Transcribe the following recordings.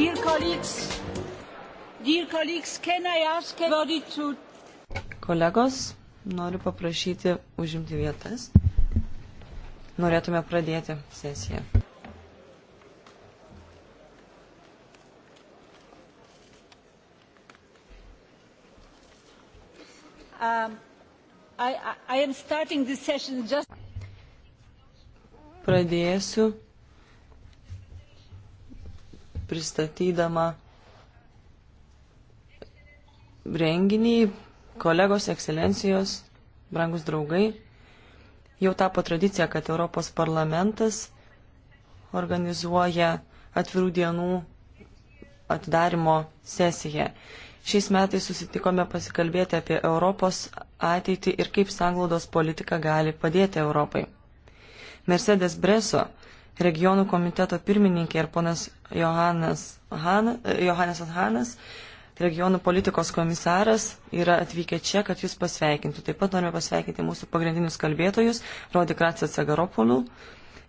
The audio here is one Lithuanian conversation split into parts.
Dear colleagues, dear colleagues, can I ask everybody to... Kolegos, noriu paprašyti užimti vietas. Norėtume pradėti sesiją. Um, I, I, I am starting this session just... Pradėsiu pristatydama renginį, kolegos, ekscelencijos, brangus draugai, jau tapo tradicija, kad Europos parlamentas organizuoja atvirų dienų atidarimo sesiją. Šiais metais susitikome pasikalbėti apie Europos ateitį ir kaip sanglaudos politika gali padėti Europai. Mercedes Breso regionų komiteto pirmininkė ir ponas Johanas Han, Johannesas Hanas, regionų politikos komisaras, yra atvykę čia, kad jūs pasveikintų. Taip pat norime pasveikinti mūsų pagrindinius kalbėtojus, Rodi Kratsą Cagaropolų,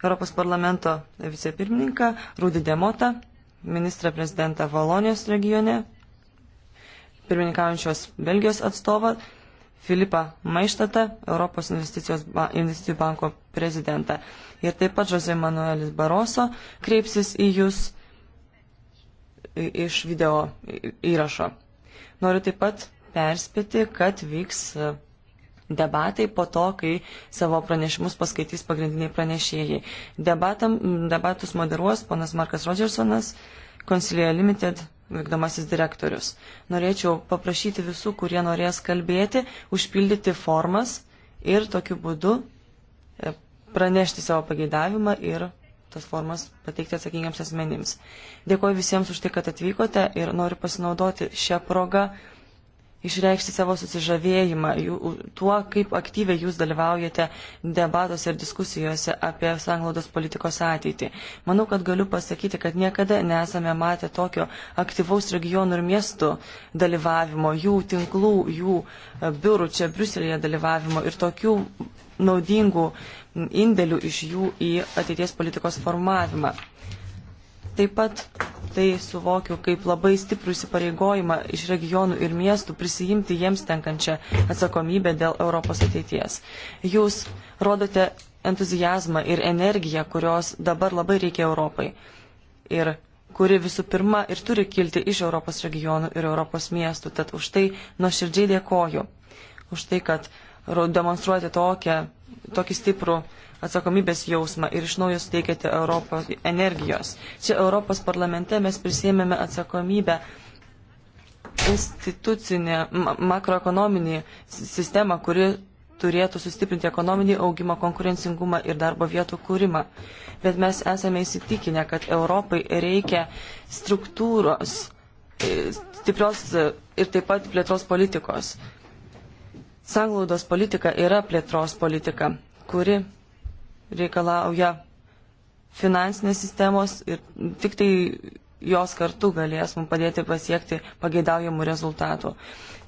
Europos parlamento vicepirmininką, Rūdį Demotą, ministrą prezidentą Valonijos regione, pirmininkaujančios Belgijos atstovą, Filipą Maištatą, Europos investicijų banko prezidentą. Ir taip pat Jose Manuelis Baroso kreipsis į jūs iš video įrašo. Noriu taip pat perspėti, kad vyks e, debatai po to, kai savo pranešimus paskaitys pagrindiniai pranešėjai. Debatam, debatus moderuos ponas Markas Rodžersonas, Consilia Limited vykdomasis direktorius. Norėčiau paprašyti visų, kurie norės kalbėti, užpildyti formas ir tokiu būdu e, pranešti savo pageidavimą ir tas formas pateikti atsakingiams asmenims. Dėkuoju visiems už tai, kad atvykote ir noriu pasinaudoti šią progą išreikšti savo susižavėjimą jų, tuo, kaip aktyviai jūs dalyvaujate debatuose ir diskusijose apie sanglaudos politikos ateitį. Manau, kad galiu pasakyti, kad niekada nesame matę tokio aktyvaus regionų ir miestų dalyvavimo, jų tinklų, jų e, biurų čia Briuselėje dalyvavimo ir tokių naudingų indėlių iš jų į ateities politikos formavimą. Taip pat tai suvokiu kaip labai stiprų įsipareigojimą iš regionų ir miestų prisijimti jiems tenkančią atsakomybę dėl Europos ateities. Jūs rodote entuzijazmą ir energiją, kurios dabar labai reikia Europai ir kuri visų pirma ir turi kilti iš Europos regionų ir Europos miestų. Tad už tai nuoširdžiai dėkoju. Už tai, kad demonstruojate tokią, tokį stiprų atsakomybės jausmą ir iš naujo suteikėte Europos energijos. Čia Europos parlamente mes prisėmėme atsakomybę institucinę, makroekonominį sistemą, kuri turėtų sustiprinti ekonominį augimą, konkurencingumą ir darbo vietų kūrimą. Bet mes esame įsitikinę, kad Europai reikia struktūros, e, stiprios ir taip pat plėtros politikos. Sanglaudos politika yra plėtros politika, kuri reikalauja finansinės sistemos ir tik tai jos kartu galės mums padėti pasiekti pageidaujamų rezultatų.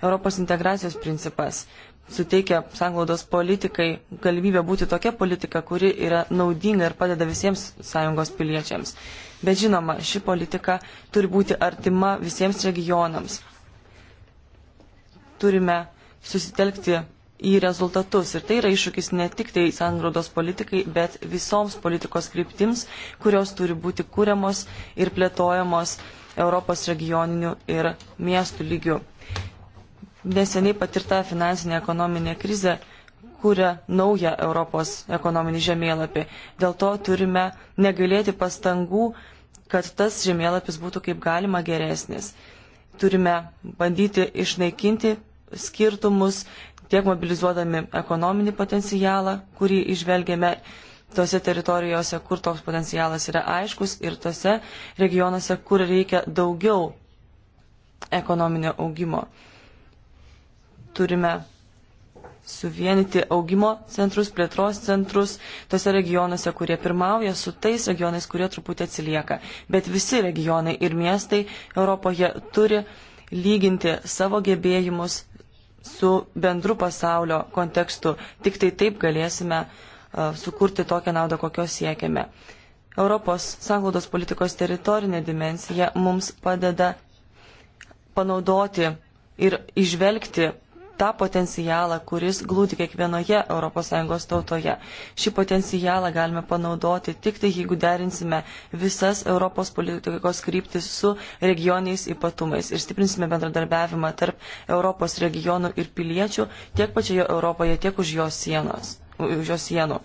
Europos integracijos principas suteikia sanglaudos politikai galimybę būti tokia politika, kuri yra naudinga ir padeda visiems sąjungos piliečiams. Bet žinoma, ši politika turi būti artima visiems regionams. Turime susitelkti į rezultatus. Ir tai yra iššūkis ne tik tai sangrodos politikai, bet visoms politikos kryptims, kurios turi būti kūriamos ir plėtojamos Europos regioninių ir miestų lygių. Neseniai patirta finansinė ekonominė krizė kuria naują Europos ekonominį žemėlapį. Dėl to turime negalėti pastangų, kad tas žemėlapis būtų kaip galima geresnis. Turime bandyti išnaikinti skirtumus, tiek mobilizuodami ekonominį potencialą, kurį išvelgiame tose teritorijose, kur toks potencialas yra aiškus ir tose regionuose, kur reikia daugiau ekonominio augimo. Turime suvienyti augimo centrus, plėtros centrus, tose regionuose, kurie pirmauja, su tais regionais, kurie truputį atsilieka. Bet visi regionai ir miestai Europoje turi lyginti savo gebėjimus su bendru pasaulio kontekstu. Tik tai taip galėsime e, sukurti tokią naudą, kokios siekiame. Europos sąnglaudos politikos teritorinė dimensija mums padeda panaudoti ir išvelgti tą potencialą, kuris glūdi kiekvienoje ES tautoje. Šį potencialą galime panaudoti tik tai, jeigu derinsime visas Europos politikos kryptis su regioniais ypatumais ir stiprinsime bendradarbiavimą tarp Europos regionų ir piliečių tiek pačioje Europoje, tiek už jos, sienos, už jos sienų.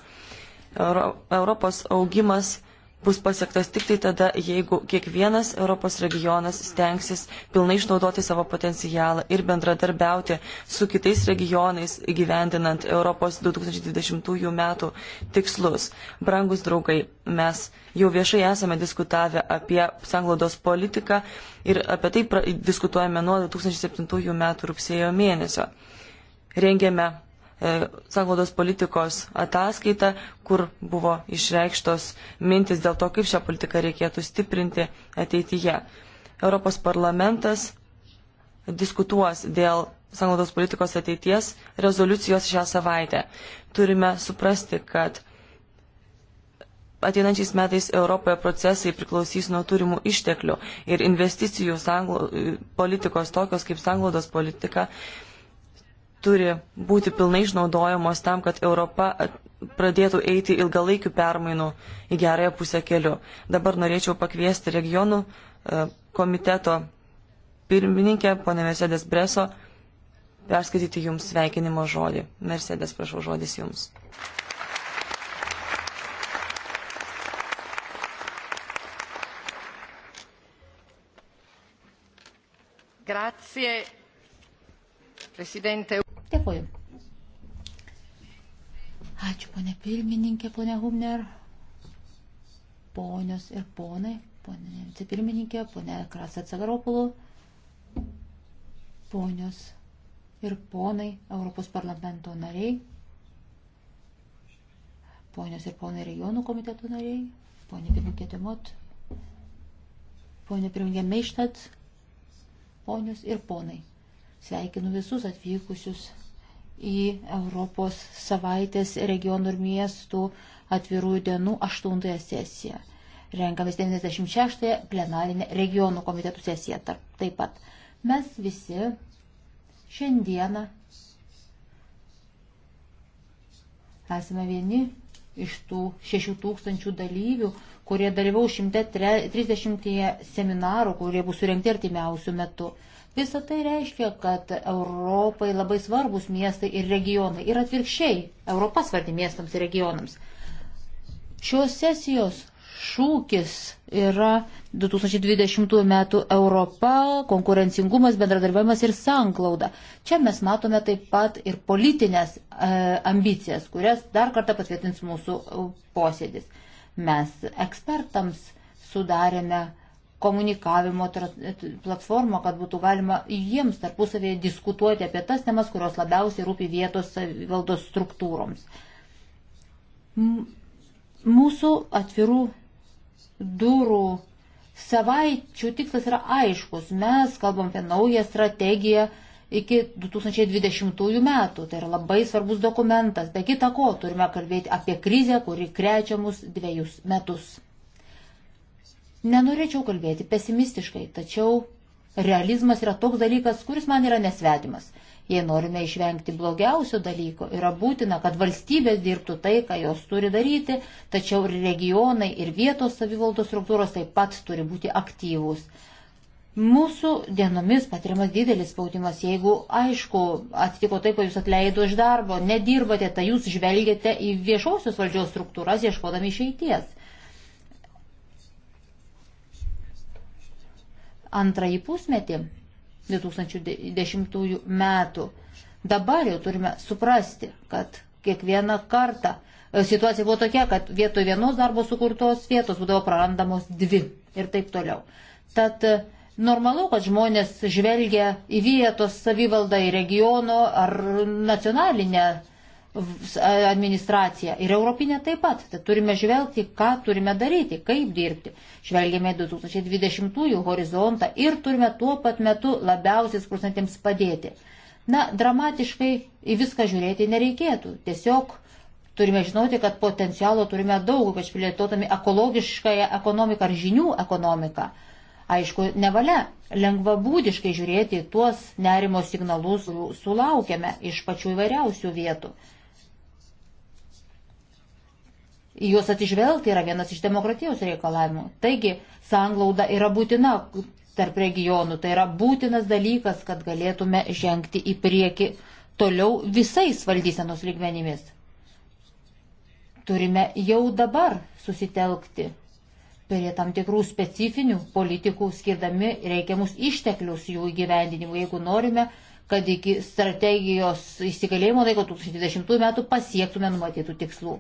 Euro, Europos augimas bus pasiektas tik tai tada, jeigu kiekvienas Europos regionas stengsis pilnai išnaudoti savo potencialą ir bendradarbiauti su kitais regionais įgyvendinant Europos 2020 metų tikslus. Brangus draugai, mes jau viešai esame diskutavę apie sanglaudos politiką ir apie tai diskutuojame nuo 2007 metų rugsėjo mėnesio. Rengėme E, sanglaudos politikos ataskaitą, kur buvo išreikštos mintis dėl to, kaip šią politiką reikėtų stiprinti ateityje. Europos parlamentas diskutuos dėl sanglaudos politikos ateities rezoliucijos šią savaitę. Turime suprasti, kad ateinančiais metais Europoje procesai priklausys nuo turimų išteklių ir investicijų sanglo, politikos tokios kaip sanglaudos politika turi būti pilnai išnaudojamos tam, kad Europa pradėtų eiti ilgalaikių permainų į gerąją pusę keliu. Dabar norėčiau pakviesti regionų e, komiteto pirmininkę, ponę Mercedes Breso, perskaityti jums sveikinimo žodį. Mercedes, prašau, žodis jums. Grazie Presidente. Dėkuoju. Ačiū, ponė pirmininkė, ponė Humner, ponios ir ponai, ponė vicepirmininkė, ponė Krasa Cagaropulų, ponios ir ponai, Europos parlamento nariai, ponios ir ponai regionų komitetų nariai, ponė pirmininkė Timot, ponė pirmininkė Meištat, ponios ir ponai. Sveikinu visus atvykusius į Europos savaitės regionų ir miestų atvirųjų dienų 8 sesiją. Renkamės 96 plenarinę regionų komitetų sesiją taip pat. Mes visi šiandieną esame vieni iš tų 6000 dalyvių, kurie dalyvau 130 seminarų, kurie bus surinkti artimiausių metų. Visą tai reiškia, kad Europai labai svarbus miestai ir regionai ir atvirkščiai Europa svarbi miestams ir regionams. Šios sesijos šūkis yra 2020 m. Europa, konkurencingumas, bendradarbiavimas ir sanklauda. Čia mes matome taip pat ir politinės e, ambicijas, kurias dar kartą patvirtins mūsų e, posėdis. Mes ekspertams sudarėme e, komunikavimo platformą, kad būtų galima jiems tarpusavėje diskutuoti apie tas temas, kurios labiausiai rūpi vietos valdos struktūroms. Mūsų atvirų durų savaičių tikslas yra aiškus. Mes kalbam apie naują strategiją iki 2020 metų. Tai yra labai svarbus dokumentas. Be kita ko, turime kalbėti apie krizę, kuri krečia mus dviejus metus. Nenorėčiau kalbėti pesimistiškai, tačiau realizmas yra toks dalykas, kuris man yra nesvetimas. Jei norime išvengti blogiausio dalyko, yra būtina, kad valstybės dirbtų tai, ką jos turi daryti, tačiau ir regionai, ir vietos savivaldos struktūros taip pat turi būti aktyvūs. Mūsų dienomis patiriamas didelis spaudimas, jeigu aišku, atsitiko taip, kad jūs atleido iš darbo, nedirbate, tai jūs žvelgiate į viešosios valdžios struktūras ieškodami išeities. antrąjį pusmetį 2010 metų. Dabar jau turime suprasti, kad kiekvieną kartą e, situacija buvo tokia, kad vietoj vienos darbo sukurtos vietos būdavo prarandamos dvi ir taip toliau. Tad e, normalu, kad žmonės žvelgia į vietos savivaldą, į regiono ar nacionalinę administracija ir europinė taip pat. Tad turime žvelgti, ką turime daryti, kaip dirbti. Žvelgėme 2020-ųjų horizontą ir turime tuo pat metu labiausiai skrusantiems padėti. Na, dramatiškai į viską žiūrėti nereikėtų. Tiesiog turime žinoti, kad potencialo turime daug, ypač plėtotami ekologiškąją ekonomiką ar žinių ekonomiką. Aišku, nevalia lengvabūdiškai žiūrėti į tuos nerimo signalus sulaukėme iš pačių įvairiausių vietų į juos atsižvelgti yra vienas iš demokratijos reikalavimų. Taigi, sanglauda yra būtina tarp regionų, tai yra būtinas dalykas, kad galėtume žengti į priekį toliau visais valdysenos lygmenimis. Turime jau dabar susitelkti prie tam tikrų specifinių politikų, skirdami reikiamus išteklius jų įgyvendinimui, jeigu norime, kad iki strategijos įsigalėjimo laiko 2020 metų pasiektume numatytų tikslų.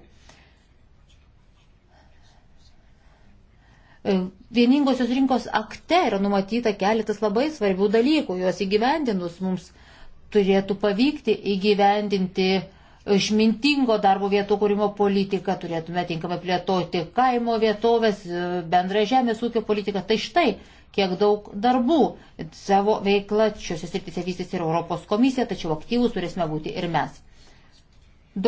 E, vieningosios rinkos akte yra numatyta keletas labai svarbių dalykų, juos įgyvendinus mums turėtų pavykti įgyvendinti išmintingo darbo vietų kūrimo politiką, turėtume tinkamai plėtoti kaimo vietovės, e, bendrą žemės ūkio politiką. Tai štai, kiek daug darbų savo veiklą šiuose srityse vystys ir Europos komisija, tačiau aktyvus turėsime būti ir mes.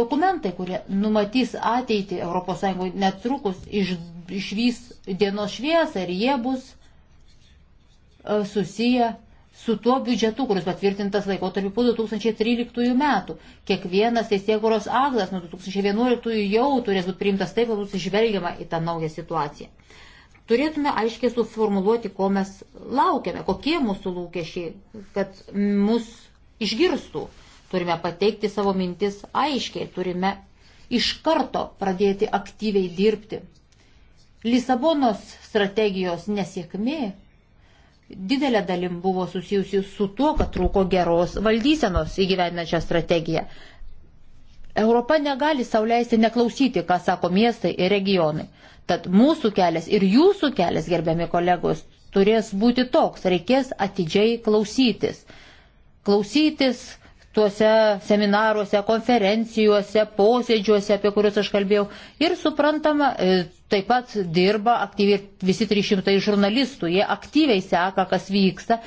Dokumentai, kurie numatys ateitį ES netrukus, iš išvys dienos šviesą ir jie bus e, susiję su tuo biudžetu, kuris patvirtintas laikotarpiu po 2013 metų. Kiekvienas teisėkuros aktas nuo 2011 jau turės būti priimtas taip, kad bus išvelgiama į tą naują situaciją. Turėtume aiškiai suformuluoti, ko mes laukiame, kokie mūsų lūkesčiai, kad mus išgirstų. Turime pateikti savo mintis aiškiai, turime iš karto pradėti aktyviai dirbti Lisabonos strategijos nesėkmė didelė dalim buvo susijusi su tuo, kad trūko geros valdysenos įgyvendinančią strategiją. Europa negali sauliaisti neklausyti, ką sako miestai ir regionai. Tad mūsų kelias ir jūsų kelias, gerbiami kolegos, turės būti toks. Reikės atidžiai klausytis. Klausytis, tuose seminaruose, konferencijuose, posėdžiuose, apie kuriuos aš kalbėjau. Ir suprantama, e, taip pat dirba aktyviai visi 300 žurnalistų, jie aktyviai seka, kas vyksta.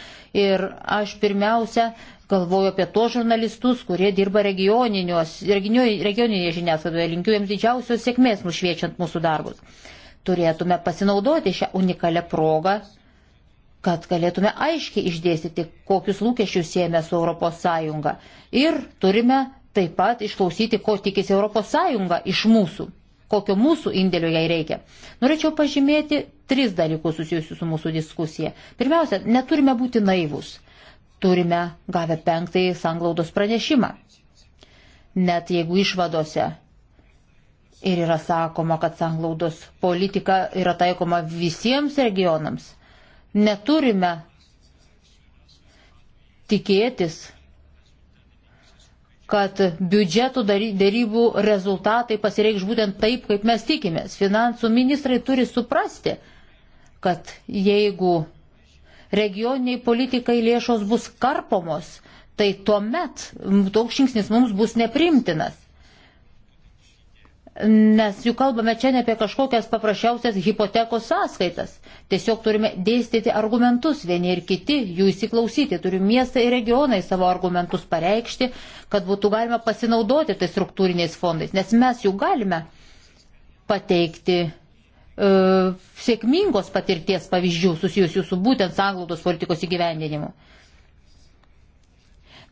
Ir aš pirmiausia galvoju apie tos žurnalistus, kurie dirba regioninėje žiniasklaidoje. Linkiu jiems didžiausios sėkmės nušviečiant mūsų darbus. Turėtume pasinaudoti šią unikalią progą kad galėtume aiškiai išdėstyti, kokius lūkesčius siejame su ES. Ir turime taip pat išklausyti, ko tikisi ES iš mūsų, kokio mūsų indėlio jai reikia. Norėčiau pažymėti tris dalykus susijusius su mūsų diskusija. Pirmiausia, neturime būti naivus. Turime gavę penktąjį sanglaudos pranešimą. Net jeigu išvadose ir yra sakoma, kad sanglaudos politika yra taikoma visiems regionams neturime tikėtis, kad biudžetų dėrybų rezultatai pasireikš būtent taip, kaip mes tikimės. Finansų ministrai turi suprasti, kad jeigu regioniniai politikai lėšos bus karpomos, tai tuomet toks žingsnis mums bus neprimtinas. Nes juk kalbame čia ne apie kažkokias paprasčiausias hipotekos sąskaitas. Tiesiog turime dėstyti argumentus vieni ir kiti, jų įsiklausyti. Turiu miestai ir regionai savo argumentus pareikšti, kad būtų galima pasinaudoti tai struktūriniais fondais. Nes mes jų galime pateikti e, sėkmingos patirties pavyzdžių susijusių su būtent sanglaudos politikos įgyvendinimu.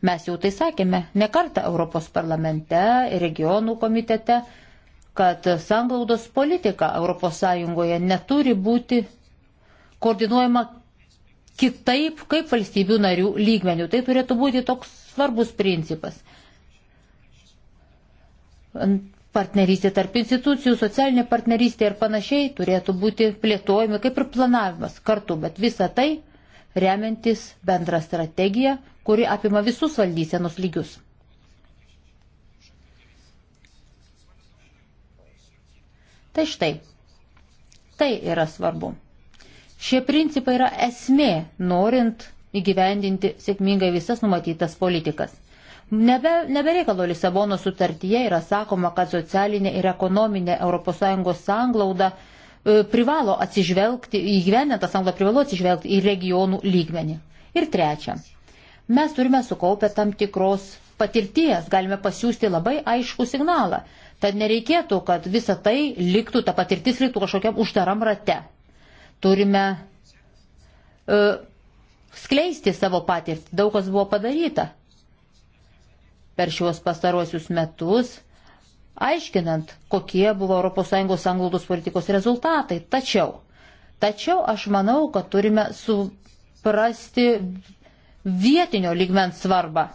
Mes jau tai sakėme ne kartą Europos parlamente, regionų komitete kad sanglaudos politika ES neturi būti koordinuojama kitaip kaip valstybių narių lygmenių. Tai turėtų būti toks svarbus principas. Partnerystė tarp institucijų, socialinė partnerystė ir panašiai turėtų būti plėtojami kaip ir planavimas kartu, bet visa tai remiantis bendrą strategiją, kuri apima visus valdysenos lygius. Tai štai, tai yra svarbu. Šie principai yra esmė, norint įgyvendinti sėkmingai visas numatytas politikas. Nebe, nebereikalo Lisabono sutartyje yra sakoma, kad socialinė ir ekonominė ES sanglauda e, privalo atsižvelgti, įgyvendintą sanglaudą privalo atsižvelgti į regionų lygmenį. Ir trečia, mes turime sukaupę tam tikros patirties, galime pasiūsti labai aišku signalą, Tad nereikėtų, kad visa tai liktų, ta patirtis liktų kažkokiam uždaram rate. Turime uh, skleisti savo patirtį. Daug kas buvo padaryta per šiuos pastaruosius metus, aiškinant, kokie buvo ES anglaudos politikos rezultatai. Tačiau, tačiau aš manau, kad turime suprasti vietinio ligmens svarbą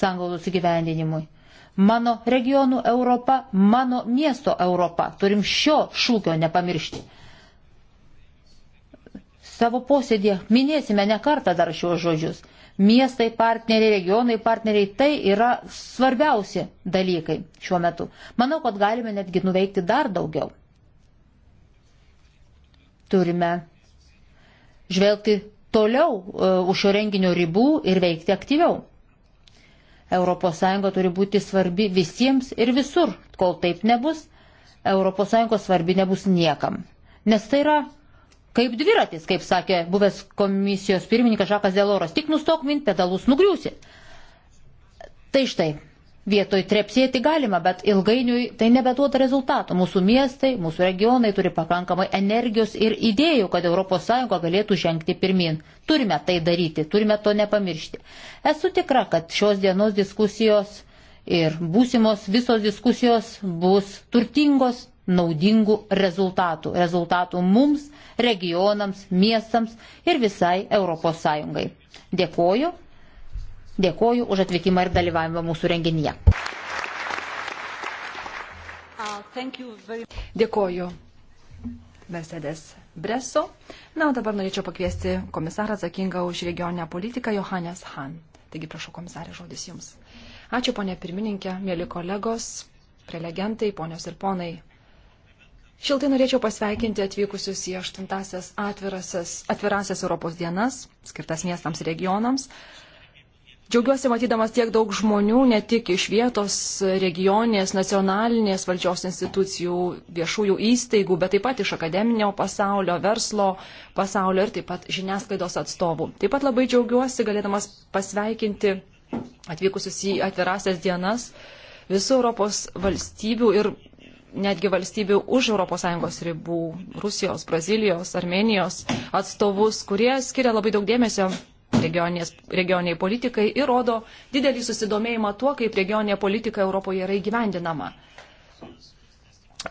sanglaudos įgyvendinimui mano regionų Europa, mano miesto Europa. Turim šio šūkio nepamiršti. Savo posėdėje minėsime ne kartą dar šios žodžius. Miestai, partneriai, regionai, partneriai - tai yra svarbiausi dalykai šiuo metu. Manau, kad galime netgi nuveikti dar daugiau. Turime žvelgti toliau uh, už šio renginio ribų ir veikti aktyviau. ES turi būti svarbi visiems ir visur. Kol taip nebus, ES svarbi nebus niekam. Nes tai yra kaip dviratis, kaip sakė buvęs komisijos pirmininkas Žakas Deloras. Tik nustok mint pedalus, nugriusi. Tai štai, vietoj trepsėti galima, bet ilgainiui tai nebeduoda rezultatų. Mūsų miestai, mūsų regionai turi pakankamai energijos ir idėjų, kad ES galėtų žengti pirmin. Turime tai daryti, turime to nepamiršti. Esu tikra, kad šios dienos diskusijos ir būsimos visos diskusijos bus turtingos naudingų rezultatų. Rezultatų mums, regionams, miestams ir visai ES. Dėkoju Dėkoju už atvykimą ir dalyvavimą mūsų renginyje. Dėkoju. Mercedes Breso. Na, o dabar norėčiau pakviesti komisarą atsakingą už regioninę politiką Johannes Han. Taigi, prašau, komisarė, žodis jums. Ačiū, ponė pirmininkė, mėly kolegos, prelegentai, ponios ir ponai. Šiltai norėčiau pasveikinti atvykusius į 8-asias atvirasias Europos dienas, skirtas miestams ir regionams. Džiaugiuosi matydamas tiek daug žmonių, ne tik iš vietos, regioninės, nacionalinės valdžios institucijų, viešųjų įstaigų, bet taip pat iš akademinio pasaulio, verslo pasaulio ir taip pat žiniasklaidos atstovų. Taip pat labai džiaugiuosi galėdamas pasveikinti atvykusius į atvirasias dienas visų Europos valstybių ir netgi valstybių už ES ribų - Rusijos, Brazilijos, Armenijos atstovus, kurie skiria labai daug dėmesio regioniniai politikai ir rodo didelį susidomėjimą tuo, kaip regioninė politika Europoje yra įgyvendinama.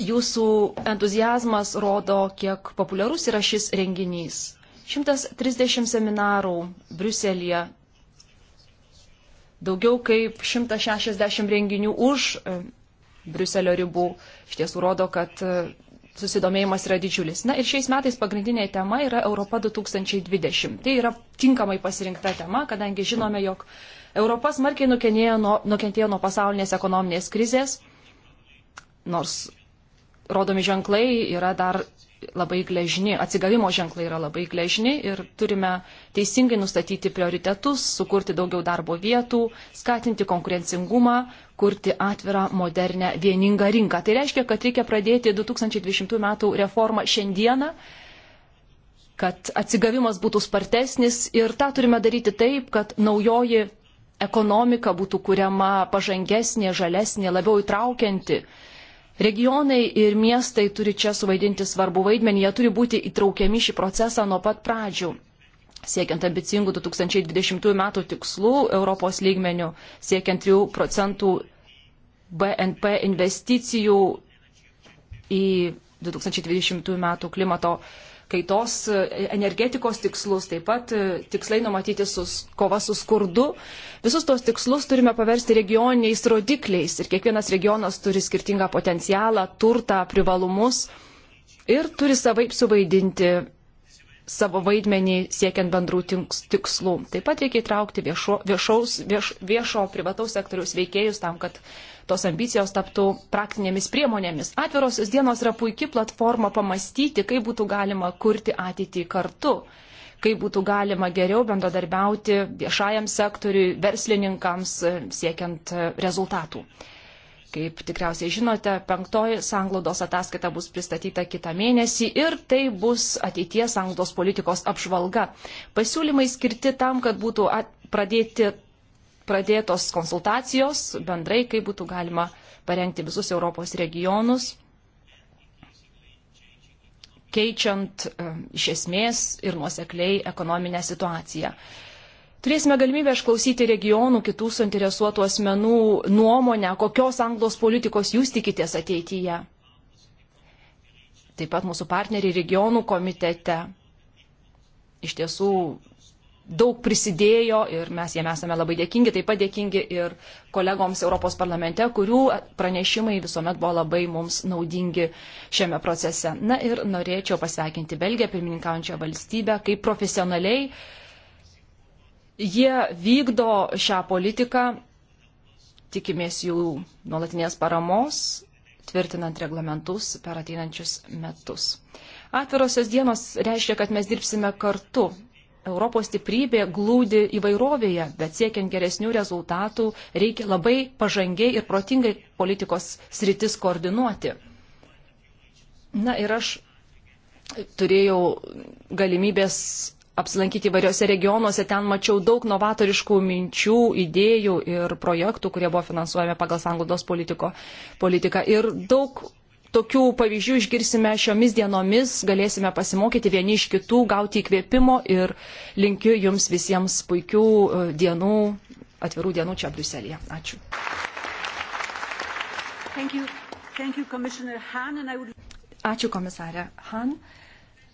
Jūsų entuzijazmas rodo, kiek populiarus yra šis renginys. 130 seminarų Briuselėje, daugiau kaip 160 renginių už e, Briuselio ribų. Iš tiesų rodo, kad e, susidomėjimas yra didžiulis. Na ir šiais metais pagrindinė tema yra Europa 2020. Tai yra tinkamai pasirinkta tema, kadangi žinome, jog Europa smarkiai nuo, nukentėjo nuo pasaulinės ekonominės krizės, nors rodomi ženklai yra dar labai gležni, atsigavimo ženklai yra labai gležni ir turime teisingai nustatyti prioritetus, sukurti daugiau darbo vietų, skatinti konkurencingumą, kurti atvirą, modernę, vieningą rinką. Tai reiškia, kad reikia pradėti 2020 m. reformą šiandieną kad atsigavimas būtų spartesnis ir tą turime daryti taip, kad naujoji ekonomika būtų kuriama pažangesnė, žalesnė, labiau įtraukianti. Regionai ir miestai turi čia suvaidinti svarbu vaidmenį, jie turi būti įtraukiami šį procesą nuo pat pradžių siekiant ambicingų 2020 metų tikslų Europos lygmenių, siekiant 3 procentų BNP investicijų į 2020 metų klimato kaitos e, energetikos tikslus, taip pat e, tikslai numatyti su kova su skurdu. Visus tos tikslus turime paversti regioniniais rodikliais ir kiekvienas regionas turi skirtingą potencialą, turtą, privalumus ir turi savaip suvaidinti savo vaidmenį siekiant bendrų tikslų. Taip pat reikia įtraukti viešo, viešaus, vieš, viešo privataus sektoriaus veikėjus tam, kad tos ambicijos taptų praktinėmis priemonėmis. Atvirosios dienos yra puikia platforma pamastyti, kaip būtų galima kurti ateitį kartu kaip būtų galima geriau bendradarbiauti viešajam sektoriui, verslininkams, siekiant rezultatų. Kaip tikriausiai žinote, penktoji sanglaudos ataskaita bus pristatyta kitą mėnesį ir tai bus ateities sanglaudos politikos apžvalga. Pasiūlymai skirti tam, kad būtų pradėti, pradėtos konsultacijos bendrai, kaip būtų galima parengti visus Europos regionus, keičiant e, iš esmės ir nuosekliai ekonominę situaciją. Turėsime galimybę išklausyti regionų kitų suinteresuotų asmenų nuomonę, kokios anglos politikos jūs tikitės ateityje. Taip pat mūsų partneriai regionų komitete iš tiesų daug prisidėjo ir mes jiem esame labai dėkingi, taip pat dėkingi ir kolegoms Europos parlamente, kurių pranešimai visuomet buvo labai mums naudingi šiame procese. Na ir norėčiau pasveikinti Belgiją, pirmininkaujančią valstybę, kaip profesionaliai Jie vykdo šią politiką, tikimės jų nuolatinės paramos, tvirtinant reglamentus per ateinančius metus. Atvirosios dienos reiškia, kad mes dirbsime kartu. Europos stiprybė glūdi įvairovėje, bet siekiant geresnių rezultatų reikia labai pažangiai ir protingai politikos sritis koordinuoti. Na ir aš turėjau galimybės apsilankyti įvairiose regionuose, ten mačiau daug novatoriškų minčių, idėjų ir projektų, kurie buvo finansuojami pagal sanglaudos politiką. Ir daug tokių pavyzdžių išgirsime šiomis dienomis, galėsime pasimokyti vieni iš kitų, gauti įkvėpimo ir linkiu jums visiems puikių e, dienų, atvirų dienų čia Briuselėje. Ačiū. Thank you. Thank you, would... Ačiū komisarė Han.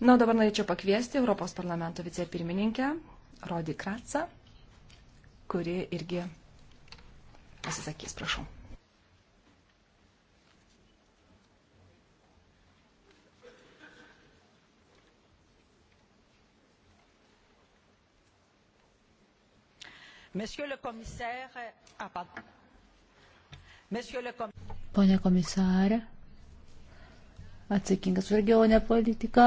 Na, dabar norėčiau pakviesti Europos parlamento vicepirmininkę Rodi Kratsa, kuri irgi pasisakys, prašau. Ah, Pone komisarė, atsakingas regionę politiką,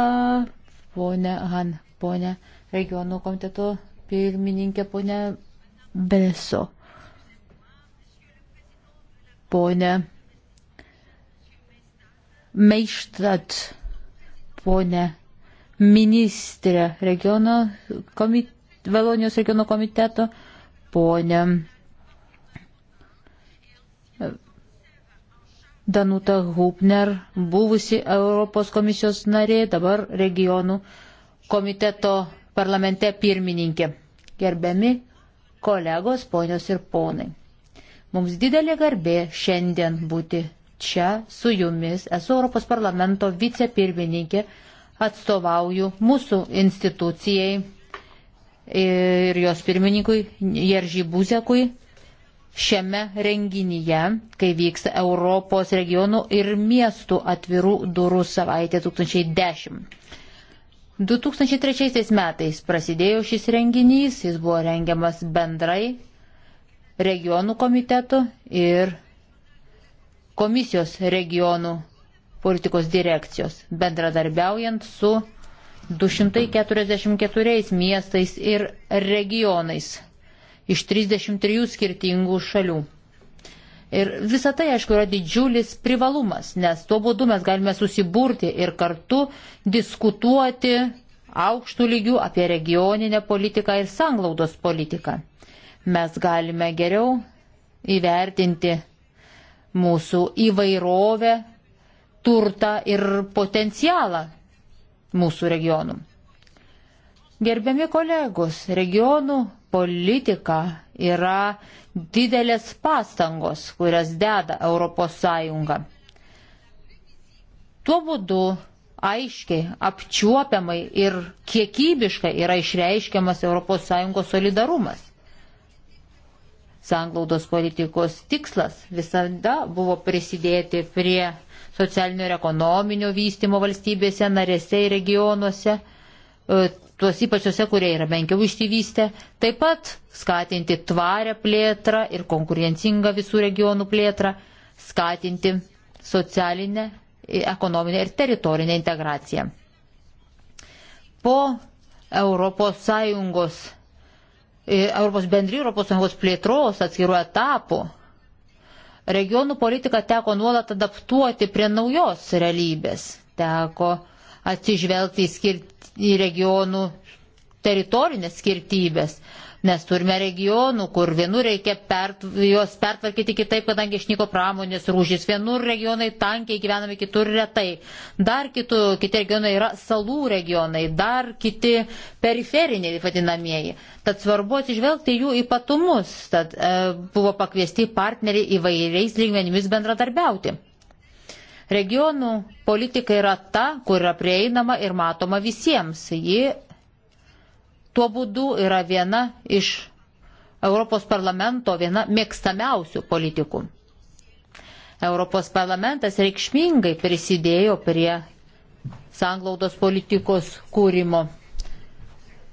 ponė Han, ponė regionų komiteto pirmininkė, ponė Breso, ponė Meištrat, ponė ministrė regiono komiteto, Valonijos regiono komiteto, ponė Danuta Hupner, buvusi Europos komisijos narė, dabar regionų komiteto parlamente pirmininkė. Gerbiami kolegos, ponios ir ponai. Mums didelė garbė šiandien būti čia su jumis. Esu Europos parlamento vicepirmininkė, atstovauju mūsų institucijai ir jos pirmininkui Jeržy Buzekui šiame renginyje, kai vyks Europos regionų ir miestų atvirų durų savaitė 2010. 2003 metais prasidėjo šis renginys, jis buvo rengiamas bendrai regionų komitetų ir komisijos regionų politikos direkcijos, bendradarbiaujant su 244 miestais ir regionais iš 33 skirtingų šalių. Ir visa tai, aišku, yra didžiulis privalumas, nes tuo būdu mes galime susiburti ir kartu diskutuoti aukštų lygių apie regioninę politiką ir sanglaudos politiką. Mes galime geriau įvertinti mūsų įvairovę, turtą ir potencialą mūsų regionų. Gerbiami kolegos, regionų politika yra didelės pastangos, kurias deda ES. Tuo būdu aiškiai, apčiuopiamai ir kiekybiškai yra išreiškiamas ES solidarumas. Sanglaudos politikos tikslas visada buvo prisidėti prie socialinio ir ekonominio vystimo valstybėse, narėse ir regionuose, e, tuos ypač juose, kurie yra menkiau išsivystę, taip pat skatinti tvarę plėtrą ir konkurencingą visų regionų plėtrą, skatinti socialinę, ekonominę ir teritorinę integraciją. Po ES, Europos bendrijų Europos Sąjungos plėtros atskirų etapų regionų politiką teko nuolat adaptuoti prie naujos realybės, teko atsižvelgti į skirtingą į regionų teritorinės skirtybės. Nes turime regionų, kur vienur reikia pert, juos pertvarkyti kitaip, kadangi išnyko pramonės rūšys. Vienur regionai tankiai gyvenami, kitur retai. Dar kitų, kiti regionai yra salų regionai, dar kiti periferiniai vadinamieji. Tad svarbu atsižvelgti jų ypatumus. Tad e, buvo pakviesti partneriai įvairiais lygmenimis bendradarbiauti. Regionų politika yra ta, kur yra prieinama ir matoma visiems. Ji tuo būdu yra viena iš Europos parlamento viena mėgstamiausių politikų. Europos parlamentas reikšmingai prisidėjo prie sanglaudos politikos kūrimo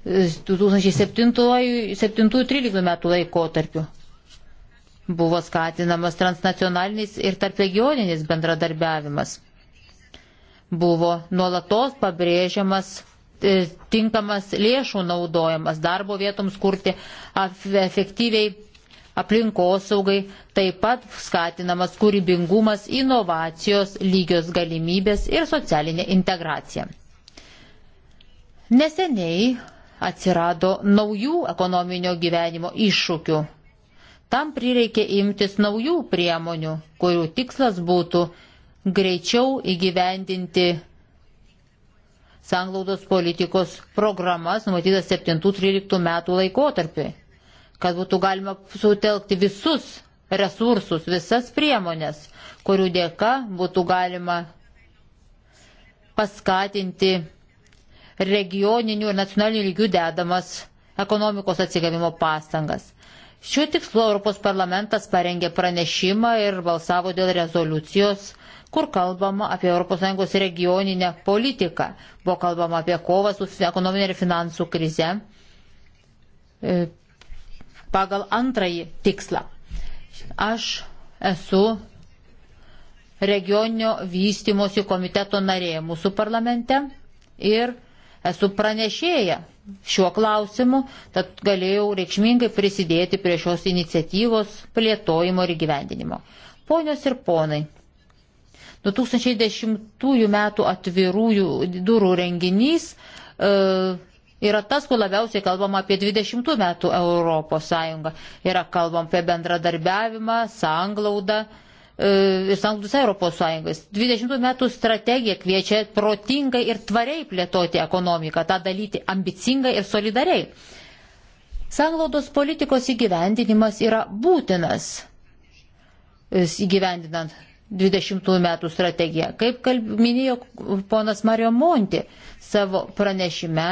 2007-2013 e, metų laikotarpiu. Buvo skatinamas transnacionalinis ir tarplegioninis bendradarbiavimas. Buvo nuolatos pabrėžiamas e, tinkamas lėšų naudojimas darbo vietoms kurti efektyviai aplinkosaugai, taip pat skatinamas kūrybingumas, inovacijos, lygios galimybės ir socialinė integracija. Neseniai atsirado naujų ekonominio gyvenimo iššūkių Tam prireikė imtis naujų priemonių, kurių tikslas būtų greičiau įgyvendinti sanglaudos politikos programas numatytas 7-13 metų laikotarpį, kad būtų galima sutelkti visus resursus, visas priemonės, kurių dėka būtų galima paskatinti regioninių ir nacionalinių lygių dedamas ekonomikos atsigavimo pastangas. Šiuo tikslu Europos parlamentas parengė pranešimą ir balsavo dėl rezoliucijos, kur kalbama apie ES regioninę politiką. Buvo kalbama apie kovą su ekonominė ir finansų krize e, pagal antrąjį tikslą. Aš esu regioninio vystimosi komiteto narė mūsų parlamente ir Esu pranešėja šiuo klausimu, tad galėjau reikšmingai prisidėti prie šios iniciatyvos plėtojimo ir gyvendinimo. Ponios ir ponai, 2010 m. atvirųjų durų renginys e, yra tas, kur labiausiai kalbama apie 20 m. Europos Sąjungą. Yra kalbama apie bendradarbiavimą, sanglaudą. E, E, ir sanktus Europos Sąjungas. 20 metų strategija kviečia protingai ir tvariai plėtoti ekonomiką, tą dalyti ambicingai ir solidariai. Sanglaudos politikos įgyvendinimas yra būtinas e, įgyvendinant 20 metų strategiją. Kaip kalb, minėjo ponas Mario Monti savo pranešime,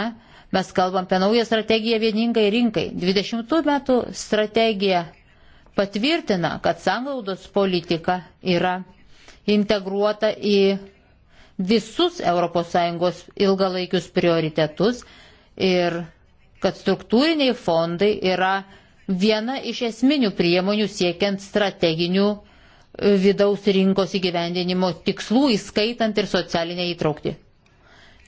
mes kalbam apie naują strategiją vieningai rinkai. 20 metų strategija patvirtina, kad sanglaudos politika yra integruota į visus ES ilgalaikius prioritetus ir kad struktūriniai fondai yra viena iš esminių priemonių siekiant strateginių e, vidaus rinkos įgyvendinimo tikslų, įskaitant ir socialinę įtraukti.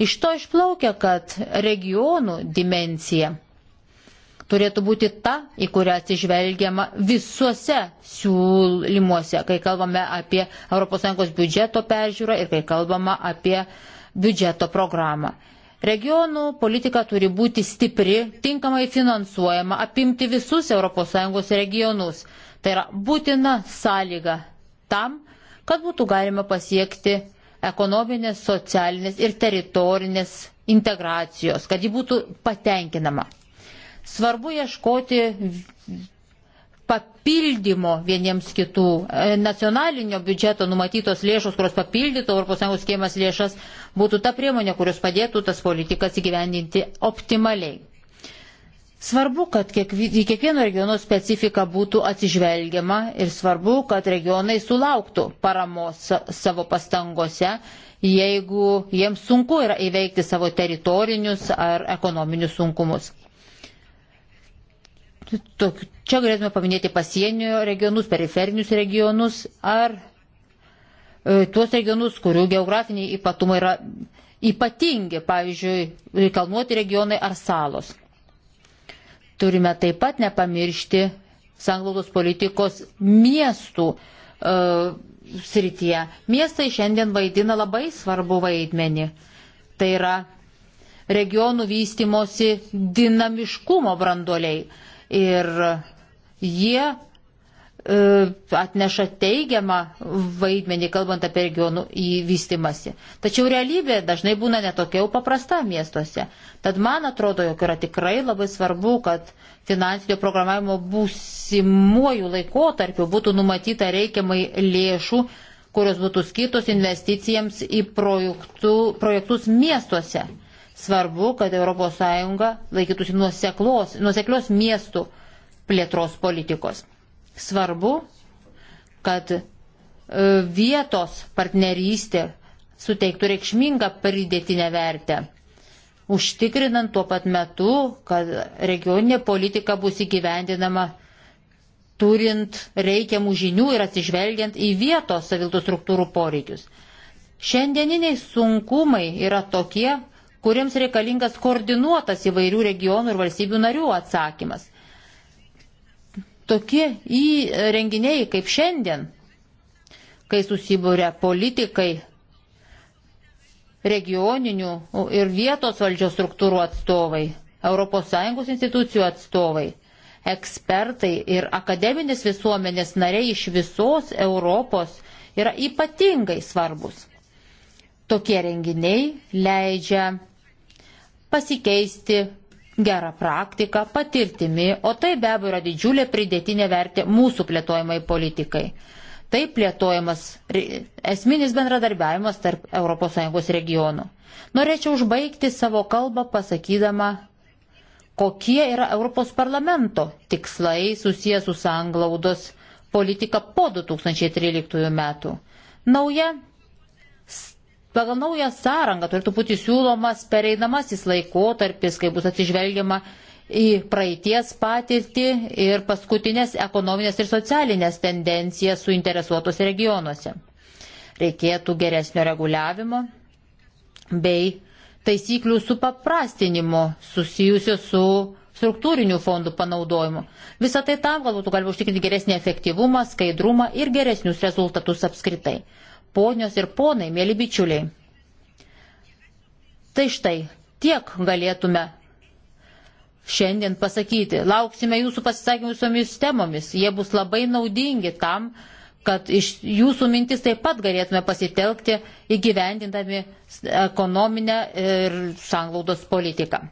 Iš to išplaukia, kad regionų dimencija turėtų būti ta, į kurią atsižvelgiama visuose siūlymuose, kai kalbame apie ES biudžeto peržiūrą ir kai kalbama apie biudžeto programą. Regionų politika turi būti stipri, tinkamai finansuojama, apimti visus ES regionus. Tai yra būtina sąlyga tam, kad būtų galima pasiekti ekonominės, socialinės ir teritorinės integracijos, kad ji būtų patenkinama. Svarbu ieškoti papildymo vieniems kitų. E, nacionalinio biudžeto numatytos lėšos, kurios papildytų ES skėmas lėšas, būtų ta priemonė, kurios padėtų tas politikas įgyvendinti optimaliai. Svarbu, kad į kiekvieno regiono specifiką būtų atsižvelgiama ir svarbu, kad regionai sulauktų paramos savo pastangose, jeigu jiems sunku yra įveikti savo teritorinius ar ekonominius sunkumus. Čia galėtume paminėti pasienio regionus, periferinius regionus ar e, tuos regionus, kurių geografiniai ypatumai yra ypatingi, pavyzdžiui, kalnuoti regionai ar salos. Turime taip pat nepamiršti sanglaudos politikos miestų uh, srityje. Miestai šiandien vaidina labai svarbu vaidmenį. Tai yra regionų vystimosi dinamiškumo branduoliai. Uh, ir jie e, atneša teigiamą vaidmenį, kalbant apie regionų įvystimasi. Tačiau realybė dažnai būna netokia jau paprasta miestuose. Tad man atrodo, jog yra tikrai labai svarbu, kad finansinio programavimo būsimuoju laikotarpiu būtų numatyta reikiamai lėšų, kurios būtų skirtos investicijams į projektų, projektus miestuose. Svarbu, kad ES laikytųsi nuoseklos, nuoseklios miestų plėtros politikos. Svarbu, kad e, vietos partnerystė suteiktų reikšmingą pridėtinę vertę, užtikrinant tuo pat metu, kad regioninė politika bus įgyvendinama turint reikiamų žinių ir atsižvelgiant į vietos saviltų struktūrų poreikius. Šiandieniniai sunkumai yra tokie, kuriems reikalingas koordinuotas įvairių regionų ir valstybių narių atsakymas. Tokie įrenginiai e, kaip šiandien, kai susibūrė politikai, regioninių ir vietos valdžios struktūrų atstovai, ES institucijų atstovai, ekspertai ir akademinės visuomenės nariai iš visos Europos yra ypatingai svarbus. Tokie renginiai leidžia pasikeisti gerą praktiką, patirtimi, o tai be abejo yra didžiulė pridėtinė vertė mūsų plėtojimai politikai. Taip plėtojamas esminis bendradarbiavimas tarp ES regionų. Norėčiau užbaigti savo kalbą pasakydama, kokie yra Europos parlamento tikslai susijęs su sanglaudos politika po 2013 metų. Nauja Pagal naują sąrangą turėtų būti siūlomas pereinamasis laikotarpis, kai bus atsižvelgiama į praeities patirtį ir paskutinės ekonominės ir socialinės tendencijas suinteresuotose regionuose. Reikėtų geresnio reguliavimo bei taisyklių supaprastinimo susijusio su struktūrinių fondų panaudojimu. Visą tai tam, kad būtų galima užtikrinti geresnį efektyvumą, skaidrumą ir geresnius rezultatus apskritai ponios ir ponai, mėly bičiuliai. Tai štai tiek galėtume šiandien pasakyti. Lauksime jūsų pasisakymų visomis temomis. Jie bus labai naudingi tam, kad iš jūsų mintis taip pat galėtume pasitelkti įgyvendindami ekonominę ir sanglaudos politiką.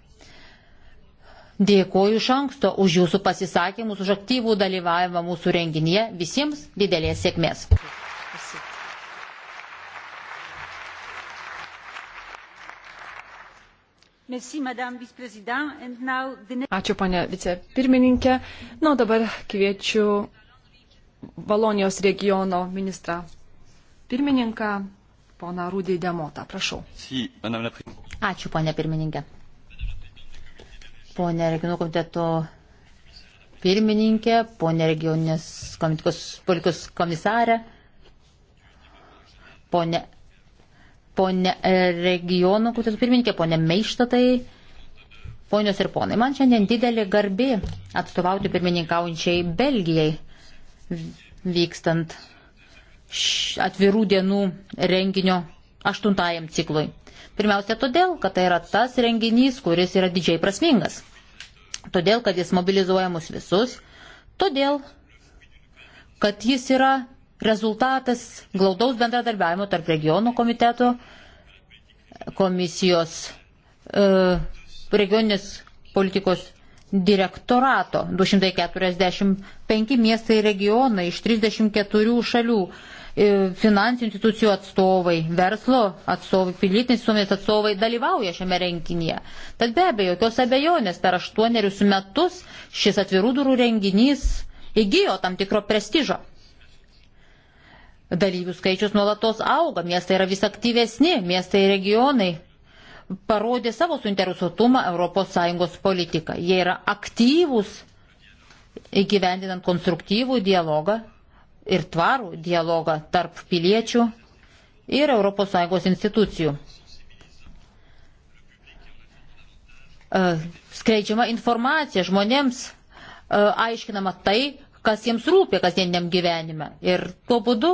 Dėkoju iš anksto už jūsų pasisakymus, už aktyvų dalyvavimą mūsų renginyje. Visiems didelės sėkmės. Ačiū, ponė vicepirmininkė. Na, nu, dabar kviečiu Valonijos regiono ministrą pirmininką, poną Rūdį Demotą. Prašau. Ačiū, ponė pirmininkė. Pone regionų komiteto pirmininkė, ponė regioninės politikos, politikos komisarė, ponė ponė e, regionų kutės pirmininkė, ponė Meištatai, ponios ir ponai. Man šiandien didelė garbi atstovauti pirmininkaujančiai Belgijai vykstant atvirų dienų renginio aštuntajam ciklui. Pirmiausia todėl, kad tai yra tas renginys, kuris yra didžiai prasmingas. Todėl, kad jis mobilizuoja mus visus. Todėl, kad jis yra rezultatas glaudaus bendradarbiavimo tarp regionų komiteto, komisijos e, regioninės politikos direktorato 245 miestai regionai iš 34 šalių e, finansinių institucijų atstovai, verslo atstovai, pilietinės suomės atstovai dalyvauja šiame renginyje. Tad be abejo, jokios abejonės, per aštuonerius metus šis atvirų durų renginys įgyjo tam tikro prestižo dalyvių skaičius nuolatos auga, miestai yra vis aktyvesni, miestai ir regionai parodė savo suinteresuotumą ES politiką. Jie yra aktyvūs įgyvendinant konstruktyvų dialogą ir tvarų dialogą tarp piliečių ir ES institucijų. E, skleidžiama informacija žmonėms, e, aiškinama tai, kas jiems rūpi kasdieniam gyvenime. Ir tuo būdu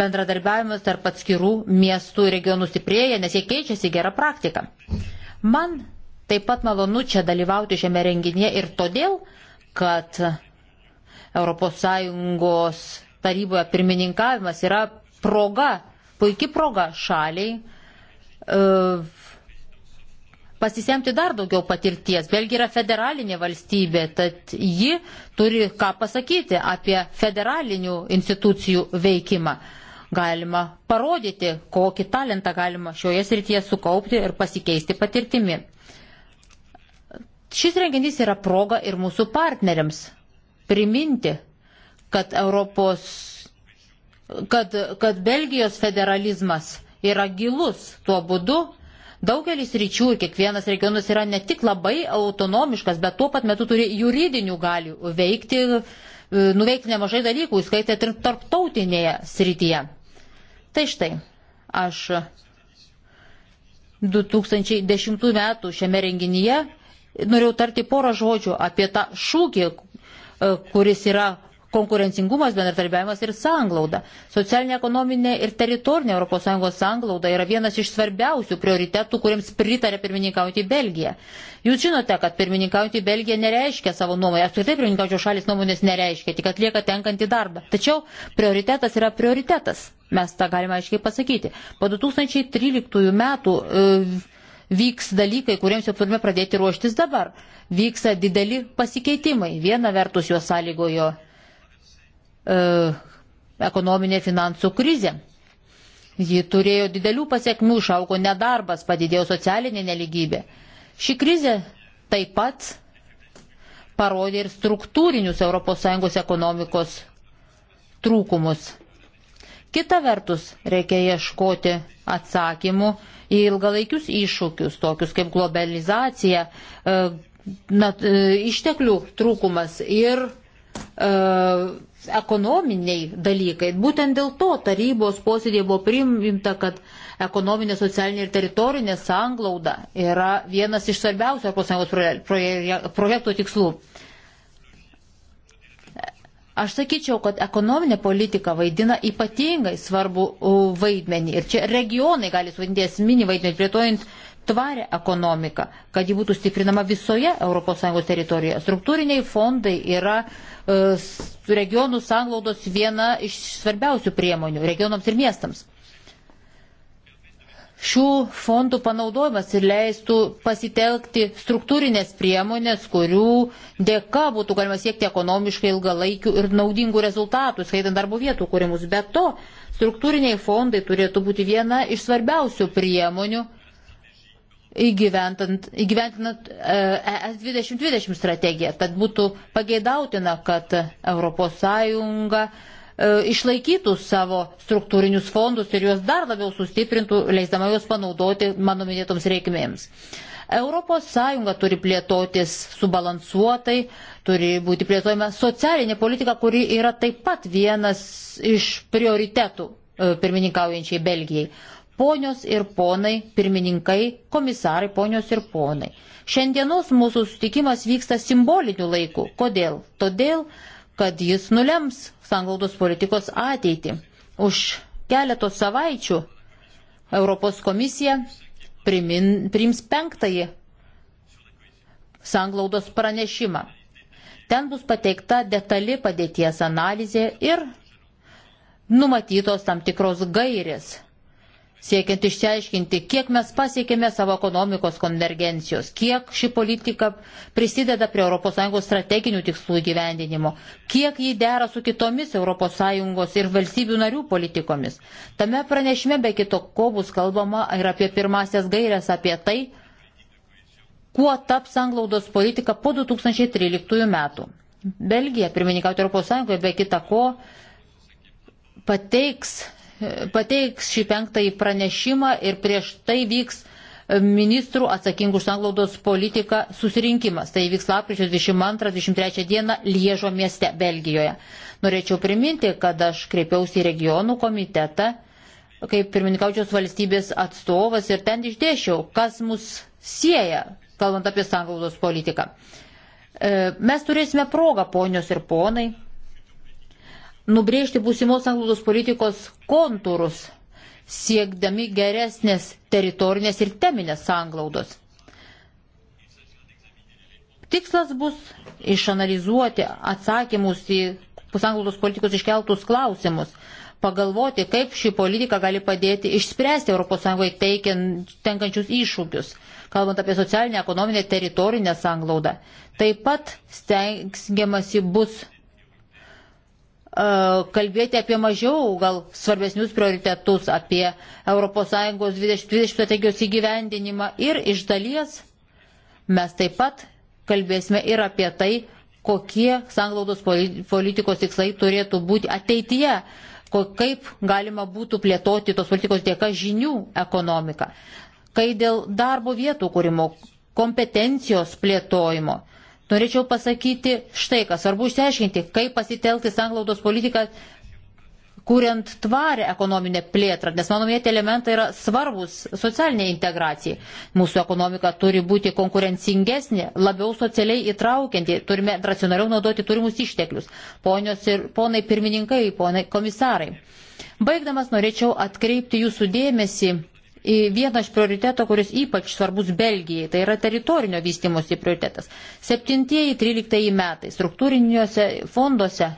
bendradarbiavimas tarp atskirų miestų regionų stiprėja, nes jie keičiasi gerą praktiką. Man taip pat malonu čia dalyvauti šiame renginėje ir todėl, kad ES taryboje pirmininkavimas yra proga, puikia proga šaliai e, pasisemti dar daugiau patirties. Belgija yra federalinė valstybė, tad ji turi ką pasakyti apie federalinių institucijų veikimą. Galima parodyti, kokį talentą galima šioje srityje sukaupti ir pasikeisti patirtimi. Šis renginys yra proga ir mūsų partneriams priminti, kad, Europos, kad, kad Belgijos federalizmas yra gilus. Tuo būdu Daugelis ryčių ir kiekvienas regionas yra ne tik labai autonomiškas, bet tuo pat metu turi juridinių galių veikti, e, nuveikti nemažai dalykų, įskaitant ir tarptautinėje srityje. Tai štai, aš 2010 metų šiame renginyje norėjau tarti porą žodžių apie tą šūkį, e, kuris yra konkurencingumas, bendradarbiavimas ir sanglauda. Socialinė, ekonominė ir teritorinė ES sanglauda yra vienas iš svarbiausių prioritetų, kuriems pritarė pirmininkaujantį Belgiją. Jūs žinote, kad pirmininkaujantį Belgiją nereiškia savo nuomonę, apskritai pirmininkaujančio šalis nuomonės nereiškia, tik atlieka tenkantį darbą. Tačiau prioritetas yra prioritetas. Mes tą galime aiškiai pasakyti. Po 2013 metų e, vyks dalykai, kuriems jau turime pradėti ruoštis dabar. Vyksta dideli pasikeitimai. Viena vertus juos sąlygojo E, ekonominė finansų krizė. Ji turėjo didelių pasiekmių, išaugo nedarbas, padidėjo socialinė neligybė. Ši krizė taip pat parodė ir struktūrinius ES ekonomikos trūkumus. Kita vertus, reikia ieškoti atsakymų į ilgalaikius iššūkius, tokius kaip globalizacija, e, na, e, išteklių trūkumas ir uh, ekonominiai dalykai. Būtent dėl to tarybos posėdėje buvo priimta, kad ekonominė, socialinė ir teritorinė sanglauda yra vienas iš svarbiausių ES projektų tikslų. Aš sakyčiau, kad ekonominė politika vaidina ypatingai svarbu vaidmenį ir čia regionai gali suvaidinti esminį vaidmenį plėtojant tvarę ekonomiką, kad ji būtų stiprinama visoje ES teritorijoje. Struktūriniai fondai yra e, regionų sanglaudos viena iš svarbiausių priemonių regionams ir miestams. Šių fondų panaudojimas ir leistų pasitelkti struktūrinės priemonės, kurių dėka būtų galima siekti ekonomiškai ilgalaikių ir naudingų rezultatų, skaitant darbo vietų kūrimus. Be to, struktūriniai fondai turėtų būti viena iš svarbiausių priemonių įgyventinant ES e 2020 strategiją. Tad būtų pageidautina, kad ES e, išlaikytų savo struktūrinius fondus ir juos dar labiau sustiprintų, leisdama juos panaudoti mano minėtoms reikmėms. ES turi plėtotis subalansuotai, turi būti plėtojama socialinė politika, kuri yra taip pat vienas iš prioritetų e, pirmininkaujančiai Belgijai. Ponios ir ponai, pirmininkai, komisarai, ponios ir ponai. Šiandienos mūsų sutikimas vyksta simboliniu laiku. Kodėl? Todėl, kad jis nulems sanglaudos politikos ateitį. Už keletos savaičių Europos komisija primin, priims penktąjį sanglaudos pranešimą. Ten bus pateikta detali padėties analizė ir numatytos tam tikros gairės siekiant išsiaiškinti, kiek mes pasiekėme savo ekonomikos konvergencijos, kiek ši politika prisideda prie ES strateginių tikslų įgyvendinimo, kiek jį dera su kitomis ES ir valstybių narių politikomis. Tame pranešime be kito ko bus kalbama ir apie pirmasias gairias apie tai, kuo taps anglaudos politika po 2013 metų. Belgija, pirmininkauti ES, be kita ko, pateiks pateiks šį penktąjį pranešimą ir prieš tai vyks ministrų atsakingų už sanglaudos politiką susirinkimas. Tai vyks lapkričio 22-23 dieną Liežo mieste, Belgijoje. Norėčiau priminti, kad aš kreipiausi į regionų komitetą kaip pirmininkaučios valstybės atstovas ir ten išdėšiau, kas mus sieja, kalbant apie sanglaudos politiką. E, mes turėsime progą, ponios ir ponai, nubrėžti būsimos anglūdos politikos kontūrus, siekdami geresnės teritorinės ir teminės sanglaudos. Tikslas bus išanalizuoti atsakymus į pusanglaudos politikos iškeltus klausimus, pagalvoti, kaip ši politika gali padėti išspręsti ES teikiant tenkančius iššūkius, kalbant apie socialinę, ekonominę, teritorinę sanglaudą. Taip pat stengsiamasi bus E, kalbėti apie mažiau gal svarbesnius prioritetus, apie ES 2020 strategijos įgyvendinimą ir iš dalies mes taip pat kalbėsime ir apie tai, kokie sanglaudos politikos tikslai turėtų būti ateityje, kaip galima būtų plėtoti tos politikos dėka žinių ekonomiką. Kai dėl darbo vietų kūrimo, kompetencijos plėtojimo, Norėčiau pasakyti štai, kas svarbu išsiaiškinti, kaip pasitelkti sanglaudos politiką, kuriant tvarę ekonominę plėtrą, nes mano minėti elementai yra svarbus socialiniai integracijai. Mūsų ekonomika turi būti konkurencingesnė, labiau socialiai įtraukianti, turime racionaliau naudoti turimus išteklius. Ponios ir ponai pirmininkai, ponai komisarai. Baigdamas norėčiau atkreipti jūsų dėmesį vieną iš prioritetų, kuris ypač svarbus Belgijai, tai yra teritorinio vystimosi prioritetas. 7-13 metai struktūriniuose fonduose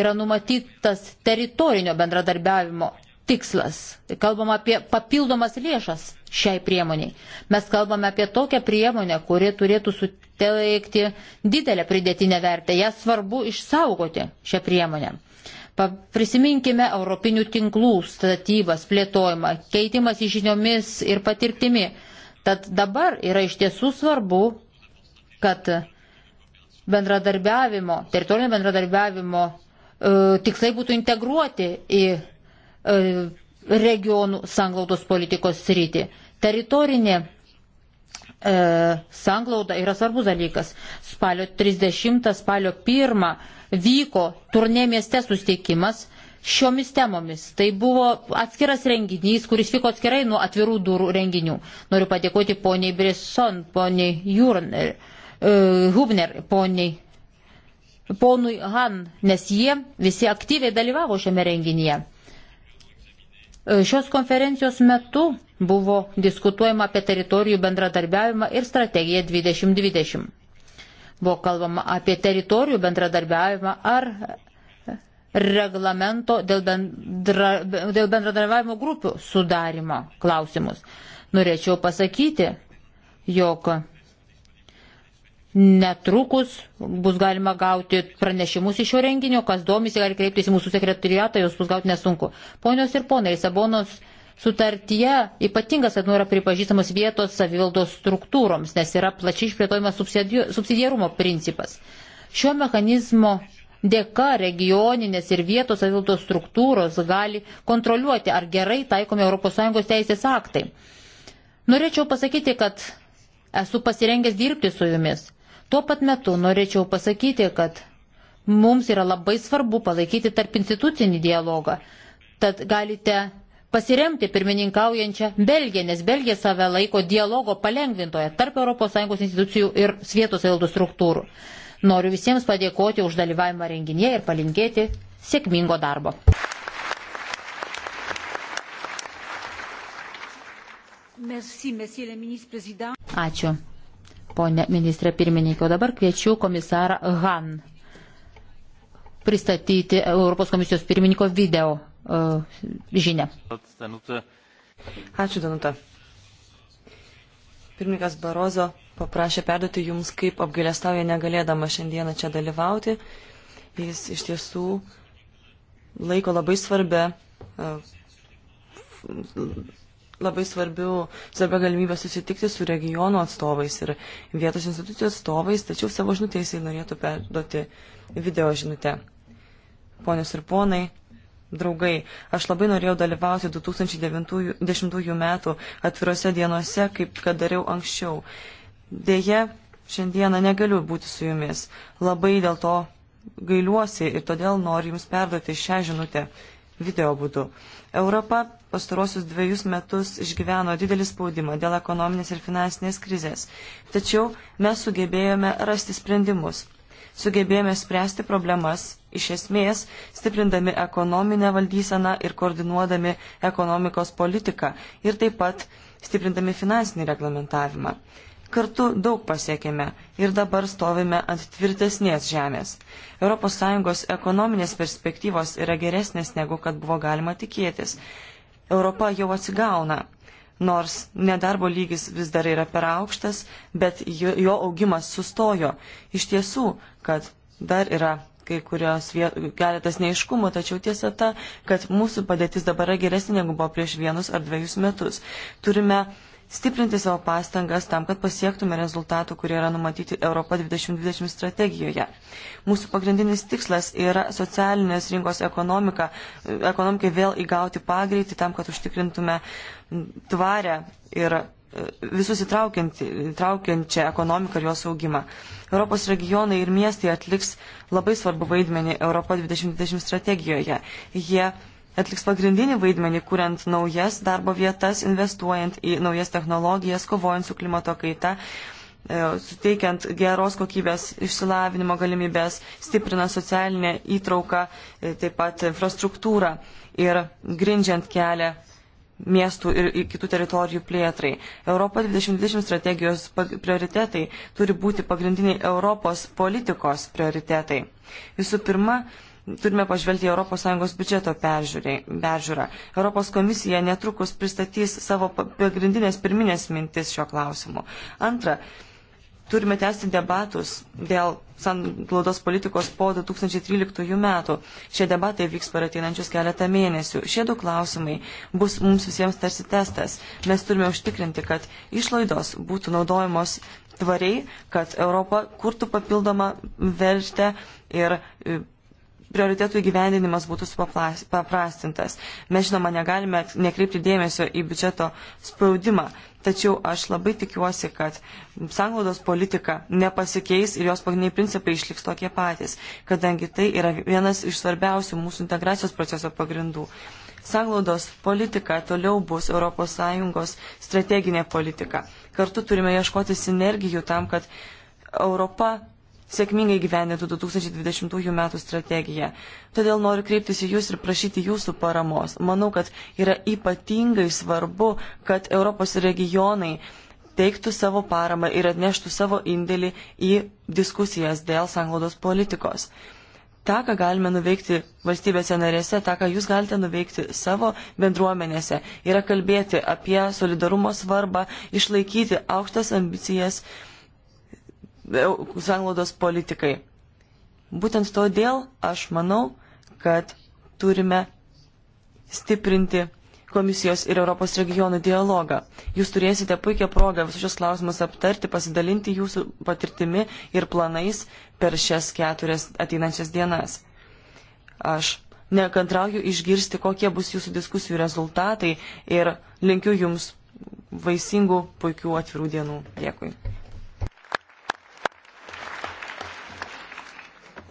yra numatytas teritorinio bendradarbiavimo tikslas. Kalbam apie papildomas lėšas šiai priemoniai. Mes kalbame apie tokią priemonę, kuri turėtų suteikti didelę pridėtinę vertę. Ją svarbu išsaugoti šią priemonę. Prisiminkime europinių tinklų statybas, plėtojimą, keitimas į žiniomis ir patirtimi. Tad dabar yra iš tiesų svarbu, kad bendradarbiavimo, teritorinio bendradarbiavimo e, tikslai būtų integruoti į E, regionų sanglaudos politikos sritį. Teritorinė e, sanglauda yra svarbus dalykas. Spalio 30, spalio 1 vyko turnė mieste sustikimas šiomis temomis. Tai buvo atskiras renginys, kuris vyko atskirai nuo atvirų durų renginių. Noriu padėkoti poniai Brisson, poniai Jurner, e, Hubner, poniai, ponui Han, nes jie visi aktyviai dalyvavo šiame renginyje. E, šios konferencijos metu buvo diskutuojama apie teritorijų bendradarbiavimą ir strategiją 2020. Buvo kalbama apie teritorijų bendradarbiavimą ar reglamento dėl, bendra, dėl bendradarbiavimo grupių sudarimo klausimus. Norėčiau pasakyti, jog Netrukus bus galima gauti pranešimus iš šio renginio, kas domisi, gali kreiptis į mūsų sekretariatą, jos bus gauti nesunku. Ponios ir ponai, Lisabonos sutartyje ypatingas atmuo yra pripažįstamos vietos savivaldos struktūroms, nes yra plačiai išplėtojamas subsidiarumo principas. Šio mechanizmo dėka regioninės ir vietos savivaldos struktūros gali kontroliuoti, ar gerai taikomi ES teisės aktai. Norėčiau pasakyti, kad esu pasirengęs dirbti su jumis Tuo pat metu norėčiau pasakyti, kad mums yra labai svarbu palaikyti tarp institucinį dialogą. Tad galite pasiremti pirmininkaujančią Belgiją, nes Belgija save laiko dialogo palengvintoje tarp ES institucijų ir vietos valdų struktūrų. Noriu visiems padėkoti už dalyvavimą renginėje ir palinkėti sėkmingo darbo. Merci, Ačiū ponė ministrė pirmininkė. O dabar kviečiu komisarą Han pristatyti Europos komisijos pirmininko video uh, e, žinę. Ačiū, Danuta. Pirmininkas Barozo paprašė perduoti jums, kaip apgailestauja negalėdama šiandieną čia dalyvauti. Jis iš tiesų laiko labai svarbę uh, e, labai svarbiu, svarbia galimybė susitikti su regionų atstovais ir vietos institucijų atstovais, tačiau savo žinutę jisai norėtų perduoti video žinutę. Ponios ir ponai, draugai, aš labai norėjau dalyvauti 2010 metų atvirose dienose, kaip kad dariau anksčiau. Deja, šiandieną negaliu būti su jumis. Labai dėl to gailiuosi ir todėl noriu jums perduoti šią žinutę video būdu. Europa pastarosius dviejus metus išgyveno didelį spaudimą dėl ekonominės ir finansinės krizės. Tačiau mes sugebėjome rasti sprendimus. Sugebėjome spręsti problemas iš esmės, stiprindami ekonominę valdyseną ir koordinuodami ekonomikos politiką ir taip pat stiprindami finansinį reglamentavimą. Kartu daug pasiekėme ir dabar stovime ant tvirtesnės žemės. ES ekonominės perspektyvos yra geresnės negu kad buvo galima tikėtis. Europa jau atsigauna. Nors nedarbo lygis vis dar yra per aukštas, bet jo, jo augimas sustojo. Iš tiesų, kad dar yra kai kurios keletas neiškumų, tačiau tiesa ta, kad mūsų padėtis dabar yra geresnė negu buvo prieš vienus ar dviejus metus. Turime uh, stiprinti savo pastangas tam, kad pasiektume rezultatų, kurie yra numatyti Europa 2020 strategijoje. Mūsų pagrindinis tikslas yra socialinės rinkos ekonomika, ekonomikai vėl įgauti pagreitį tam, kad užtikrintume tvarę ir e, visus įtraukiančią ekonomiką ir jos augimą. Europos regionai ir miestai atliks labai svarbu vaidmenį Europo 2020 strategijoje. Jie atliks pagrindinį vaidmenį, kuriant naujas darbo vietas, investuojant į naujas technologijas, kovojant su klimato kaita, e, suteikiant geros kokybės išsilavinimo galimybės, stiprinant socialinę įtrauką, e, taip pat infrastruktūrą ir grindžiant kelią miestų ir kitų teritorijų plėtrai. Europa 2020 strategijos prioritetai turi būti pagrindiniai Europos politikos prioritetai. Visų pirma, turime pažvelgti ES biudžeto peržiūrą. Europos komisija netrukus pristatys savo pagrindinės pirminės mintis šio klausimu. Antra, turime tęsti debatus dėl sanglaudos politikos po 2013 metų. Šie debatai vyks per ateinančius keletą mėnesių. Šie du klausimai bus mums visiems tarsi testas. Mes turime užtikrinti, kad išlaidos būtų naudojamos tvariai, kad Europa kurtų papildomą vertę ir e, prioritetų įgyvendinimas būtų supaprastintas. Mes žinoma negalime nekreipti dėmesio į biudžeto spaudimą, tačiau aš labai tikiuosi, kad sanglaudos politika nepasikeis ir jos pagrindiniai principai išliks tokie patys, kadangi tai yra vienas iš svarbiausių mūsų integracijos proceso pagrindų. Sanglaudos politika toliau bus ES strateginė politika. Kartu turime ieškoti sinergijų tam, kad Europa sėkmingai gyvenintų 2020 m. strategiją. Todėl noriu kreiptis į Jūs ir prašyti Jūsų paramos. Manau, kad yra ypatingai svarbu, kad Europos regionai teiktų savo paramą ir atneštų savo indėlį į diskusijas dėl sanglaudos politikos. Ta, ką galime nuveikti valstybėse narėse, ta, ką jūs galite nuveikti savo bendruomenėse, yra kalbėti apie solidarumo svarbą, išlaikyti aukštas ambicijas, uh, sanglaudos politikai. Būtent todėl aš manau, kad turime stiprinti komisijos ir Europos regionų dialogą. Jūs turėsite puikią progą visus šios klausimus aptarti, pasidalinti jūsų patirtimi ir planais per šias keturias ateinančias dienas. Aš nekantrauju išgirsti, kokie bus jūsų diskusijų rezultatai ir linkiu jums vaisingų, puikių, atvirų dienų. Dėkui.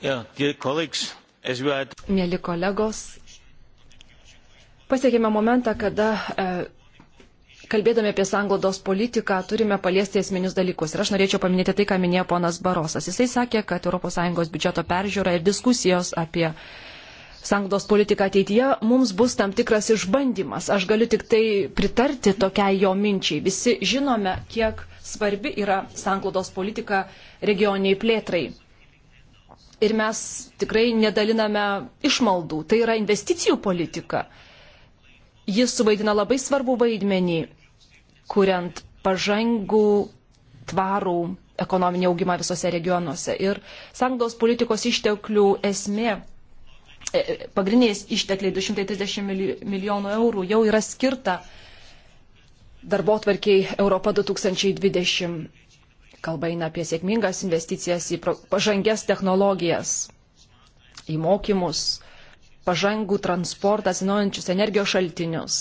Yeah, are... Mėly kolegos, pasiekėme momentą, kada e, kalbėdami apie sanglodos politiką turime paliesti esminius dalykus. Ir aš norėčiau paminėti tai, ką minėjo ponas Barosas. Jisai sakė, kad ES biudžeto peržiūra ir diskusijos apie sanglodos politiką ateityje mums bus tam tikras išbandymas. Aš galiu tik tai pritarti tokiai jo minčiai. Visi žinome, kiek svarbi yra sanglodos politika regioniai plėtrai ir mes tikrai nedaliname išmaldų. Tai yra investicijų politika. Jis suvaidina labai svarbų vaidmenį, kuriant pažangų, tvarų ekonominį augimą visose regionuose. Ir sanglaus politikos išteklių esmė, e, e, pagrindiniais ištekliai 230 milijonų eurų jau yra skirta darbo tvarkiai Europa 2020 Kalba eina apie sėkmingas investicijas į pažangias technologijas, į mokymus, pažangų transportą, atsinaujančius energijos šaltinius.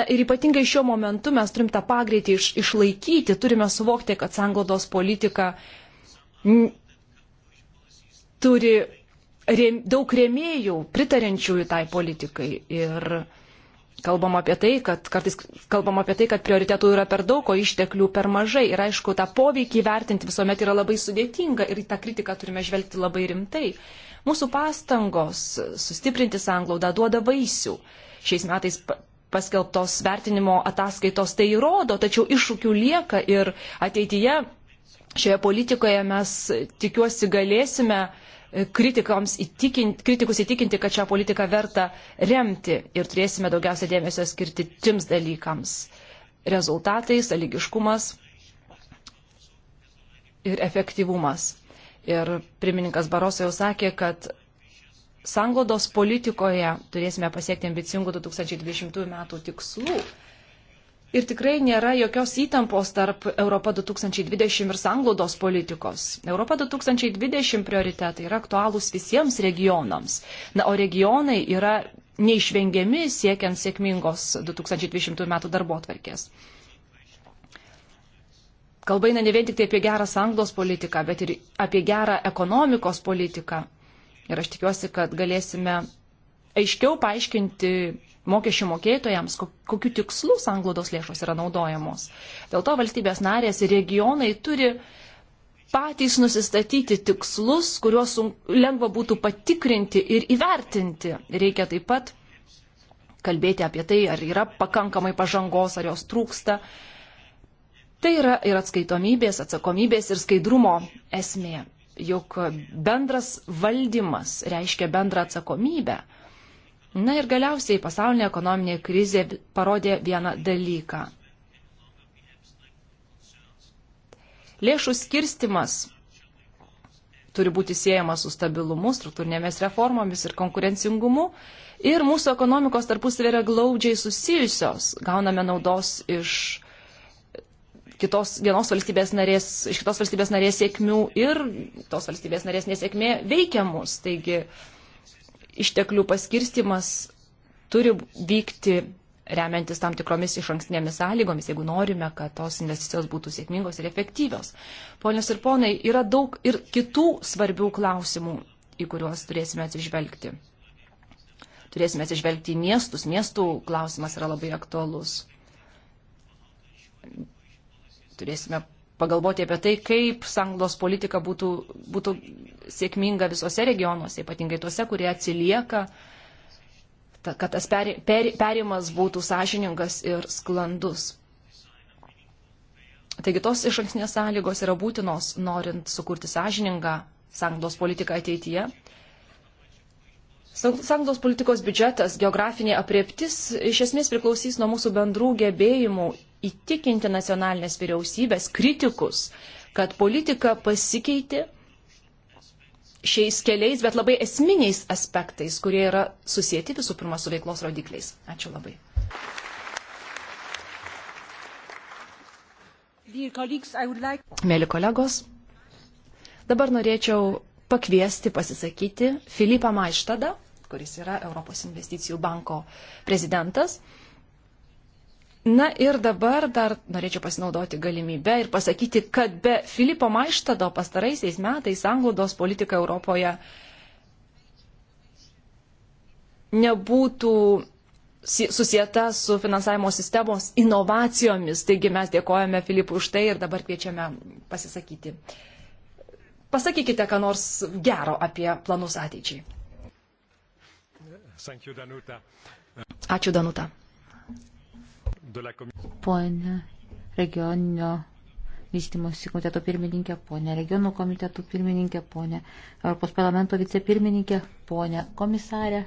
Na ir ypatingai šiuo momentu mes turim tą pagreitį iš, išlaikyti, turime suvokti, kad sanglaudos politika m, turi rėm, daug rėmėjų, pritarenčiųjų tai politikai. Ir kalbam apie tai, kad kartais kalbam apie tai, kad prioritetų yra per daug, o išteklių per mažai. Ir aišku, tą poveikį vertinti visuomet yra labai sudėtinga ir į tą kritiką turime žvelgti labai rimtai. Mūsų pastangos sustiprinti sanglaudą duoda vaisių. Šiais metais paskelbtos vertinimo ataskaitos tai įrodo, tačiau iššūkių lieka ir ateityje šioje politikoje mes tikiuosi galėsime uh, įtikinti, kritikus įtikinti, kad šią politiką verta remti ir turėsime daugiausia dėmesio skirti trims dalykams - rezultatai, saligiškumas ir efektyvumas. Ir pirmininkas Baroso jau sakė, kad sanglodos politikoje turėsime pasiekti ambicingų 2020 metų tikslų ir tikrai nėra jokios įtampos tarp Europa 2020 ir sanglaudos politikos. Europa 2020 prioritetai yra aktualūs visiems regionams, na, o regionai yra neišvengiami siekiant sėkmingos 2020 metų darbo atvarkės. Kalba eina ne vien tik tai apie gerą sanglos politiką, bet ir apie gerą ekonomikos politiką. Ir aš tikiuosi, kad galėsime aiškiau paaiškinti mokesčių mokėtojams, kokiu tikslu sanglodos lėšos yra naudojamos. Dėl to valstybės narės ir regionai turi patys nusistatyti tikslus, kuriuos lengva būtų patikrinti ir įvertinti. Reikia taip pat kalbėti apie tai, ar yra pakankamai pažangos, ar jos trūksta. Tai yra ir atskaitomybės, atsakomybės ir skaidrumo esmė. Juk bendras valdymas reiškia bendrą atsakomybę Na ir galiausiai pasaulinė ekonominė krizė parodė vieną dalyką. Lėšų skirstimas turi būti siejamas su stabilumu, struktūrinėmis reformomis ir konkurencingumu. Ir mūsų ekonomikos tarpusavė yra glaudžiai susijusios. Gauname naudos iš kitos vienos valstybės narės, iš kitos valstybės narės sėkmių ir tos valstybės narės nesėkmė veikia mus. Taigi, uh, išteklių paskirstimas turi vykti remiantis tam tikromis iš ankstinėmis sąlygomis, jeigu norime, kad tos investicijos būtų sėkmingos ir efektyvios. Ponios ir ponai, yra daug ir kitų svarbių klausimų, į kuriuos turėsime atsižvelgti. Turėsime atsižvelgti į miestus. Miestų klausimas yra labai aktualus. Turėsime pagalvoti apie tai, kaip sanglos politika būtų, būtų sėkminga visose regionuose, ypatingai tuose, kurie atsilieka, ta, kad tas per, per, perimas būtų sąžiningas ir sklandus. Taigi tos iš anksnės sąlygos yra būtinos, norint sukurti sąžiningą sanglos politiką ateityje. Sanglos politikos biudžetas, geografinė apriptis iš esmės priklausys nuo mūsų bendrų gebėjimų įtikinti nacionalinės vyriausybės kritikus, kad politika pasikeitė šiais keliais, bet labai esminiais aspektais, kurie yra susijęti visų pirma su veiklos rodikliais. Ačiū labai. Mėly kolegos, dabar norėčiau pakviesti pasisakyti Filipą Maištadą, kuris yra Europos investicijų banko prezidentas. Na ir dabar dar norėčiau pasinaudoti galimybę ir pasakyti, kad be Filipo Maištado pastaraisiais metais anglodos politika Europoje nebūtų susijęta su finansavimo sistemos inovacijomis. Taigi mes dėkojame Filipui už tai ir dabar kviečiame pasisakyti. Pasakykite, ką nors gero apie planus ateičiai. Ačiū, Danuta. Ačiū, Danuta. Pone regioninio vystimosi komiteto pirmininkė, ponė regionų komitetų pirmininkė, ponė Europos parlamento vicepirmininkė, ponė komisarė,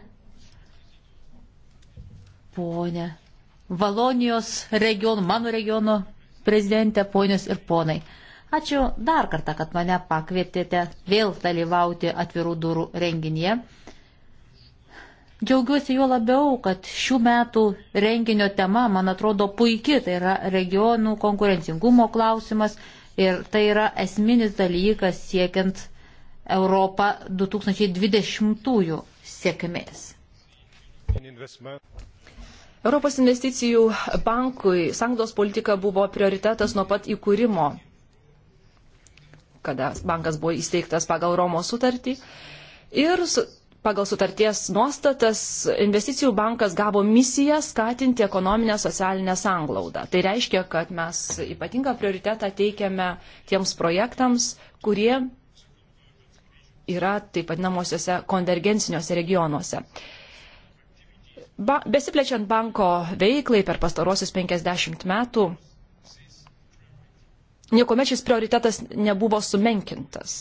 ponė Valonijos regionų, mano regiono prezidentė, ponios ir ponai. Ačiū dar kartą, kad mane pakvietėte vėl dalyvauti atvirų durų renginyje. Džiaugiuosi juo labiau, kad šių metų renginio tema, man atrodo, puikia, tai yra regionų konkurencingumo klausimas ir tai yra esminis dalykas siekiant Europą 2020 sėkmės. Europos investicijų bankui sanglos politika buvo prioritetas nuo pat įkūrimo, kada bankas buvo įsteigtas pagal Romos sutartį. Ir Pagal sutarties nuostatas investicijų bankas gavo misiją skatinti ekonominę socialinę sanglaudą. Tai reiškia, kad mes ypatingą prioritetą teikiame tiems projektams, kurie yra taip vadinamosiose konvergenciniuose regionuose. Ba, besiplečiant banko veiklai per pastarosius 50 metų, niekuomet šis prioritetas nebuvo sumenkintas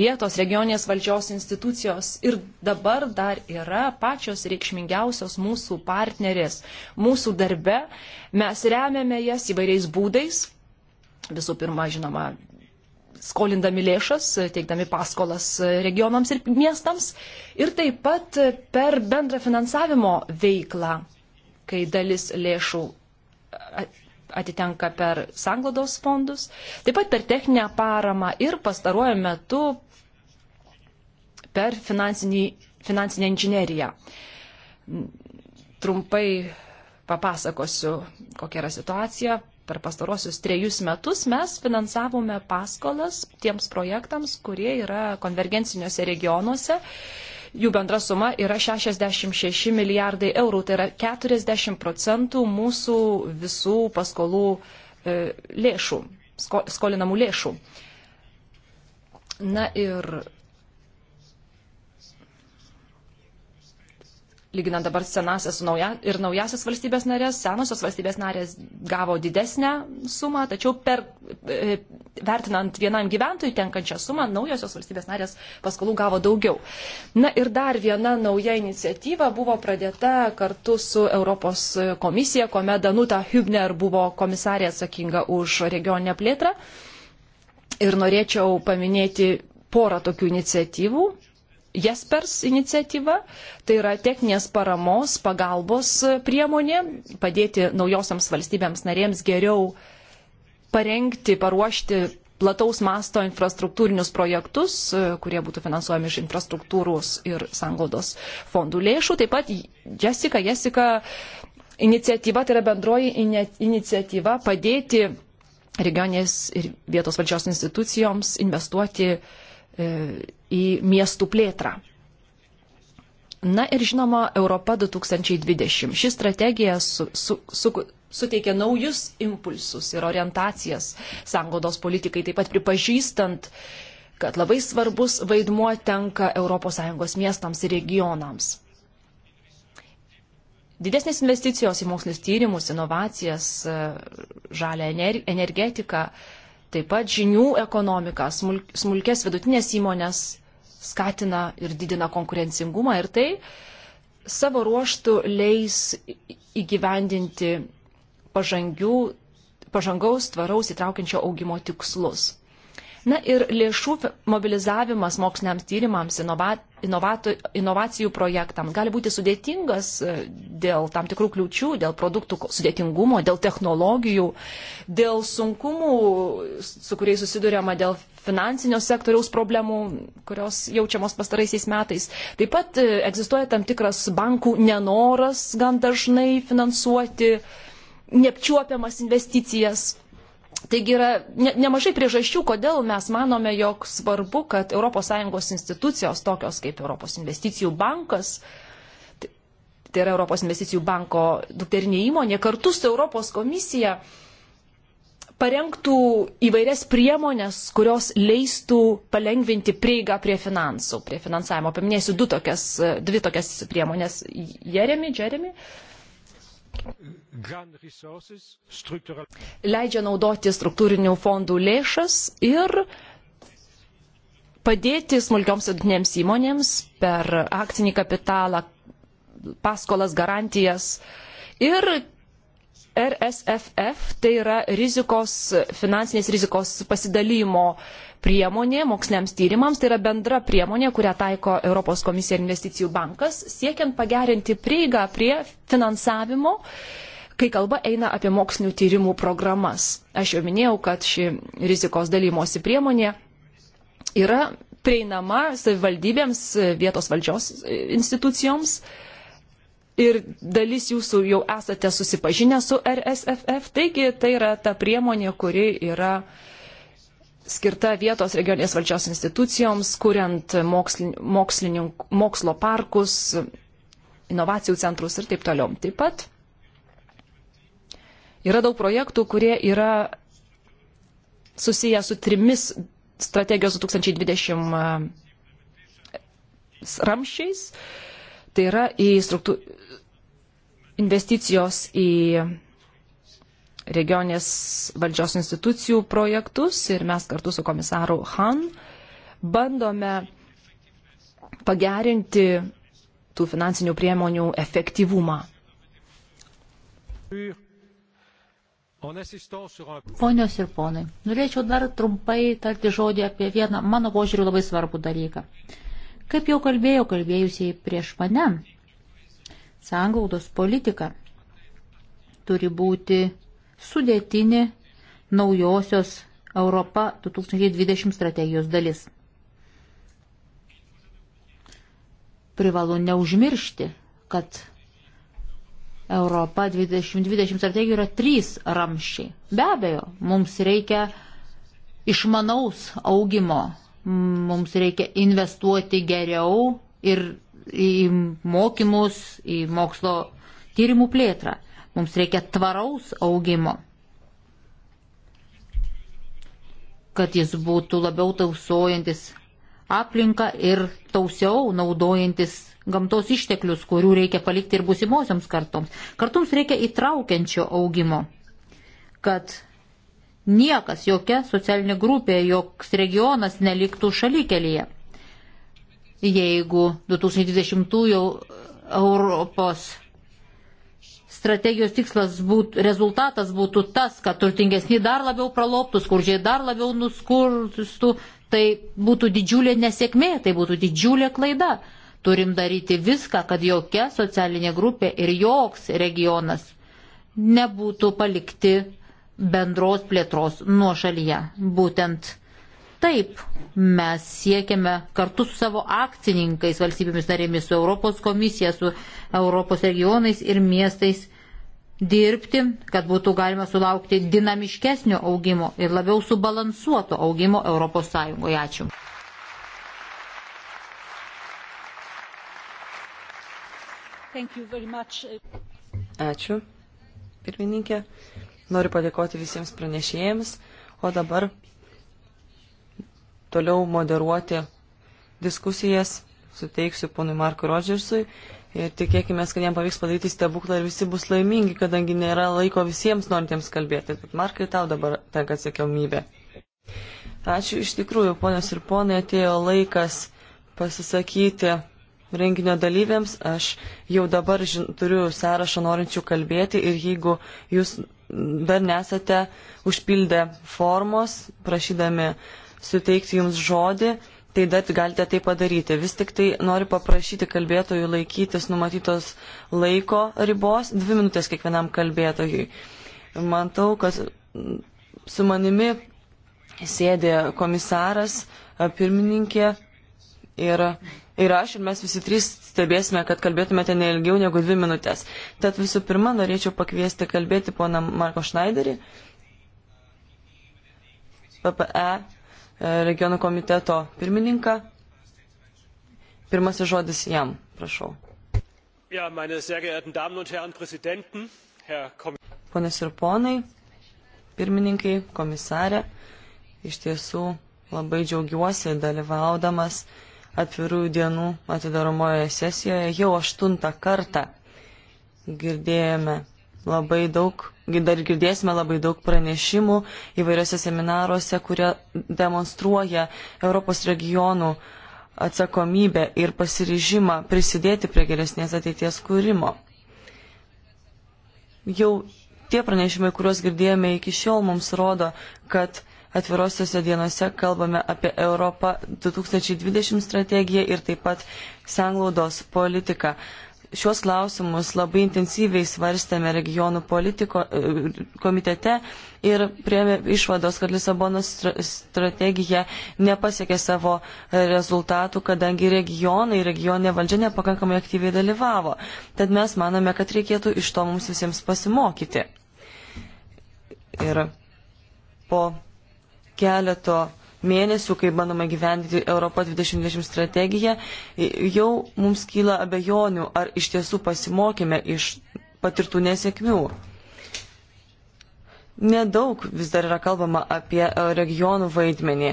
vietos regioninės valdžios institucijos ir dabar dar yra pačios reikšmingiausios mūsų partnerės. Mūsų darbe mes remiame jas įvairiais būdais. Visų pirma, žinoma, skolindami lėšas, teikdami paskolas regionams ir miestams ir taip pat per bendrą finansavimo veiklą, kai dalis lėšų atitenka per sanglados fondus, taip pat per techninę paramą ir pastaruoju metu per finansinę inžineriją. Trumpai papasakosiu, kokia yra situacija. Per pastarosius trejus metus mes finansavome paskolas tiems projektams, kurie yra konvergenciniuose regionuose jų bendra suma yra 66 milijardai eurų, tai yra 40 procentų mūsų visų paskolų e, lėšų, skolinamų lėšų. Na ir lyginant dabar senasias nauja, ir naujasias valstybės narės, senosios valstybės narės gavo didesnę sumą, tačiau per, e, vertinant vienam gyventojui tenkančią sumą, naujosios valstybės narės paskolų gavo daugiau. Na ir dar viena nauja iniciatyva buvo pradėta kartu su Europos komisija, kuomet Danuta Hübner buvo komisarė atsakinga už regioninę plėtrą. Ir norėčiau paminėti porą tokių iniciatyvų Jespers iniciatyva, tai yra techninės paramos, pagalbos priemonė, padėti naujosiams valstybėms narėms geriau parengti, paruošti plataus masto infrastruktūrinius projektus, kurie būtų finansuojami iš infrastruktūros ir sanglaudos fondų lėšų. Taip pat Jessica, Jessica iniciatyva, tai yra bendroji iniciatyva padėti regionės ir vietos valdžios institucijoms investuoti uh, E, į miestų plėtrą. Na ir žinoma, Europa 2020. Ši strategija su, su, su, suteikia naujus impulsus ir orientacijas sangodos politikai, taip pat pripažįstant, kad labai svarbus vaidmuo tenka ES miestams ir regionams. Didesnės investicijos į mokslinis tyrimus, inovacijas, žalę energetiką Taip pat žinių ekonomika, smulkės vidutinės įmonės skatina ir didina konkurencingumą ir tai savo ruoštų leis įgyvendinti pažangių, pažangaus, tvaraus įtraukiančio augimo tikslus. Na ir lėšų mobilizavimas moksliniams tyrimams, inova, inovato, inovacijų projektams gali būti sudėtingas e, dėl tam tikrų kliūčių, dėl produktų sudėtingumo, dėl technologijų, dėl sunkumų, su kuriais susidurėma dėl finansinio sektoriaus problemų, kurios jaučiamos pastaraisiais metais. Taip pat e, egzistuoja tam tikras bankų nenoras gan dažnai finansuoti neapčiuopiamas investicijas Taigi yra ne, nemažai priežasčių, kodėl mes manome, jog svarbu, kad ES institucijos, tokios kaip Europos investicijų bankas, tai yra Europos investicijų banko dukterinė įmonė, kartu su Europos komisija parengtų įvairias priemonės, kurios leistų palengvinti prieigą prie finansų, prie finansavimo. Paminėsiu du tokias, dvi tokias priemonės. Jeremy, Jeremy. Uh, leidžia naudoti struktūrinių fondų lėšas ir padėti smulkioms vidutinėms įmonėms per akcinį kapitalą, paskolas, garantijas. Ir RSFF tai yra rizikos, finansinės rizikos pasidalymo priemonė moksliniams tyrimams, tai yra bendra priemonė, kurią taiko Europos komisija ir investicijų bankas, siekiant pagerinti prieigą prie finansavimo, kai kalba eina apie mokslinių tyrimų programas. Aš jau minėjau, kad ši rizikos dalymosi priemonė yra prieinama savivaldybėms, vietos valdžios institucijoms. Ir dalis jūsų jau esate susipažinę su RSFF, taigi tai yra ta priemonė, kuri yra uh, skirta vietos regionės valdžios institucijoms, kuriant mokslo parkus, inovacijų centrus ir taip toliau. Taip pat yra daug projektų, kurie yra susiję su trimis strategijos 2020 e, ramšiais. Tai yra į struktūrų investicijos į regionės valdžios institucijų projektus ir mes kartu su komisaru Han bandome pagerinti tų finansinių priemonių efektyvumą. Ponios ir ponai, norėčiau dar trumpai tarti žodį apie vieną mano požiūrių labai svarbų dalyką. Kaip jau kalbėjau, kalbėjusiai prieš mane, sąngaudos politika turi būti sudėtinė naujosios Europa 2020 strategijos dalis. Privalu neužmiršti, kad Europa 2020 strategija yra trys ramščiai. Be abejo, mums reikia išmanaus augimo, mums reikia investuoti geriau ir į mokymus, į mokslo tyrimų plėtrą. Mums reikia tvaraus augimo, kad jis būtų labiau tausojantis aplinką ir tausiau naudojantis gamtos išteklius, kurių reikia palikti ir būsimosioms kartoms. Kartoms reikia įtraukiančio augimo, kad niekas, jokia socialinė grupė, joks regionas neliktų šalikelyje. Jeigu 2020 Europos strategijos tikslas būtų, rezultatas būtų tas, kad turtingesni dar labiau praloptų, skurdžiai dar labiau nuskurstų, tai būtų didžiulė nesėkmė, tai būtų didžiulė klaida. Turim daryti viską, kad jokia socialinė grupė ir joks regionas nebūtų palikti bendros plėtros nuo šalyje. Būtent taip mes siekiame kartu su savo akcininkais, valstybėmis narėmis, su Europos komisija, su Europos regionais ir miestais dirbti, kad būtų galima sulaukti dinamiškesnio augimo ir labiau subalansuoto augimo ES. Ačiū. Ačiū, pirmininkė. Noriu padėkoti visiems pranešėjams, o dabar toliau moderuoti diskusijas suteiksiu ponui Markui Rodžersui Ir tikėkime, kad jam pavyks padaryti stebuklą ir visi bus laimingi, kadangi nėra laiko visiems norintiems kalbėti. Tad Markai, tau dabar tenka atsakomybė. Ačiū iš tikrųjų, ponios ir ponai, atėjo laikas pasisakyti renginio dalyviams. Aš jau dabar žin, turiu sąrašą norinčių kalbėti ir jeigu jūs dar nesate užpildę formos, prašydami suteikti jums žodį, tai dat galite tai padaryti. Vis tik tai noriu paprašyti kalbėtojų laikytis numatytos laiko ribos, dvi minutės kiekvienam kalbėtojui. Matau, kad su manimi sėdė komisaras, pirmininkė ir, ir aš, ir mes visi trys stebėsime, kad kalbėtumėte ne ilgiau negu dvi minutės. Tad visų pirma, norėčiau pakviesti kalbėti poną Marko Šnaiderį, PPE E, regionų komiteto pirmininką. Pirmasis žodis jam, prašau. Ja, meine sehr geehrten Damen und Herren Präsidenten, Herr Kommissar. Ponas ir ponai, pirmininkai, komisarė, iš tiesų labai džiaugiuosi dalyvaudamas atvirų dienų atidaromoje sesijoje jau aštuntą kartą. Girdėjome labai daug dar girdėsime labai daug pranešimų įvairiose seminaruose, kurie demonstruoja Europos regionų atsakomybę ir pasiryžimą prisidėti prie geresnės ateities kūrimo. Jau tie pranešimai, kuriuos girdėjome iki šiol, mums rodo, kad atvirosiuose dienose kalbame apie Europą 2020 strategiją ir taip pat sanglaudos politiką šios klausimus labai intensyviai svarstėme regionų politiko e, komitete ir priemė išvados, kad Lisabonos strategija nepasiekė savo rezultatų, kadangi regionai, regioninė valdžia nepakankamai aktyviai dalyvavo. Tad mes manome, kad reikėtų iš to mums visiems pasimokyti. Ir po keleto mėnesių, kai bandoma gyventi Europo 2020 strategiją, jau mums kyla abejonių, ar iš tiesų pasimokėme iš patirtų nesėkmių. Nedaug vis dar yra kalbama apie e, regionų vaidmenį.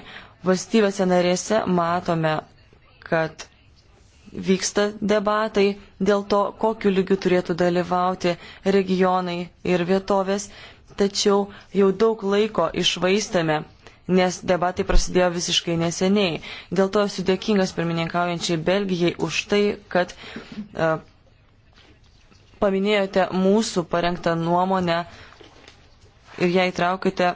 Valstybėse narėse matome, kad vyksta debatai dėl to, kokiu lygiu turėtų dalyvauti regionai ir vietovės, tačiau jau daug laiko išvaistėme nes debatai prasidėjo visiškai neseniai. Dėl to esu dėkingas pirmininkaujančiai Belgijai už tai, kad uh, paminėjote mūsų parengtą nuomonę ir ją įtraukite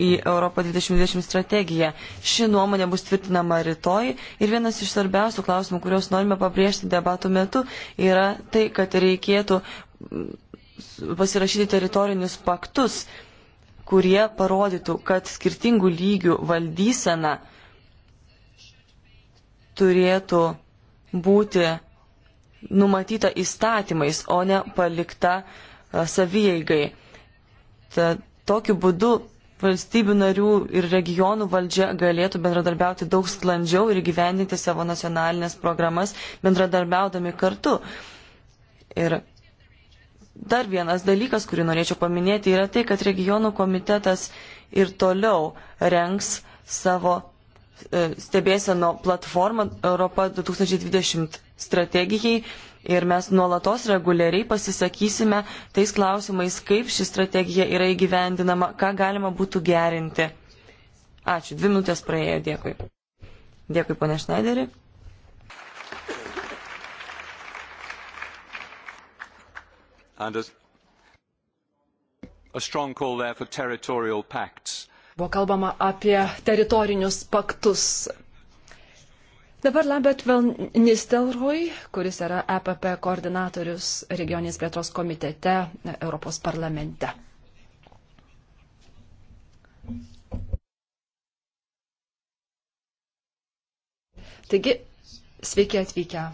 į Europą 2020 strategiją. Ši nuomonė bus tvirtinama rytoj ir vienas iš svarbiausių klausimų, kuriuos norime pabrėžti debatų metu, yra tai, kad reikėtų pasirašyti teritorinius paktus kurie parodytų, kad skirtingų lygių valdysena turėtų būti numatyta įstatymais, o ne palikta e, savieigai. Ta, tokiu būdu valstybių narių ir regionų valdžia galėtų bendradarbiauti daug sklandžiau ir gyvendinti savo nacionalinės programas, bendradarbiaudami kartu. Ir Dar vienas dalykas, kurį norėčiau paminėti, yra tai, kad regionų komitetas ir toliau rengs savo e, stebėseno platformą Europa 2020 strategijai ir mes nuolatos reguliariai pasisakysime tais klausimais, kaip ši strategija yra įgyvendinama, ką galima būtų gerinti. Ačiū, dvi minutės praėjo, dėkui. Dėkui, pane Šnaideri. and a, a strong call there for territorial pacts. Buvo kalbama apie teritorinius paktus. Dabar Lambert Van Nistelrooy, kuris yra EPP koordinatorius regioninės plėtros komitete Europos parlamente. Taigi, sveiki atvykę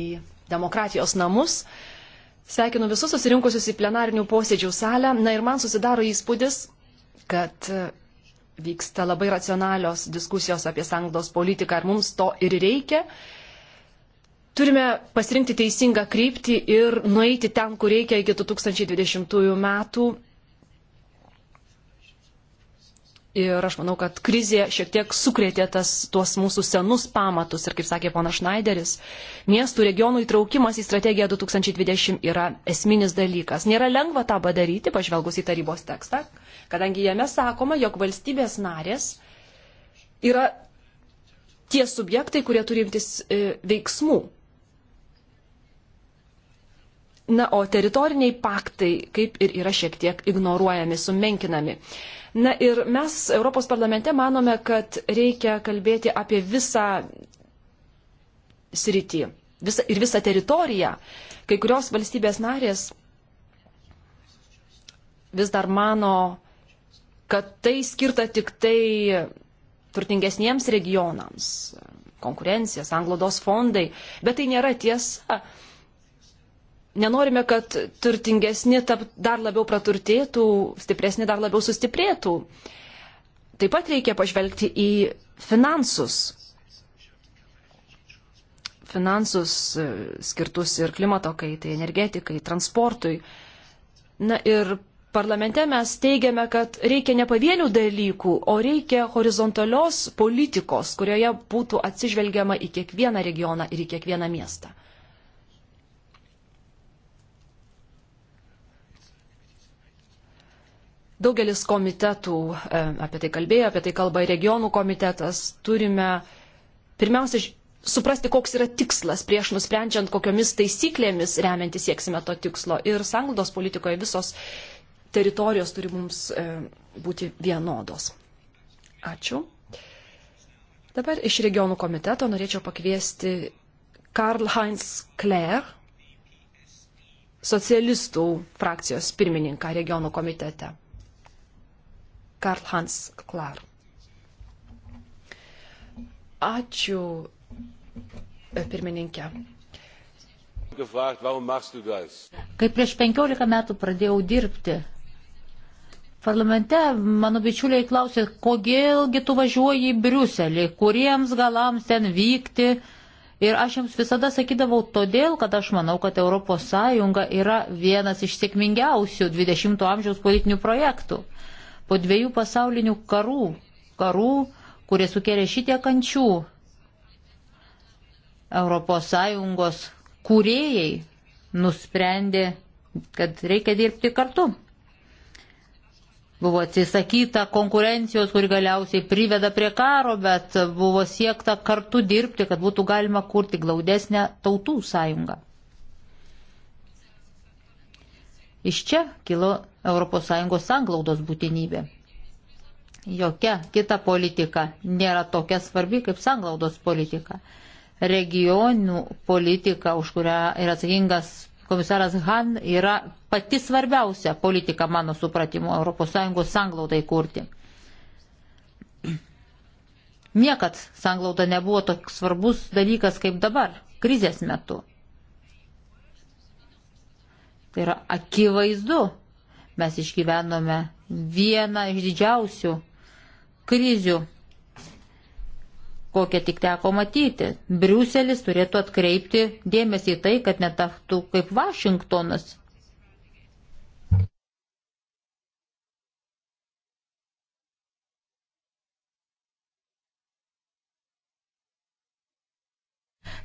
į demokratijos namus. Sveikinu visus susirinkusius į plenarinių posėdžių salę. Na ir man susidaro įspūdis, kad e, vyksta labai racionalios diskusijos apie sanglos politiką ir mums to ir reikia. Turime pasirinkti teisingą kryptį ir nueiti ten, kur reikia iki 2020 metų Ir aš manau, kad krizė šiek tiek sukrėtė tas, tuos mūsų senus pamatus. Ir kaip sakė ponas Schneideris, miestų regionų įtraukimas į strategiją 2020 yra esminis dalykas. Nėra lengva tą padaryti, pažvelgus į tarybos tekstą, kadangi jame sakoma, jog valstybės narės yra tie subjektai, kurie turi imtis e, veiksmų. Na, o teritoriniai paktai kaip ir yra šiek tiek ignoruojami, sumenkinami. Na ir mes Europos parlamente manome, kad reikia kalbėti apie visą sritį visą, ir visą teritoriją. Kai kurios valstybės narės vis dar mano, kad tai skirta tik tai turtingesniems regionams, konkurencija, anglodos fondai, bet tai nėra tiesa nenorime, kad turtingesni dar labiau praturtėtų, stipresni dar labiau sustiprėtų. Taip pat reikia pažvelgti į finansus. Finansus e, skirtus ir klimato kaitai, energetikai, transportui. Na ir parlamente mes teigiame, kad reikia ne pavienių dalykų, o reikia horizontalios politikos, kurioje būtų atsižvelgiama į kiekvieną regioną ir į kiekvieną miestą. Daugelis komitetų e, apie tai kalbėjo, apie tai kalba ir regionų komitetas. Turime pirmiausia suprasti, koks yra tikslas prieš nusprendžiant, kokiomis taisyklėmis remiantis sieksime to tikslo. Ir sanglaudos politikoje visos teritorijos turi mums e, būti vienodos. Ačiū. Dabar iš regionų komiteto norėčiau pakviesti Karl-Heinz Kler, socialistų frakcijos pirmininką regionų komitete. Karl Hans Klar. Ačiū, pirmininkė. Kai prieš 15 metų pradėjau dirbti parlamente, mano bičiuliai klausė, kodėlgi tu važiuoji į Briuselį, kuriems galams ten vykti. Ir aš jums visada sakydavau todėl, kad aš manau, kad ES yra vienas iš sėkmingiausių 20-ojo amžiaus politinių projektų. Po dviejų pasaulinių karų, karų, kurie sukėlė šitie kančių, ES kūrėjai nusprendė, kad reikia dirbti kartu. Buvo atsisakyta konkurencijos, kuri galiausiai priveda prie karo, bet buvo siekta kartu dirbti, kad būtų galima kurti glaudesnę tautų sąjungą. Iš čia kilo ES sanglaudos būtinybė. Jokia kita politika nėra tokia svarbi kaip sanglaudos politika. Regionų politika, už kurią yra atsakingas komisaras Han, yra pati svarbiausia politika, mano supratimu, ES sanglaudai kurti. Niekad sanglauda nebuvo toks svarbus dalykas kaip dabar, krizės metu. Tai yra akivaizdu. Mes išgyvenome vieną iš didžiausių krizių, kokią tik teko matyti. Briuselis turėtų atkreipti dėmesį į tai, kad netaptų kaip Vašingtonas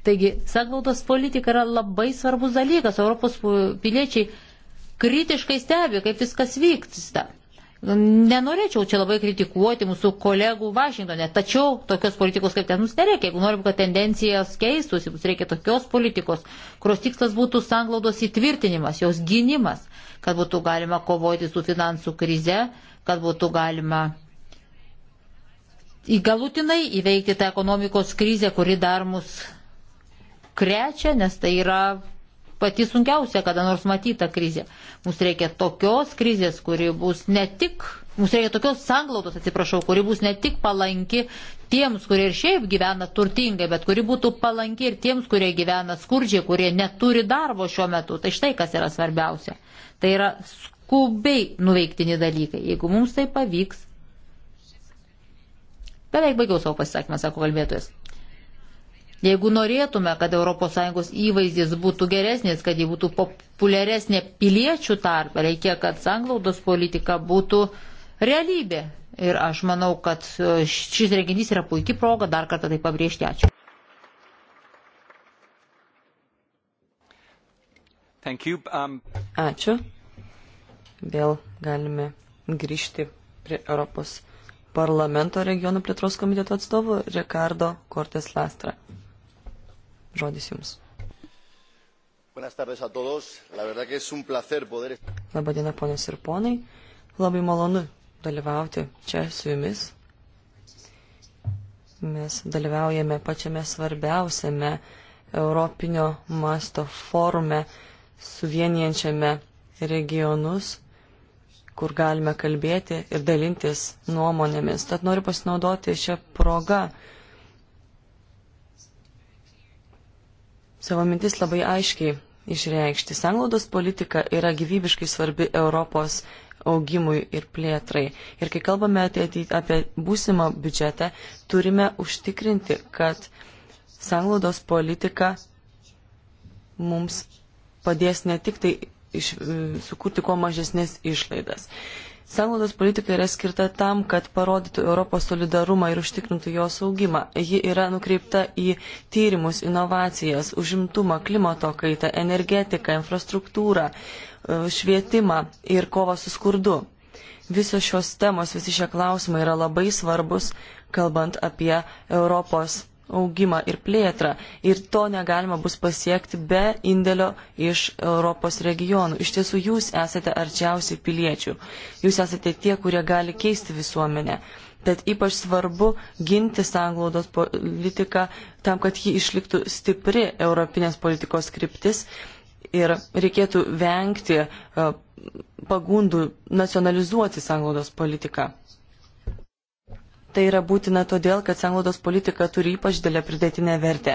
Taigi, sanglaudos politika yra labai svarbus dalykas. Europos piliečiai kritiškai stebi, kaip viskas vyksta. Nenorėčiau čia labai kritikuoti mūsų kolegų Vašingtonė, tačiau tokios politikos kaip ten mums nereikia. Jeigu norim, kad tendencijos keistųsi, mums reikia tokios politikos, kurios tikslas būtų sanglaudos įtvirtinimas, jos gynimas, kad būtų galima kovoti su finansų krize, kad būtų galima įgalutinai įveikti tą ekonomikos krizę, kuri dar mus krečia, nes tai yra pati sunkiausia kada nors matyta krizė. Mums reikia tokios krizės, kuri bus ne tik, mums reikia tokios sanglautos, atsiprašau, kuri bus ne tik palanki tiems, kurie ir šiaip gyvena turtingai, bet kuri būtų palanki ir tiems, kurie gyvena skurdžiai, kurie neturi darbo šiuo metu. Tai štai kas yra svarbiausia. Tai yra skubiai nuveiktini dalykai. Jeigu mums tai pavyks. Beveik baigiau savo pasisakymą, sako kalbėtojas. Jeigu norėtume, kad ES įvaizdis būtų geresnis, kad ji būtų populiaresnė piliečių tarp, reikia, kad sanglaudos politika būtų realybė. Ir aš manau, kad šis renginys yra puikia proga dar kartą tai pabrėžti. Ačiū. Um... Ačiū. Vėl galime grįžti prie Europos parlamento regionų plėtros komiteto atstovo Ricardo Cortes Lastra. Žodis Jums. Labadiena, ponios ir ponai. Labai malonu dalyvauti čia su Jumis. Mes dalyvaujame pačiame svarbiausiame Europinio masto forume, suvienijančiame regionus, kur galime kalbėti ir dalintis nuomonėmis. Tad noriu pasinaudoti šią progą savo mintis labai aiškiai išreikšti. Sanglaudos politika yra gyvybiškai svarbi Europos augimui ir plėtrai. Ir kai kalbame apie, apie būsimą biudžetą, turime užtikrinti, kad sanglaudos politika mums padės ne tik tai iš, e, sukurti kuo mažesnės išlaidas. Sanglaudos politika yra skirta tam, kad parodytų Europos solidarumą ir užtikrintų jos augimą. Ji yra nukreipta į tyrimus, inovacijas, užimtumą, klimato kaitą, energetiką, infrastruktūrą, e, švietimą ir kovą su skurdu. Visos šios temos, visi šie klausimai yra labai svarbus, kalbant apie Europos augimą ir plėtrą. Ir to negalima bus pasiekti be indėlio iš Europos regionų. Iš tiesų, jūs esate arčiausiai piliečių. Jūs esate tie, kurie gali keisti visuomenę. Tad ypač svarbu ginti sanglaudos politiką tam, kad ji išliktų stipri Europinės politikos kryptis ir reikėtų vengti e, pagundų nacionalizuoti sanglaudos politiką. Tai yra būtina todėl, kad sanglaudos politika turi ypač dėlę pridėtinę vertę.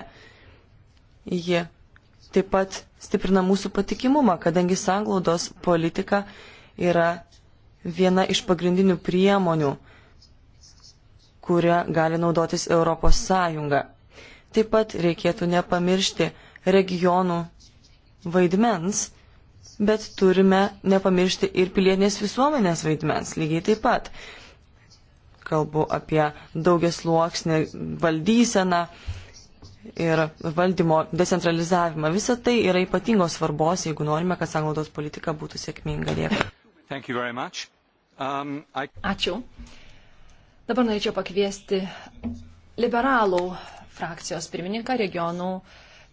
Ji taip pat stiprina mūsų patikimumą, kadangi sanglaudos politika yra viena iš pagrindinių priemonių, kurią gali naudotis Europos Sąjunga. Taip pat reikėtų nepamiršti regionų vaidmens, bet turime nepamiršti ir pilietinės visuomenės vaidmens lygiai taip pat kalbu apie daugias luoksnį valdyseną ir valdymo decentralizavimą. Visa tai yra ypatingos svarbos, jeigu norime, kad sanglaudos politika būtų sėkminga. Dėkui. Um, I... Ačiū. Dabar norėčiau pakviesti liberalų frakcijos pirmininką regionų,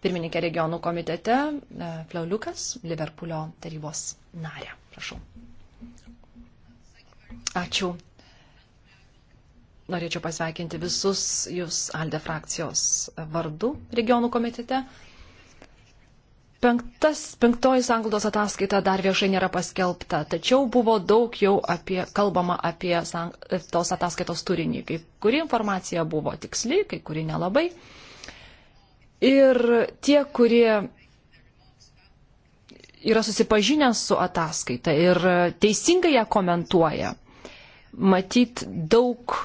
pirmininkę regionų komitete, e, Fleuliukas, Liverpoolio tarybos narę. Prašau. Ačiū. Norėčiau pasveikinti visus jūs Alde frakcijos vardu regionų komitete. Penktas, penktoji sanglaudos ataskaita dar viešai nėra paskelbta, tačiau buvo daug jau apie, kalbama apie sang, tos ataskaitos turinį, kai kuri informacija buvo tiksli, kai kuri nelabai. Ir tie, kurie yra susipažinę su ataskaita ir teisingai ją komentuoja, matyt, daug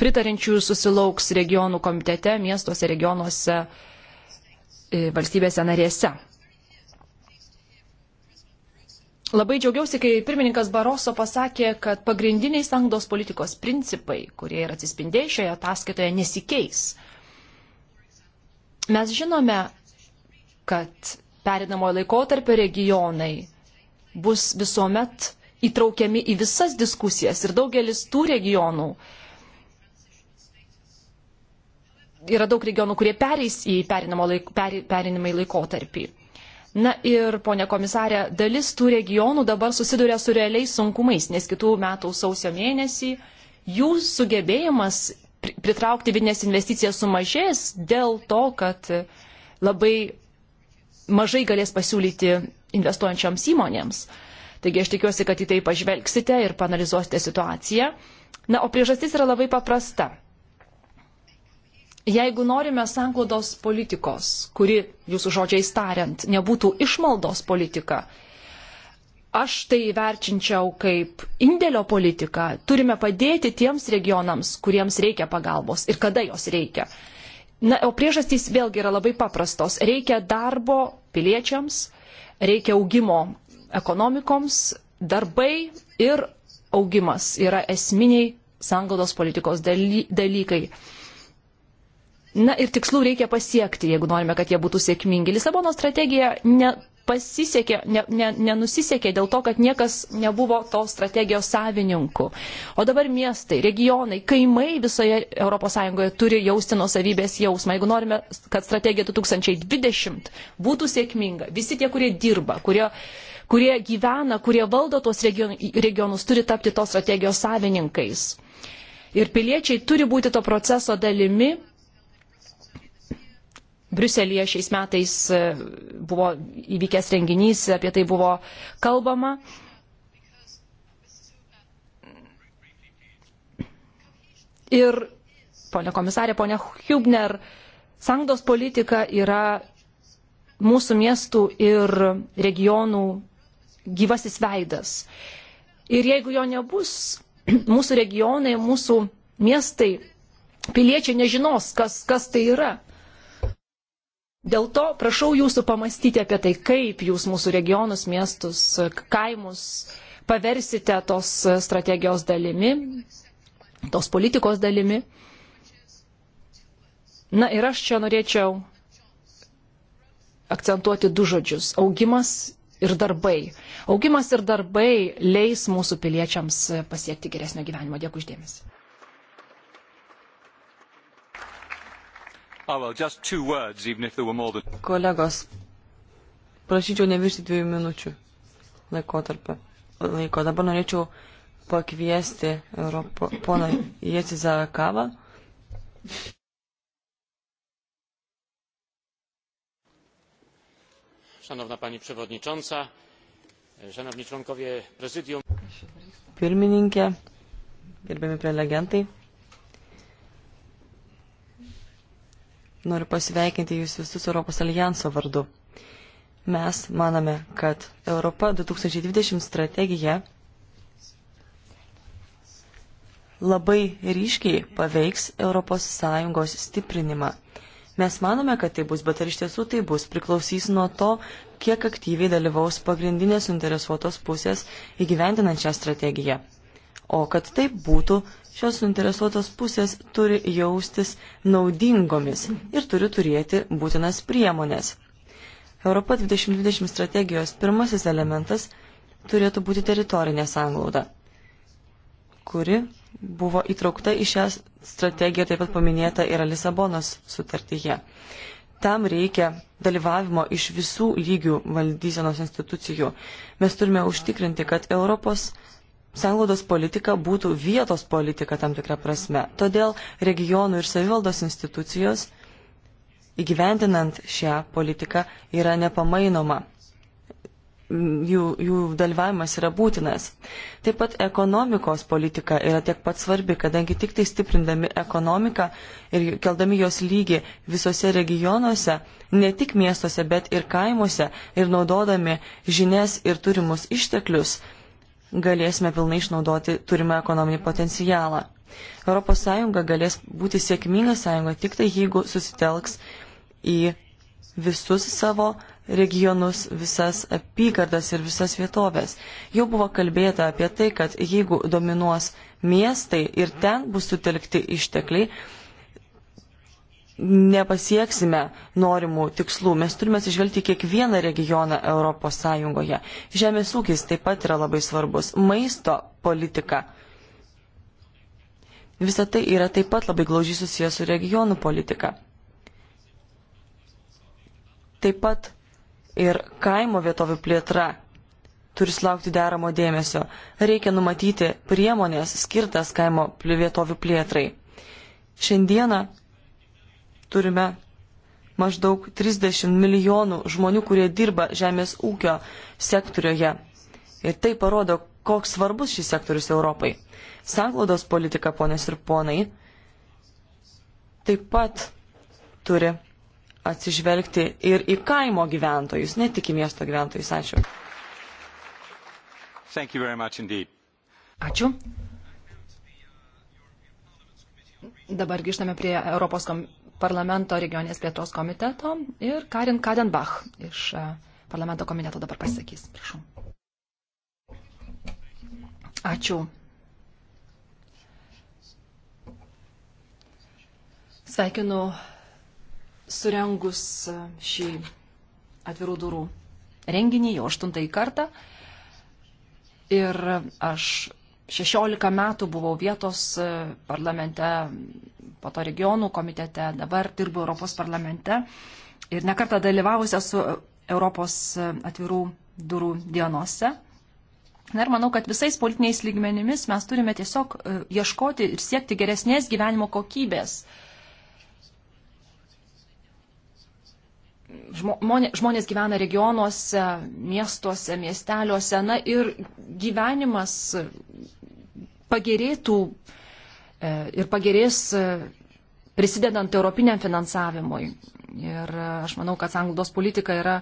pritarinčių susilauks regionų komitete, miestuose, regionuose, e, valstybėse narėse. Labai džiaugiausi, kai pirmininkas Baroso pasakė, kad pagrindiniai sangdos politikos principai, kurie yra atsispindėję šioje ataskaitoje, nesikeis. Mes žinome, kad perinamojo laikotarpio regionai bus visuomet įtraukiami į visas diskusijas ir daugelis tų regionų yra daug regionų, kurie pereis į laik, per, perinimai laikotarpį. Na ir, ponė komisarė, dalis tų regionų dabar susiduria su realiais sunkumais, nes kitų metų sausio mėnesį jų sugebėjimas pritraukti vidinės investicijas sumažės dėl to, kad labai mažai galės pasiūlyti investuojančioms įmonėms. Taigi aš tikiuosi, kad į tai pažvelgsite ir panalizuosite situaciją. Na, o priežastis yra labai paprasta. Jeigu norime sanklaudos politikos, kuri, jūsų žodžiais tariant, nebūtų išmaldos politika, aš tai verčinčiau kaip indėlio politiką, turime padėti tiems regionams, kuriems reikia pagalbos ir kada jos reikia. Na, o priežastys vėlgi yra labai paprastos. Reikia darbo piliečiams, reikia augimo ekonomikoms, darbai ir augimas yra esminiai sanglaudos politikos daly dalykai. Na ir tikslų reikia pasiekti, jeigu norime, kad jie būtų sėkmingi. Lisabono strategija nepasisekė, ne, ne, nenusisekė dėl to, kad niekas nebuvo tos strategijos savininku. O dabar miestai, regionai, kaimai visoje ES turi jausti nuosavybės jausmą. Jeigu norime, kad strategija 2020 būtų sėkminga, visi tie, kurie dirba, kurie kurie gyvena, kurie valdo tuos regionus, turi tapti tos strategijos savininkais. Ir piliečiai turi būti to proceso dalimi, Briuselėje šiais metais e, buvo įvykęs renginys, apie tai buvo kalbama. Ir, ponė komisarė, ponė Hubner, sangdos politika yra mūsų miestų ir regionų gyvasis veidas. Ir jeigu jo nebus, mūsų regionai, mūsų miestai, piliečiai nežinos, kas, kas tai yra. Dėl to prašau jūsų pamastyti apie tai, kaip jūs mūsų regionus, miestus, kaimus paversite tos strategijos dalimi, tos politikos dalimi. Na ir aš čia norėčiau akcentuoti du žodžius - augimas ir darbai. Augimas ir darbai leis mūsų piliečiams pasiekti geresnio gyvenimo. Dėkui uždėmesi. Oh, well, words, than... Kolegos, prašyčiau neviršti dviejų minučių laikotarpio. Laiko. Dabar norėčiau pakviesti Europo, poną Jėci Zarakavą. Szanowna Pani Przewodnicząca, Szanowni Członkowie Prezydium. Pirmininkė, gerbiami prelegentai. Noriu pasveikinti jūs visus Europos alijanso vardu. Mes maname, kad Europa 2020 strategija labai ryškiai paveiks ES stiprinimą. Mes manome, kad tai bus, bet ar iš tiesų tai bus, priklausys nuo to, kiek aktyviai dalyvaus pagrindinės suinteresuotos pusės įgyvendinant šią strategiją. O kad taip būtų, šios suinteresuotos pusės turi jaustis naudingomis ir turi turėti būtinas priemonės. Europa 2020 strategijos pirmasis elementas turėtų būti teritorinė sanglauda, kuri buvo įtraukta į šią strategiją, taip pat paminėta yra Lisabonos sutartyje. Tam reikia dalyvavimo iš visų lygių valdysenos institucijų. Mes turime užtikrinti, kad Europos sanglaudos politika būtų vietos politika tam tikrą prasme. Todėl regionų ir savivaldos institucijos įgyvendinant šią politiką yra nepamainoma. Jų, jų dalyvavimas yra būtinas. Taip pat ekonomikos politika yra tiek pat svarbi, kadangi tik tai stiprindami ekonomiką ir keldami jos lygį visose regionuose, ne tik miestuose, bet ir kaimuose ir naudodami žinias ir turimus išteklius, galėsime pilnai išnaudoti turimą ekonominį potencialą. ES galės būti sėkminga sąjunga tik tai, jeigu susitelks į visus savo regionus, visas apygardas ir visas vietovės. Jau buvo kalbėta apie tai, kad jeigu dominuos miestai ir ten bus sutelkti ištekliai, nepasieksime norimų tikslų. Mes turime atsižvelgti kiekvieną regioną Europos Sąjungoje. Žemės ūkis taip pat yra labai svarbus. Maisto politika. Visa tai yra taip pat labai glaužiai susijęs su regionų politika. Taip pat ir kaimo vietovių plėtra turi sulaukti deramo dėmesio. Reikia numatyti priemonės skirtas kaimo vietovių plėtrai. Šiandieną turime maždaug 30 milijonų žmonių, kurie dirba žemės ūkio sektoriuje. Ir tai parodo, koks svarbus šis sektorius Europai. Sanglaudos politika, ponės ir ponai, taip pat turi atsižvelgti ir į kaimo gyventojus, ne tik į miesto gyventojus. Ačiū. Ačiū. Dabar grįžtame prie Europos kom parlamento regionės plėtros komiteto ir Karin Kadenbach iš e, parlamento komiteto dabar pasakys. Prašau. Ačiū. Sveikinu surengus šį atvirų durų renginį jau aštuntąjį kartą. Ir aš 16 metų buvau vietos e, parlamente, po to regionų komitete, dabar dirbu Europos parlamente ir nekartą dalyvavusią su Europos e, atvirų durų dienose. Na ir manau, kad visais politiniais lygmenimis mes turime tiesiog e, ieškoti ir siekti geresnės gyvenimo kokybės. Žmonės gyvena regionuose, miestuose, miesteliuose, na ir gyvenimas pagerėtų e, ir pagerės e, prisidedant europiniam finansavimui. Ir e, aš manau, kad sanglaudos politika yra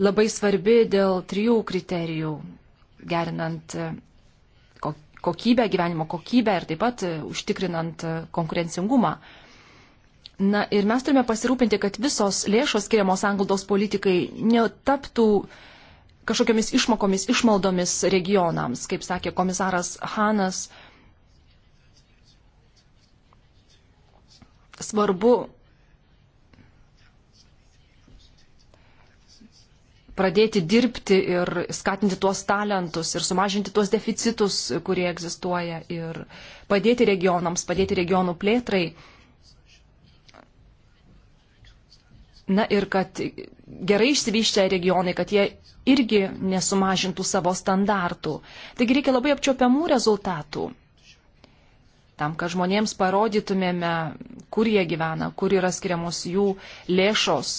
labai svarbi dėl trijų kriterijų, gerinant kokybę, gyvenimo kokybę ir taip pat užtikrinant konkurencingumą. Na ir mes turime pasirūpinti, kad visos lėšos skiriamos anglodos politikai netaptų uh, kažkokiamis išmokomis, išmaldomis regionams, kaip sakė komisaras Hanas. Svarbu pradėti dirbti ir skatinti tuos talentus ir sumažinti tuos deficitus, kurie egzistuoja ir padėti regionams, padėti regionų plėtrai Na ir kad gerai išsivyščia regionai, kad jie irgi nesumažintų savo standartų. Taigi reikia labai apčiopiamų rezultatų. Tam, kad žmonėms parodytumėme, kur jie gyvena, kur yra skiriamos jų lėšos,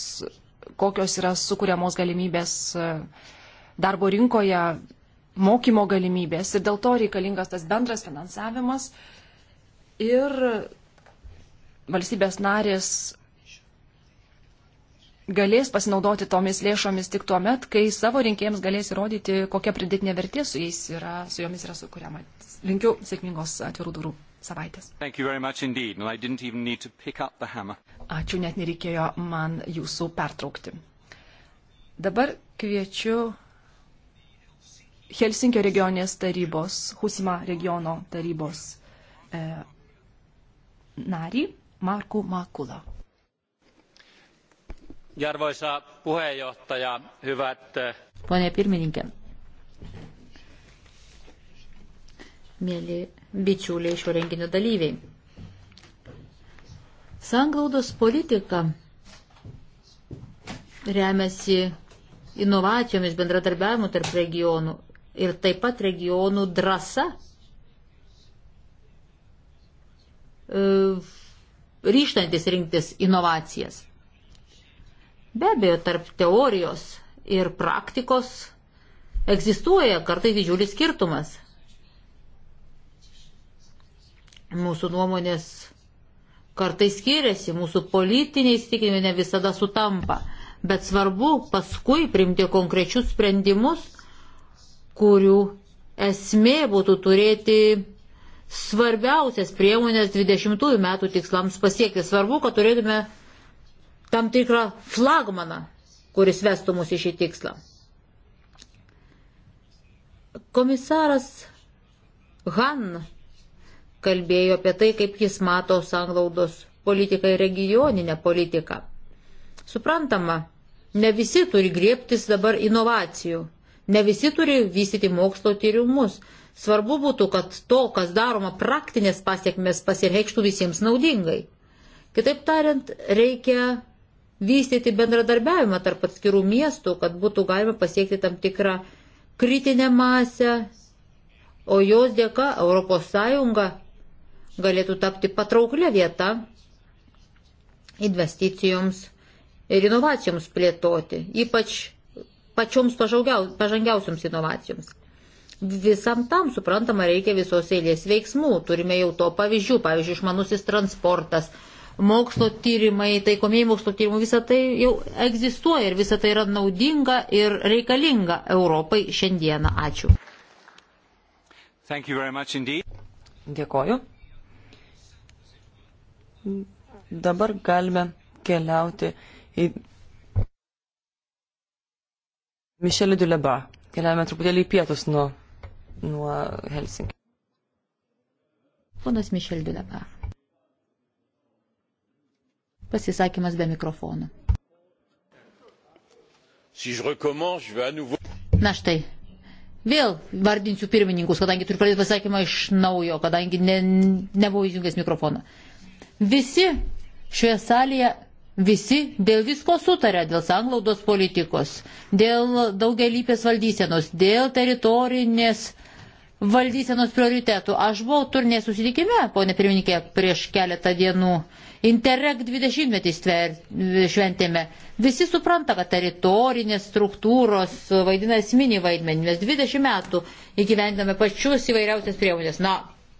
kokios yra sukūriamos galimybės e, darbo rinkoje, mokymo galimybės. Ir dėl to reikalingas tas bendras finansavimas. Ir valstybės narės galės pasinaudoti tomis lėšomis tik tuo met, kai savo rinkėjams galės įrodyti, kokia pridėtinė vertė su, yra, su jomis yra sukuriama. Linkiu sėkmingos atvirų durų savaitės. Ačiū, net nereikėjo man jūsų pertraukti. Dabar kviečiu Helsinkio regionės tarybos, Husima regiono tarybos e, narį Marku Makulą. Arvoisa puheenjohtaja, hyvät. Eh, Pone pirmininkė. Mėly bičiuliai šio renginio dalyviai. Sanglaudos politika remiasi inovacijomis bendradarbiavimu tarp regionų ir taip pat regionų drąsa eh, ryštantis rinktis inovacijas. Be abejo, tarp teorijos ir praktikos egzistuoja kartai didžiulis skirtumas. Mūsų nuomonės kartai skiriasi, mūsų politiniai įsitikinimai ne visada sutampa, bet svarbu paskui primti konkrečius sprendimus, kurių esmė būtų turėti svarbiausias priemonės 20 metų tikslams pasiekti. Svarbu, kad turėtume tam tikrą flagmaną, kuris vestų mus į šį tikslą. Komisaras Han kalbėjo apie tai, kaip jis mato sanglaudos politiką ir regioninę politiką. Suprantama, ne visi turi griebtis dabar inovacijų, ne visi turi vystyti mokslo tyrimus. Svarbu būtų, kad to, kas daroma praktinės pasiekmes, pasireikštų visiems naudingai. Kitaip tariant, reikia vystyti bendradarbiavimą tarp atskirų miestų, kad būtų galima pasiekti tam tikrą kritinę masę, o jos dėka ES galėtų tapti patrauklę vietą investicijoms ir inovacijoms plėtoti, ypač pačioms pažangiausioms inovacijoms. Visam tam, suprantama, reikia visos eilės veiksmų. Turime jau to pavyzdžių, pavyzdžiui, išmanusis transportas, mokslo tyrimai, taikomieji mokslo tyrimai, visa tai jau egzistuoja ir visa tai yra naudinga ir reikalinga Europai šiandieną. Ačiū. Dėkoju. Dabar galime keliauti į Mišelį Duleba. Keliavome truputėlį į pietus nuo, nuo Helsinkio. Ponas Mišelį Duleba pasisakymas be mikrofonų. Na štai, vėl vardinsiu pirmininkus, kadangi turiu pradėti pasakymą iš naujo, kadangi ne, nebuvau įjungęs mikrofoną. Visi šioje salėje, visi dėl visko sutarė, dėl sanglaudos politikos, dėl daugelįpės valdysenos, dėl teritorinės valdysenos prioritetų. Aš buvau turnė susitikime, ponė pirmininkė, prieš keletą dienų Interreg 20-metį šventėme. Visi supranta, kad teritorinės struktūros vaidina esminį vaidmenį. Mes 20 metų įgyvendame pačius įvairiausias priemonės. Na,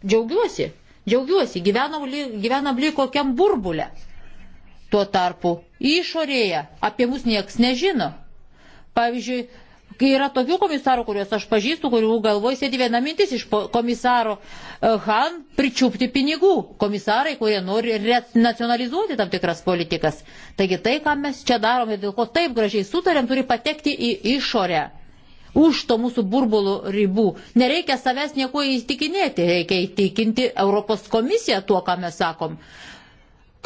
džiaugiuosi, džiaugiuosi, gyvenam, gyvenam lyg kokiam burbulę. Tuo tarpu išorėje apie mus nieks nežino. Pavyzdžiui, Kai yra tokių komisarų, kuriuos aš pažįstu, kurių galvoje sėdi viena mintis iš komisaro e, Han pričiūpti pinigų. Komisarai, kurie nori nacionalizuoti tam tikras politikas. Taigi tai, ką mes čia darome, dėl ko taip gražiai sutarėm, turi patekti į išorę. Už to mūsų burbulų ribų. Nereikia savęs nieko įtikinėti, reikia įtikinti Europos komisiją tuo, ką mes sakom.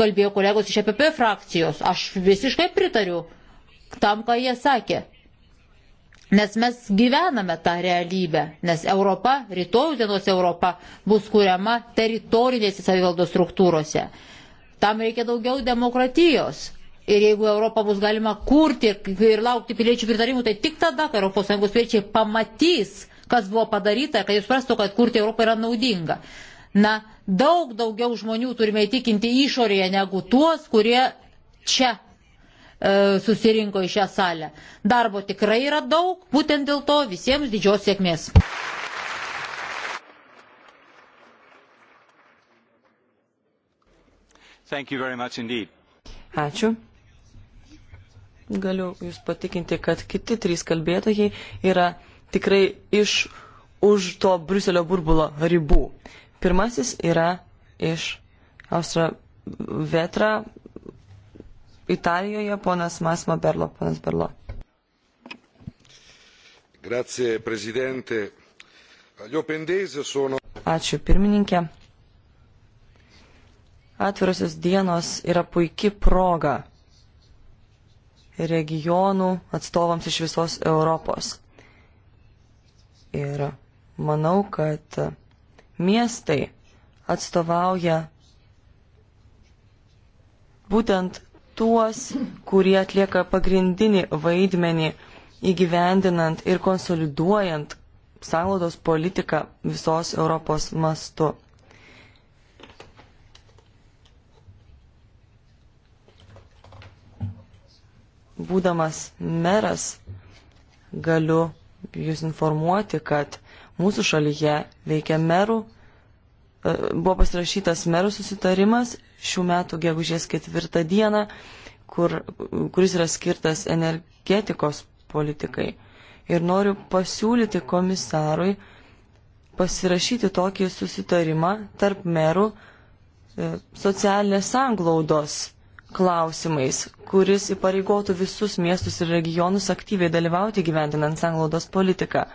Kalbėjo kolegos iš EPP frakcijos. Aš visiškai pritariu tam, ką jie sakė. Nes mes gyvename tą realybę, nes Europa, rytojų dienos Europa bus kuriama teritorinėse savivaldos struktūrose. Tam reikia daugiau demokratijos. Ir jeigu Europą bus galima kurti ir laukti piliečių pritarimų, tai tik tada, kai ES piliečiai pamatys, kas buvo padaryta, kad jis prastų, kad kurti Europą yra naudinga. Na, daug daugiau žmonių turime įtikinti išorėje negu tuos, kurie čia E, susirinko į šią salę. Darbo tikrai yra daug, būtent dėl to visiems didžios sėkmės. Ačiū. Galiu Jūs patikinti, kad kiti trys kalbėtojai yra tikrai iš už to Bruselio burbulo ribų. Pirmasis yra iš Austra Vetra Italijoje, ponas Masmo Berlo. Ponas Berlo. Grazie, prezidente. Sono... Ačiū, pirmininkė. Atvirosios dienos yra puikia proga regionų atstovams iš visos Europos. Ir manau, kad miestai atstovauja būtent tuos, kurie atlieka pagrindinį vaidmenį įgyvendinant ir konsoliduojant sąnaudos politiką visos Europos mastu. Būdamas meras galiu Jūs informuoti, kad mūsų šalyje veikia merų buvo pasirašytas merų susitarimas šių metų gegužės ketvirtą dieną, kur, kuris yra skirtas energetikos politikai. Ir noriu pasiūlyti komisarui pasirašyti tokį susitarimą tarp merų e, socialinės sanglaudos klausimais, kuris įpareigotų visus miestus ir regionus aktyviai dalyvauti gyvendinant sanglaudos politiką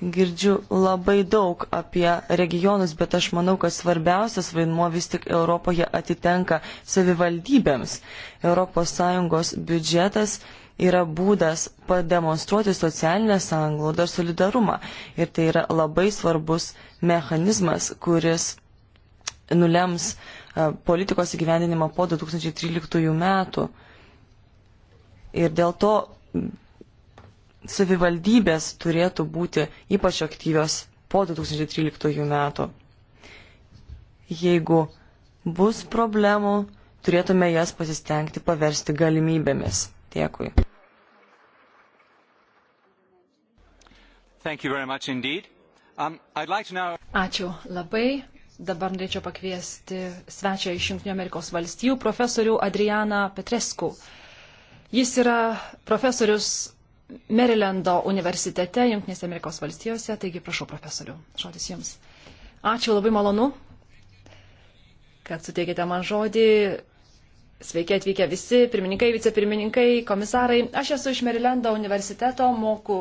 girdžiu labai daug apie regionus, bet aš manau, kad svarbiausias vaidmuo vis tik Europoje atitenka savivaldybėms. ES biudžetas yra būdas pademonstruoti socialinę sąnglaudą ir solidarumą. Ir tai yra labai svarbus mechanizmas, kuris nulems politikos įgyvendinimą po 2013 metų. Ir dėl to savivaldybės turėtų būti ypač aktyvios po 2013 metų. Jeigu bus problemų, turėtume jas pasistengti paversti galimybėmis. Dėkui. Um, like now... Ačiū labai. Dabar norėčiau pakviesti svečią iš Junktinių Amerikos valstijų, profesorių Adrianą Petresku. Jis yra profesorius Marylando universitete, Junktinėse Amerikos valstijose. Taigi, prašau, profesoriu, žodis jums. Ačiū, labai malonu, kad suteikėte man žodį. Sveiki atvykę visi, pirmininkai, vicepirmininkai, komisarai. Aš esu iš Marylando universiteto, moku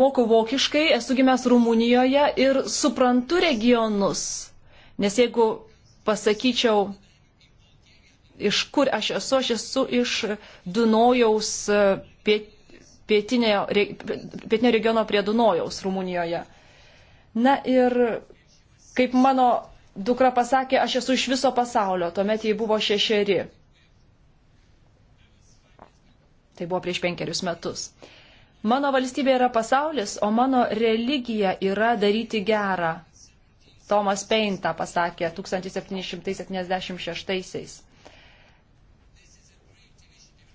moku vokiškai, esu gimęs Rumunijoje ir suprantu regionus. Nes jeigu pasakyčiau, iš kur aš esu, aš esu iš Dunojaus pietinio, pietinio regiono prie Dunojaus Rumunijoje. Na ir kaip mano dukra pasakė, aš esu iš viso pasaulio, tuomet jai buvo šešeri. Tai buvo prieš penkerius metus. Mano valstybė yra pasaulis, o mano religija yra daryti gerą. Tomas Pein tą pasakė 1776.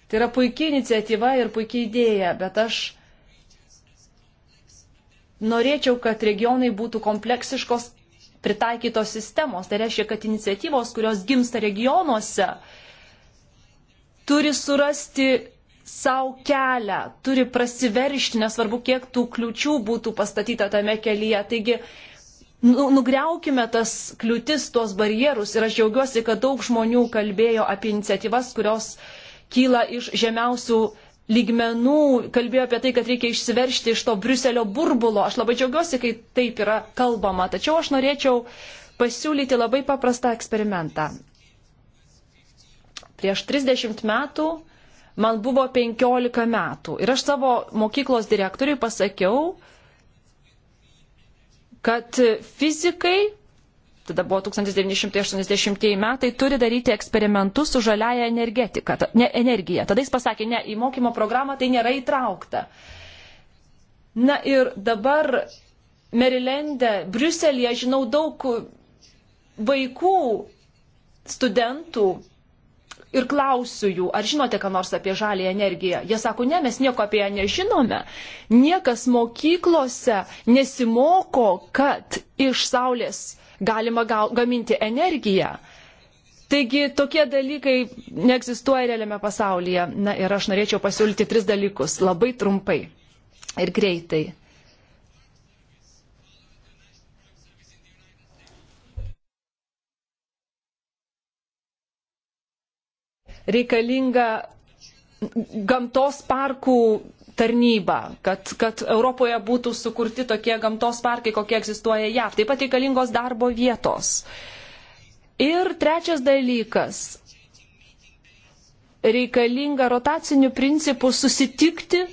Tai yra puikia iniciatyva ir puikia idėja, bet aš norėčiau, kad regionai būtų kompleksiškos pritaikytos sistemos. Tai reiškia, kad iniciatyvos, kurios gimsta regionuose, turi surasti savo kelią, turi prasiveršti, nesvarbu, kiek tų kliučių būtų pastatyta tame kelyje. Taigi, nu, nugriaukime tas kliūtis, tuos barjerus. Ir aš džiaugiuosi, kad daug žmonių kalbėjo apie iniciatyvas, kurios uh, kyla iš žemiausių lygmenų, kalbėjo apie tai, kad reikia išsiveršti iš to Briuselio burbulo. Aš labai džiaugiuosi, kai taip yra kalbama, tačiau aš norėčiau pasiūlyti labai paprastą eksperimentą. Prieš 30 metų man buvo 15 metų ir aš savo mokyklos direktoriui pasakiau, kad fizikai tada buvo 1980 metai, turi daryti eksperimentus su žaliaja energetika, ne energija. Tada jis pasakė, ne, į mokymo programą tai nėra įtraukta. Na ir dabar Merilende, Briuselėje, žinau daug vaikų, studentų ir klausiu jų, ar žinote, ką nors apie žalį energiją. Jie sako, ne, mes nieko apie ją nežinome. Niekas mokyklose nesimoko, kad iš saulės galima gau, gaminti energiją. Taigi tokie dalykai neegzistuoja realiame pasaulyje. Na ir aš norėčiau pasiūlyti tris dalykus labai trumpai ir greitai. Reikalinga gamtos parkų tarnybą, kad, kad Europoje būtų sukurti tokie gamtos parkai, kokie egzistuoja JAV. Taip pat reikalingos darbo vietos. Ir trečias dalykas - reikalinga rotacinių principų susitikti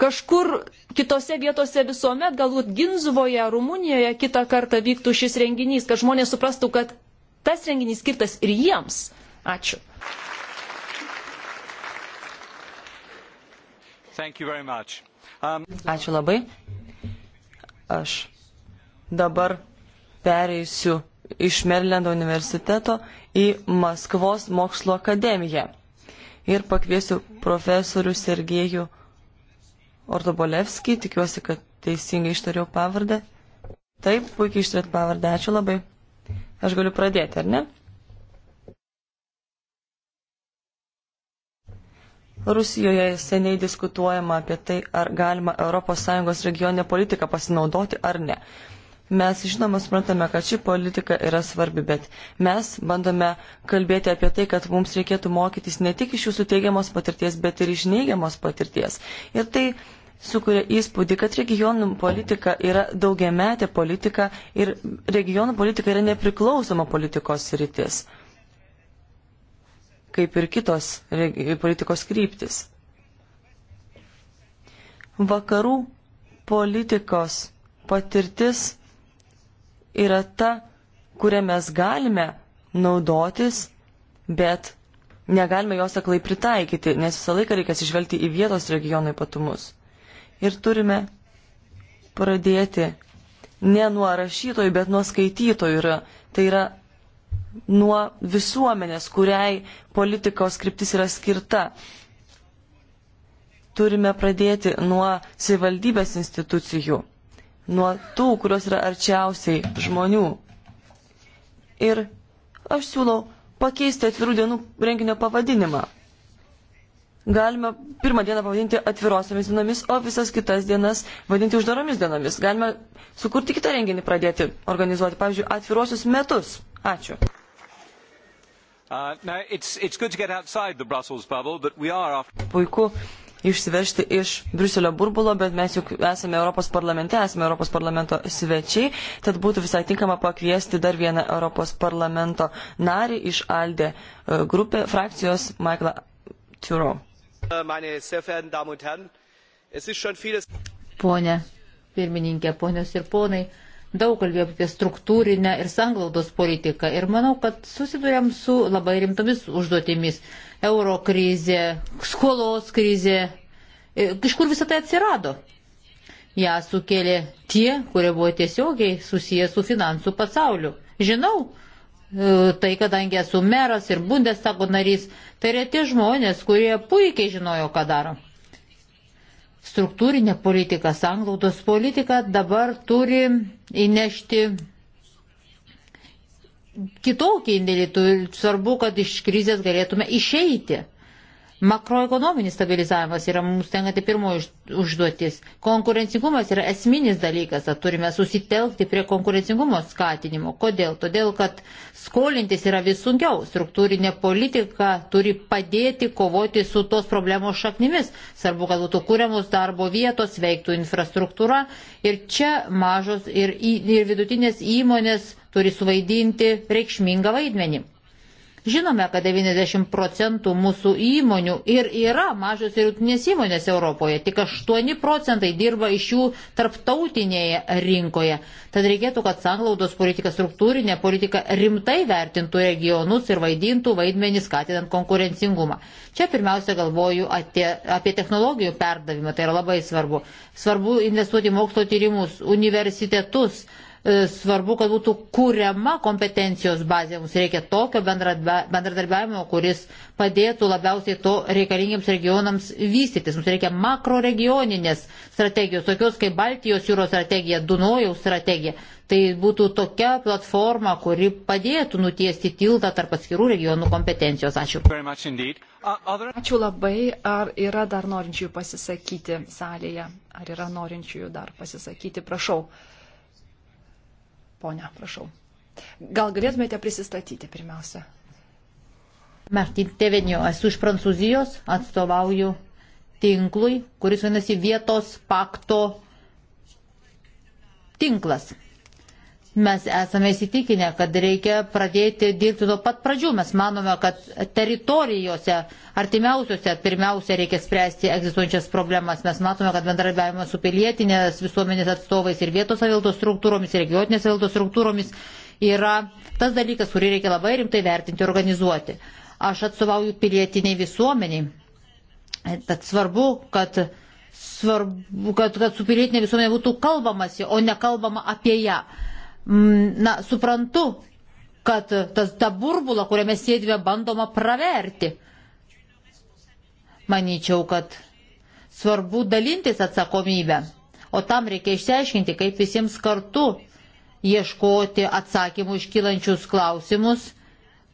kažkur kitose vietose visuomet, galbūt Ginzuvoje, Rumunijoje kitą kartą vyktų šis renginys, kad žmonės suprastų, kad tas renginys skirtas ir jiems. Ačiū. Um, um... Ačiū labai. Aš dabar pereisiu iš Merilendo universiteto į Maskvos mokslo akademiją ir pakviesiu profesorių Sergejų Ordobolevskį, tikiuosi, kad teisingai ištariau pavardę. Taip, puikiai ištarėt pavardę, ačiū labai. Aš galiu pradėti, ar ne? Rusijoje seniai diskutuojama apie tai, ar galima ES regioninę politiką pasinaudoti ar ne. Mes žinoma suprantame, kad ši politika yra svarbi, bet mes bandome kalbėti apie tai, kad mums reikėtų mokytis ne tik iš jūsų teigiamos patirties, bet ir iš neigiamos patirties. Ir tai sukuria įspūdį, kad regionų politika yra daugiametė politika ir regionų politika yra nepriklausoma politikos rytis kaip ir kitos politikos kryptis. Vakarų politikos patirtis yra ta, kurią mes galime naudotis, bet negalime jos aklai pritaikyti, nes visą laiką reikia atsižvelgti į vietos regiono ypatumus. Ir turime pradėti ne nuo rašytojų, bet nuo skaitytojų. Tai yra nuo visuomenės, kuriai politikos skriptis yra skirta. Turime pradėti nuo savivaldybės institucijų, nuo tų, kurios yra arčiausiai žmonių. Ir aš siūlau pakeisti atvirų dienų renginio pavadinimą. Galime pirmą dieną pavadinti atvirosiamis dienomis, o visas kitas dienas vadinti uždaromis dienomis. Galime sukurti kitą renginį pradėti organizuoti, pavyzdžiui, atvirosius metus. Ačiū. Uh, no, it's, it's bubble, after... Puiku išsivežti iš Briuselio burbulo, bet mes juk esame Europos parlamente, esame Europos parlamento svečiai, tad būtų visai tinkama pakviesti dar vieną Europos parlamento narį iš Aldė uh, grupė frakcijos Michaelą Turo. Äh, Pone pirmininkė, ponios ir ponai, daug kalbėjome apie struktūrinę ir sanglaudos politiką. Ir manau, kad susidurėm su labai rimtomis užduotimis. Euro krizė, skolos krizė. E, iš kur visą tai atsirado? Ja sukėlė tie, kurie buvo tiesiogiai susiję su finansų pasauliu. Žinau, e, tai kadangi esu meras ir bundestago narys, tai yra tie žmonės, kurie puikiai žinojo, ką daro struktūrinė politika, sanglaudos politika dabar turi įnešti kitokį indėlį. Svarbu, kad iš krizės galėtume išeiti. Makroekonominis stabilizavimas yra mums tenkanti pirmoji užduotis. Konkurencingumas yra esminis dalykas, tad turime susitelkti prie konkurencingumo skatinimo. Kodėl? Todėl, kad skolintis yra vis sunkiau. Struktūrinė politika turi padėti kovoti su tos problemos šaknimis. Svarbu, kad būtų kūriamos darbo vietos, veiktų infrastruktūra. Ir čia mažos ir, ir vidutinės įmonės turi suvaidinti reikšmingą vaidmenį. Žinome, kad 90 procentų mūsų įmonių ir yra mažos ir jūtinės įmonės Europoje, tik 8 procentai dirba iš jų tarptautinėje rinkoje. Tad reikėtų, kad sanglaudos politika, struktūrinė politika rimtai vertintų regionus ir vaidintų vaidmenį skatinant konkurencingumą. Čia pirmiausia galvoju apie, apie technologijų perdavimą, tai yra labai svarbu. Svarbu investuoti mokslo tyrimus, universitetus E, svarbu, kad būtų kuriama kompetencijos bazė. Mums reikia tokio bendradarbiavimo, kuris padėtų labiausiai to reikalingiams regionams vystytis. Mums reikia makro regioninės strategijos, tokios kaip Baltijos jūros strategija, Dunojaus strategija. Tai būtų tokia platforma, kuri padėtų nutiesti tiltą tarp atskirų regionų kompetencijos. Ačiū. Uh, Ačiū labai. Ar yra dar norinčiųjų pasisakyti salėje? Ar yra norinčiųjų dar pasisakyti? Prašau. Pone, prašau. Gal galėtumėte prisistatyti pirmiausia? Martin Tevenio, esu iš Prancūzijos, atstovauju tinklui, kuris vadinasi vietos pakto tinklas. Mes esame įsitikinę, kad reikia pradėti dirbti nuo pat pradžių. Mes manome, kad teritorijose, artimiausiose, pirmiausia reikia spręsti egzistuojančias problemas. Mes matome, kad bendradarbiavimas su pilietinės visuomenės atstovais ir vietos savildos struktūromis, ir regioninės savildos struktūromis yra tas dalykas, kurį reikia labai rimtai vertinti ir organizuoti. Aš atstovauju pilietiniai visuomeniai. Tad svarbu, kad svarbu, kad, kad su pilietinė visuomenė būtų kalbamasi, o ne kalbama apie ją. Mm, na, suprantu, kad tas, ta burbula, kuriame sėdime, bandoma praverti. Manyčiau, kad svarbu dalintis atsakomybę, o tam reikia išsiaiškinti, kaip visiems kartu ieškoti atsakymų iškylančius klausimus,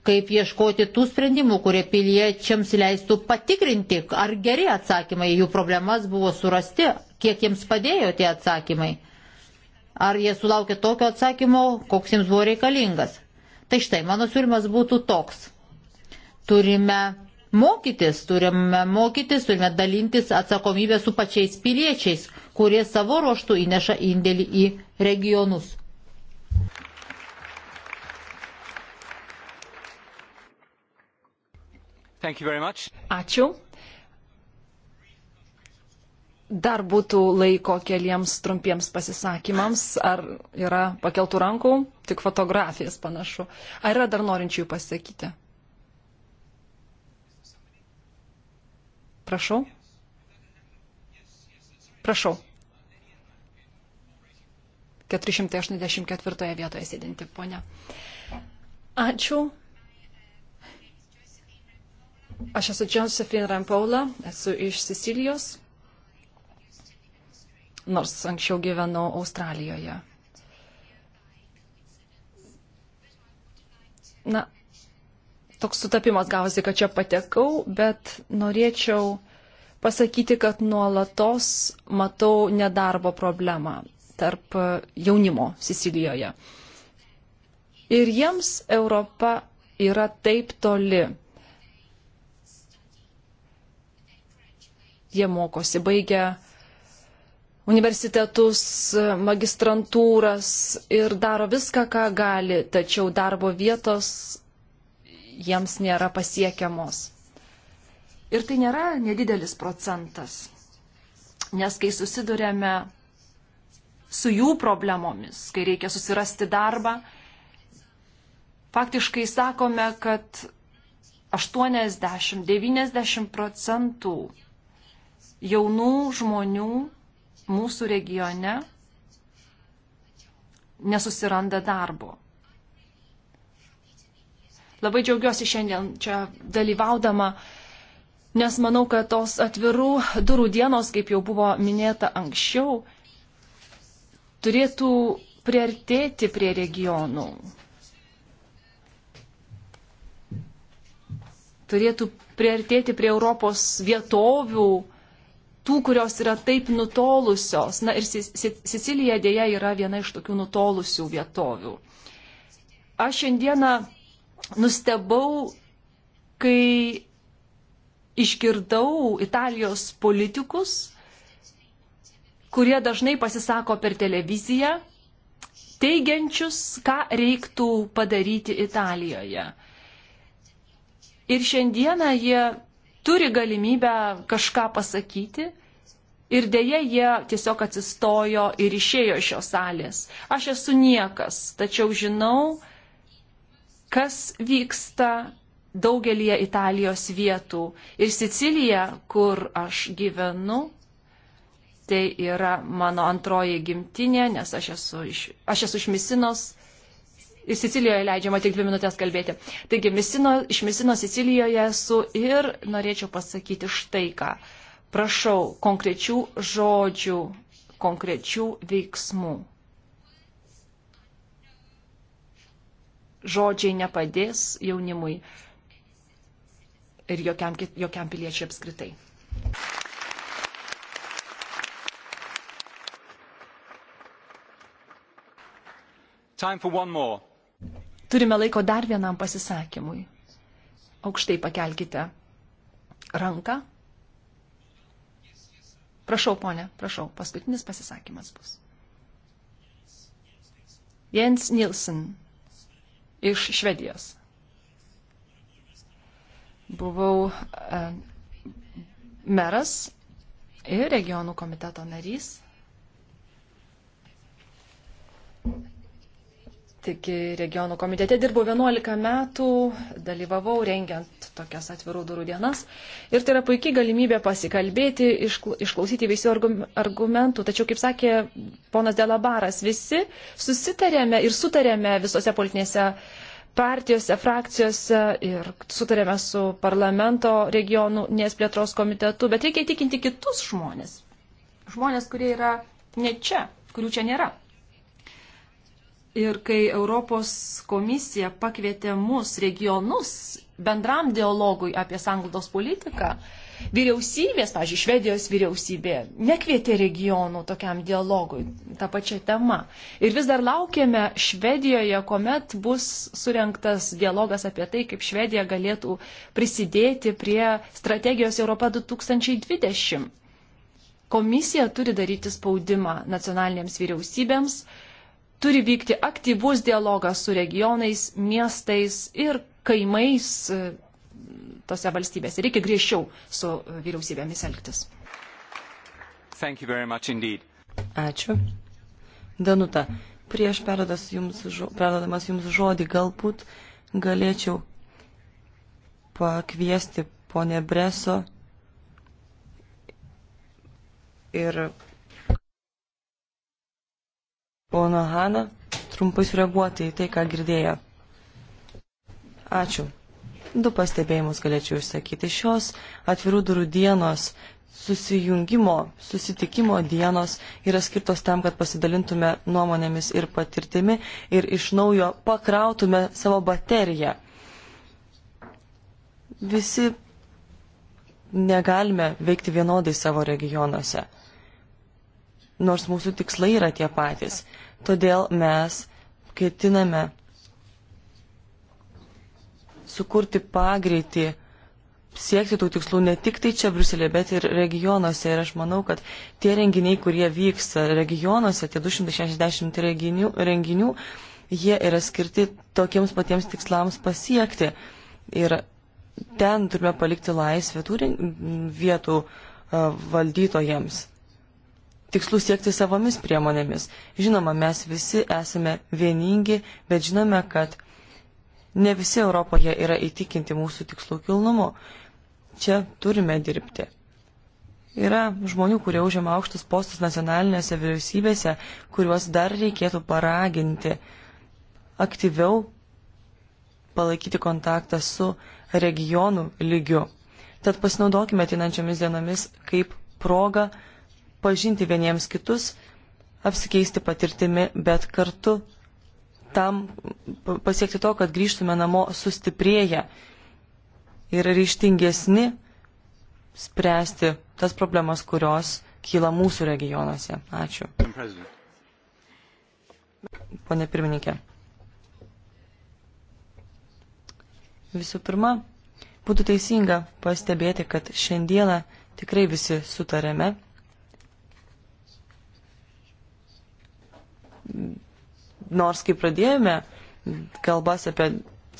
kaip ieškoti tų sprendimų, kurie piliečiams leistų patikrinti, ar geri atsakymai jų problemas buvo surasti, kiek jiems padėjo tie atsakymai. Ar jie sulaukė tokio atsakymo, koks jiems buvo reikalingas? Tai štai, mano siūlymas būtų toks. Turime mokytis, turime mokytis, turime dalintis atsakomybę su pačiais piliečiais, kurie savo ruoštų įneša indėlį į regionus. Ačiū dar būtų laiko keliems trumpiems pasisakymams, ar yra pakeltų rankų, tik fotografijas panašu. Ar yra dar norinčių pasakyti? Prašau. Prašau. 484 vietoje sėdinti, ponia. Ačiū. Aš esu Josephine Rampola, esu iš Sicilijos nors anksčiau gyvenau Australijoje. Na, toks sutapimas gavosi, kad čia patekau, bet norėčiau pasakyti, kad nuolatos matau nedarbo problemą tarp jaunimo Sicilijoje. Ir jiems Europa yra taip toli. Jie mokosi, baigia universitetus, magistrantūras ir daro viską, ką gali, tačiau darbo vietos jiems nėra pasiekiamos. Ir tai nėra nedidelis procentas, nes kai susidurėme su jų problemomis, kai reikia susirasti darbą, faktiškai sakome, kad 80-90 procentų jaunų žmonių mūsų regione nesusiranda darbo. Labai džiaugiuosi šiandien čia dalyvaudama, nes manau, kad tos atvirų durų dienos, kaip jau buvo minėta anksčiau, turėtų priartėti prie regionų. Turėtų priartėti prie Europos vietovių, tų, kurios yra taip nutolusios. Na ir Sicilija dėja yra viena iš tokių nutolusių vietovių. Aš šiandieną nustebau, kai išgirdau Italijos politikus, kurie dažnai pasisako per televiziją, teigiančius, ką reiktų padaryti Italijoje. Ir šiandieną jie turi galimybę kažką pasakyti. Ir dėje jie tiesiog atsistojo ir išėjo iš šios salės. Aš esu niekas, tačiau žinau, kas vyksta daugelį Italijos vietų. Ir Sicilija, kur aš gyvenu, tai yra mano antroji gimtinė, nes aš esu iš, aš esu iš Misinos ir Sicilijoje leidžiama tik dvi minutės kalbėti. Taigi, misino, iš Misino Sicilijoje esu ir norėčiau pasakyti štai ką. Prašau konkrečių žodžių, konkrečių veiksmų. Žodžiai nepadės jaunimui ir jokiam, jokiam piliečiui apskritai. Time for one more. Turime laiko dar vienam pasisakymui. Aukštai pakelkite ranką. Prašau, ponė, prašau, paskutinis pasisakymas bus. Jens Nilsen iš Švedijos. Buvau e, meras ir regionų komiteto narys. Tik regionų komitete dirbau 11 metų, dalyvavau rengiant tokias atvirų durų dienas. Ir tai yra puikiai galimybė pasikalbėti, išklausyti visų argumentų. Tačiau, kaip sakė ponas Delabaras, visi susitarėme ir sutarėme visose politinėse partijose, frakcijose ir sutarėme su parlamento regionų nesplėtros komitetu. Bet reikia įtikinti kitus žmonės. Žmonės, kurie yra ne čia, kurių čia nėra. Ir kai Europos komisija pakvietė mus regionus bendram dialogui apie sanglaudos politiką, vyriausybės, pažiūrėjau, Švedijos vyriausybė nekvietė regionų tokiam dialogui tą pačią temą. Ir vis dar laukiame Švedijoje, kuomet bus surinktas dialogas apie tai, kaip Švedija galėtų prisidėti prie strategijos Europa 2020. Komisija turi daryti spaudimą nacionalinėms vyriausybėms turi vykti aktyvus dialogas su regionais, miestais ir kaimais e, tose valstybėse. Reikia griežčiau su e, vyriausybėmis elgtis. Ačiū. Danuta, prieš jums, perdodamas jums žodį, galbūt galėčiau pakviesti ponę Breso ir pono Haną trumpai sureaguoti į tai, ką girdėjo. Ačiū. Du pastebėjimus galėčiau išsakyti. Šios atvirų durų dienos susijungimo, susitikimo dienos yra skirtos tam, kad pasidalintume nuomonėmis ir patirtimi ir iš naujo pakrautume savo bateriją. Visi negalime veikti vienodai savo regionuose, nors mūsų tikslai yra tie patys. Todėl mes ketiname sukurti pagreitį, siekti tų tikslų ne tik tai čia Bruselėje, bet ir regionuose. Ir aš manau, kad tie renginiai, kurie vyks regionuose, tie 260 renginių, renginių jie yra skirti tokiems patiems tikslams pasiekti. Ir ten turime palikti laisvę tų vietų valdytojams tikslų siekti savomis priemonėmis. Žinoma, mes visi esame vieningi, bet žinome, kad ne visi Europoje yra įtikinti mūsų tikslų kilnumu. Čia turime dirbti. Yra žmonių, kurie užima aukštus postus nacionalinėse vyriausybėse, kuriuos dar reikėtų paraginti aktyviau palaikyti kontaktą su regionų lygiu. Tad pasinaudokime ateinančiomis dienomis kaip proga pažinti vieniems kitus, apsikeisti patirtimi, bet kartu tam pasiekti to, kad grįžtume namo sustiprėję ir ryštingesni spręsti tas problemas, kurios kyla mūsų regionuose. Ačiū. Pone pirmininkė. Visų pirma, būtų teisinga pastebėti, kad šiandieną tikrai visi sutarėme Nors kai pradėjome kalbas apie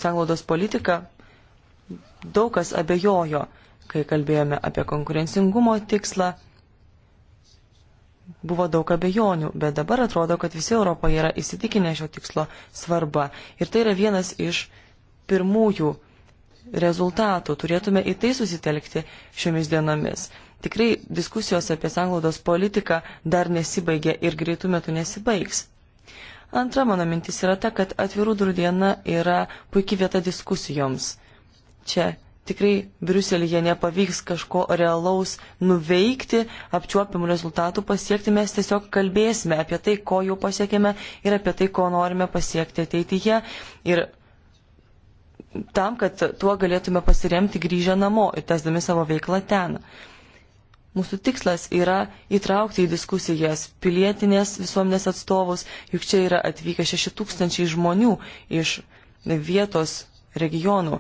sanglaudos politiką, daug kas abejojo, kai kalbėjome apie konkurencingumo tikslą. Buvo daug abejonių, bet dabar atrodo, kad visi Europoje yra įsitikinę šio tikslo svarba. Ir tai yra vienas iš pirmųjų rezultatų. Turėtume į tai susitelkti šiomis dienomis. Tikrai diskusijos apie sanglaudos politiką dar nesibaigė ir greitų metų nesibaigs. Antra mano mintis yra ta, kad atvirų durų diena yra puikia vieta diskusijoms. Čia tikrai Briuselėje nepavyks kažko realaus nuveikti, apčiuopimų rezultatų pasiekti, mes tiesiog kalbėsime apie tai, ko jau pasiekėme ir apie tai, ko norime pasiekti ateityje. Ir tam, kad tuo galėtume pasiremti grįžę namo ir tesdami savo veiklą ten. Uh, Mūsų tikslas yra įtraukti į diskusijas pilietinės visuomenės atstovus, juk čia yra atvykę 6 tūkstančiai žmonių iš vietos regionų.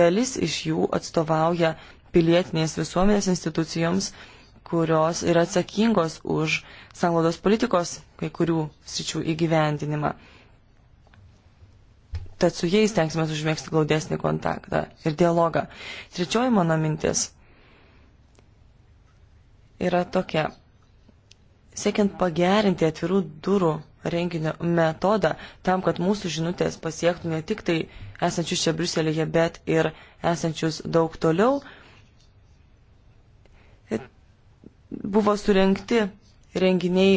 Dalis iš jų atstovauja pilietinės visuomenės institucijoms, kurios yra atsakingos už sanglaudos politikos kai kurių sričių įgyvendinimą. Tad su jais tenksime užmėgsti glaudesnį kontaktą ir dialogą. Trečioji mano mintis yra tokia. Siekiant pagerinti atvirų durų renginio metodą, tam, kad mūsų žinutės pasiektų ne tik tai esančius čia Briuselėje, bet ir esančius daug toliau, buvo surenkti renginiai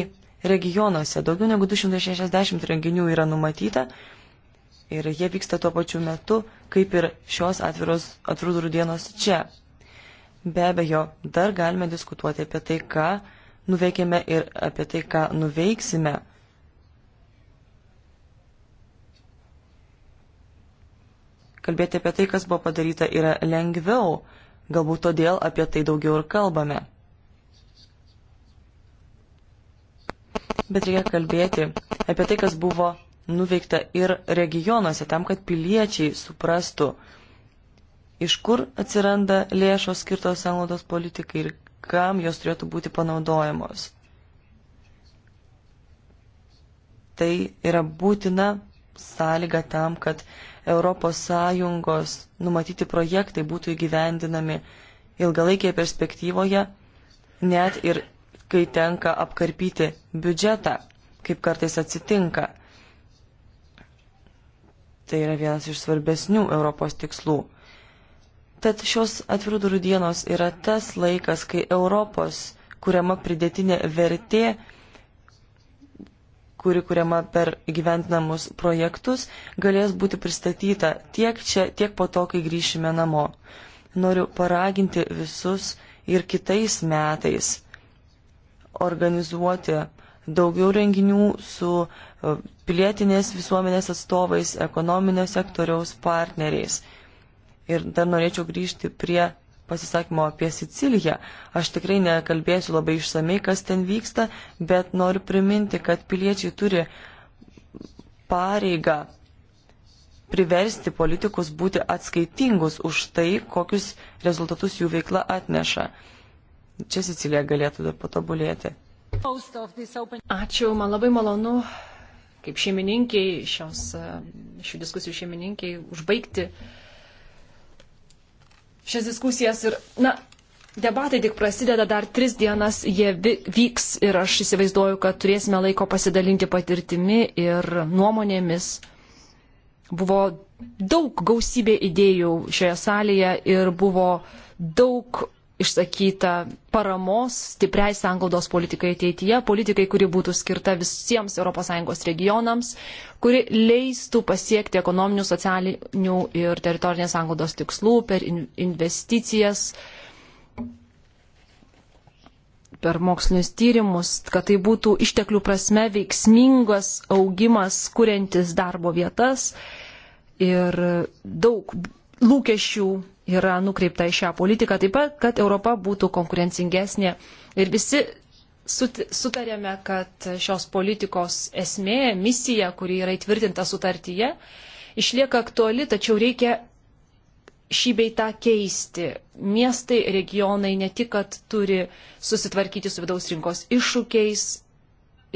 regionuose. Daugiau negu 260 renginių yra numatyta ir jie vyksta tuo pačiu metu, kaip ir šios atviros, atvirų durų dienos čia. Be abejo, dar galime diskutuoti apie tai, ką nuveikėme ir apie tai, ką nuveiksime. Kalbėti apie tai, kas buvo padaryta, yra lengviau. Galbūt todėl apie tai daugiau ir kalbame. Bet reikia kalbėti apie tai, kas buvo nuveikta ir regionuose, tam, kad piliečiai suprastų, iš kur atsiranda lėšos skirtos sąnaudos politikai ir kam jos turėtų būti panaudojamos. Tai yra būtina sąlyga tam, kad ES numatyti projektai būtų įgyvendinami ilgalaikėje perspektyvoje, net ir kai tenka apkarpyti biudžetą, kaip kartais atsitinka. Tai yra vienas iš svarbesnių Europos tikslų. Tad šios atvirų durų dienos yra tas laikas, kai Europos kuriama pridėtinė vertė, kuri kuriama per gyventinamus projektus, galės būti pristatyta tiek čia, tiek po to, kai grįšime namo. Noriu paraginti visus ir kitais metais organizuoti daugiau renginių su e, pilietinės visuomenės atstovais, ekonominio sektoriaus partneriais. Ir dar norėčiau grįžti prie pasisakymo apie Siciliją. Aš tikrai nekalbėsiu labai išsamei, kas ten vyksta, bet noriu priminti, kad piliečiai turi pareigą priversti politikus būti atskaitingus už tai, kokius rezultatus jų veikla atneša. Čia Sicilija galėtų dar patobulėti. Ačiū, man labai malonu, kaip šeimininkiai, šios, šių diskusijų šeimininkiai, užbaigti uh, šias diskusijas ir, na, debatai tik prasideda, dar tris dienas jie vyks ir aš įsivaizduoju, kad turėsime laiko pasidalinti patirtimi ir nuomonėmis. Buvo daug gausybė idėjų šioje salėje ir buvo daug išsakyta paramos stipriai sangaudos politikai ateityje, politikai, kuri būtų skirta visiems ES regionams, kuri leistų pasiekti ekonominių, socialinių ir teritorinės sangaudos tikslų per investicijas, per mokslinius tyrimus, kad tai būtų išteklių prasme veiksmingas augimas, kuriantis darbo vietas ir daug lūkesčių yra nukreipta į šią politiką, taip pat, kad Europa būtų konkurencingesnė. Ir visi sutarėme, kad šios politikos esmė, misija, kuri yra įtvirtinta sutartyje, išlieka aktuali, tačiau reikia šį beitą keisti. Miestai, regionai ne tik, kad turi susitvarkyti su vidaus rinkos iššūkiais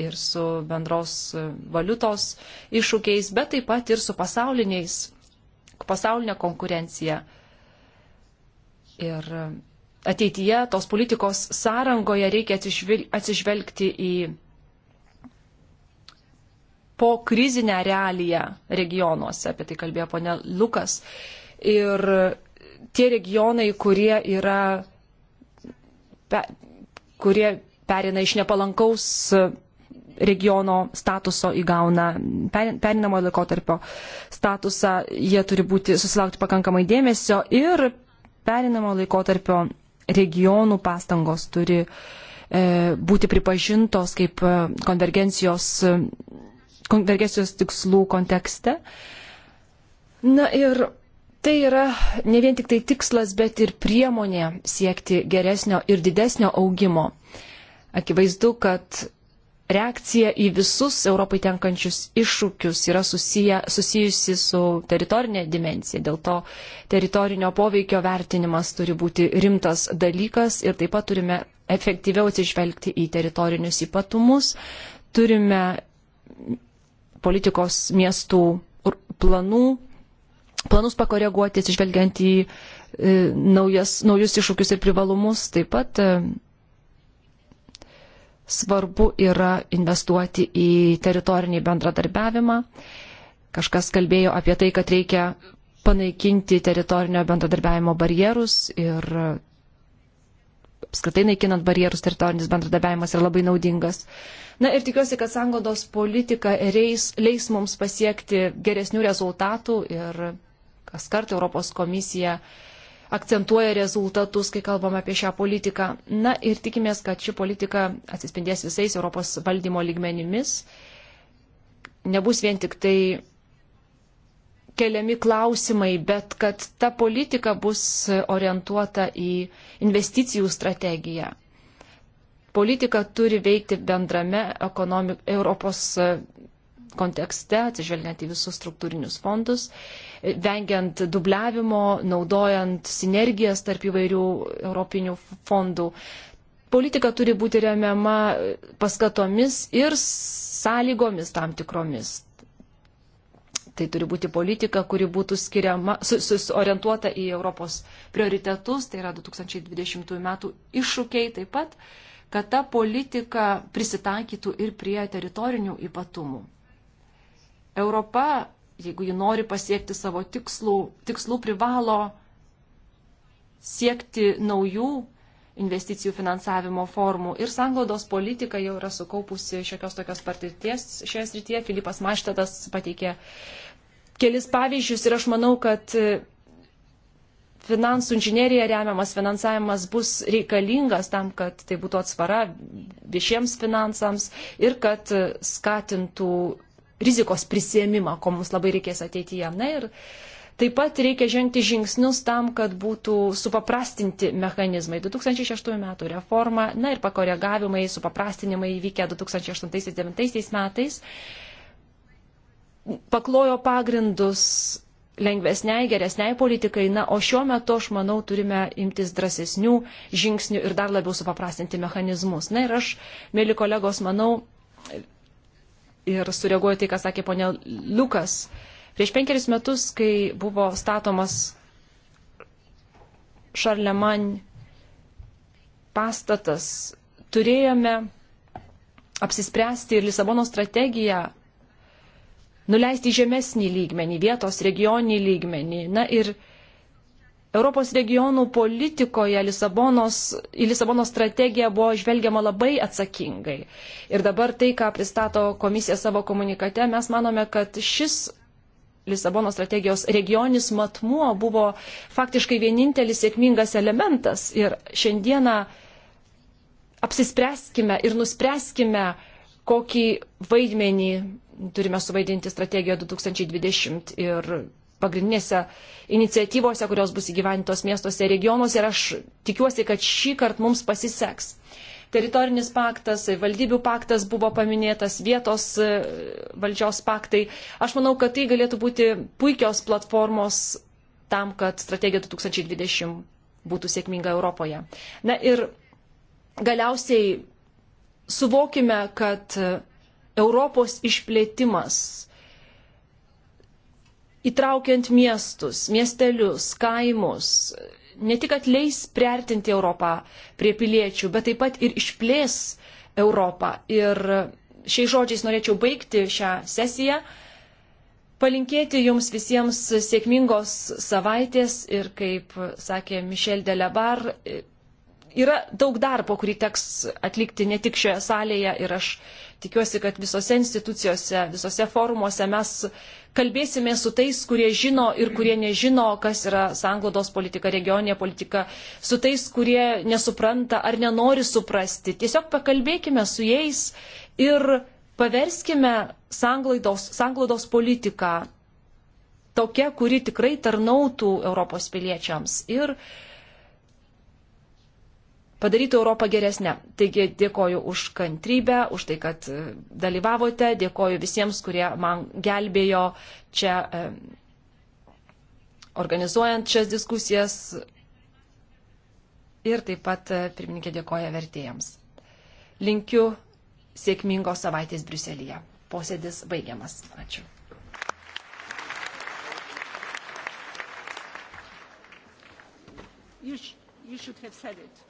ir su bendros valiutos iššūkiais, bet taip pat ir su pasauliniais, pasaulinė konkurencija Ir ateityje tos politikos sąrangoje reikia atsižvelgti į po krizinę realiją regionuose, apie tai kalbėjo ponė Lukas. Ir tie regionai, kurie yra, pe, kurie perina iš nepalankaus regiono statuso įgauna perinamo laikotarpio statusą, jie turi būti susilaukti pakankamai dėmesio ir perinamo laikotarpio regionų pastangos turi e, būti pripažintos kaip e, konvergencijos, konvergencijos tikslų kontekste. Na ir tai yra ne vien tik tai tikslas, bet ir priemonė siekti geresnio ir didesnio augimo. Akivaizdu, kad reakcija į visus Europai tenkančius iššūkius yra susiję, susijusi su teritorinė dimencija. Dėl to teritorinio poveikio vertinimas turi būti rimtas dalykas ir taip pat turime efektyviau atsižvelgti į teritorinius ypatumus. Turime politikos miestų planų, planus pakoreguoti atsižvelgiant į e, naujas, naujus iššūkius ir privalumus. Taip pat e, svarbu yra investuoti į teritorinį bendradarbiavimą. Kažkas kalbėjo apie tai, kad reikia panaikinti teritorinio bendradarbiavimo barjerus ir apskritai naikinant barjerus teritorinis bendradarbiavimas yra labai naudingas. Na ir tikiuosi, kad sangodos politika reis, leis mums pasiekti geresnių rezultatų ir kas kart Europos komisija uh, akcentuoja rezultatus, kai kalbame apie šią politiką. Na ir tikimės, kad ši politika atsispindės visais Europos valdymo lygmenimis. Nebus vien tik tai keliami klausimai, bet kad ta politika bus orientuota į investicijų strategiją. Politika turi veikti bendrame ekonomik, Europos kontekste, atsižvelgiant į visus struktūrinius fondus vengiant dubliavimo, naudojant sinergijas tarp įvairių europinių fondų. Politika turi būti remiama paskatomis ir sąlygomis tam tikromis. Tai turi būti politika, kuri būtų skiriama, susiorientuota į Europos prioritetus, tai yra 2020 metų iššūkiai taip pat, kad ta politika prisitaikytų ir prie teritorinių ypatumų. Europa jeigu ji nori pasiekti savo tikslų, tikslų privalo siekti naujų investicijų finansavimo formų. Ir sanglaudos politika jau yra sukaupusi šiokios tokios patirties šioje srityje. Filipas Maštadas pateikė kelis pavyzdžius ir aš manau, kad finansų inžinierija remiamas finansavimas bus reikalingas tam, kad tai būtų atsvara viešiems finansams ir kad skatintų rizikos prisėmimą, ko mums labai reikės ateityje. Na ir taip pat reikia žengti žingsnius tam, kad būtų supaprastinti mechanizmai. 2006 metų reforma, na ir pakoregavimai, supaprastinimai įvykę 2008-2009 metais paklojo pagrindus lengvesniai, geresniai politikai, na, o šiuo metu, aš manau, turime imtis drąsesnių žingsnių ir dar labiau supaprastinti mechanizmus. Na ir aš, mėly kolegos, manau, ir sureaguoju tai, ką sakė ponė Lukas. Prieš penkeris metus, kai buvo statomas Šarleman pastatas, turėjome apsispręsti ir Lisabono strategiją nuleisti žemesnį lygmenį, vietos regioninį lygmenį. Na ir Europos regionų politikoje Lisabonos, į Lisabonos strategiją buvo žvelgiama labai atsakingai. Ir dabar tai, ką pristato komisija savo komunikate, mes manome, kad šis Lisabonos strategijos regioninis matmuo buvo faktiškai vienintelis sėkmingas elementas. Ir šiandieną apsispręskime ir nuspręskime, kokį vaidmenį turime suvaidinti strategiją 2020 ir pagrindinėse iniciatyvose, kurios bus įgyventos miestuose ir regionuose. Ir aš tikiuosi, kad šį kartą mums pasiseks. Teritorinis paktas, valdybių paktas buvo paminėtas, vietos e, valdžios paktai. Aš manau, kad tai galėtų būti puikios platformos tam, kad strategija 2020 būtų sėkminga Europoje. Na ir galiausiai suvokime, kad Europos išplėtimas įtraukiant miestus, miestelius, kaimus, ne tik atleis priartinti Europą prie piliečių, bet taip pat ir išplės Europą. Ir šiais žodžiais norėčiau baigti šią sesiją, palinkėti jums visiems sėkmingos savaitės ir, kaip sakė Mišel Delebar, yra daug darbo, kurį teks atlikti ne tik šioje salėje ir aš Tikiuosi, kad visose institucijose, visose forumuose mes kalbėsime su tais, kurie žino ir kurie nežino, kas yra sanglodos politika, regioninė politika, su tais, kurie nesupranta ar nenori suprasti. Tiesiog pakalbėkime su jais ir paverskime sanglaidos, sanglaidos politiką tokia, kuri tikrai tarnautų Europos piliečiams. Ir uh, padarytų Europą geresnę. Taigi dėkoju už kantrybę, už tai, kad e, dalyvavote, dėkoju visiems, kurie man gelbėjo čia e, organizuojant šias diskusijas ir taip pat e, pirmininkė dėkoja vertėjams. Linkiu sėkmingos savaitės Briuselėje. Posėdis baigiamas. Ačiū. You, sh you should have said it.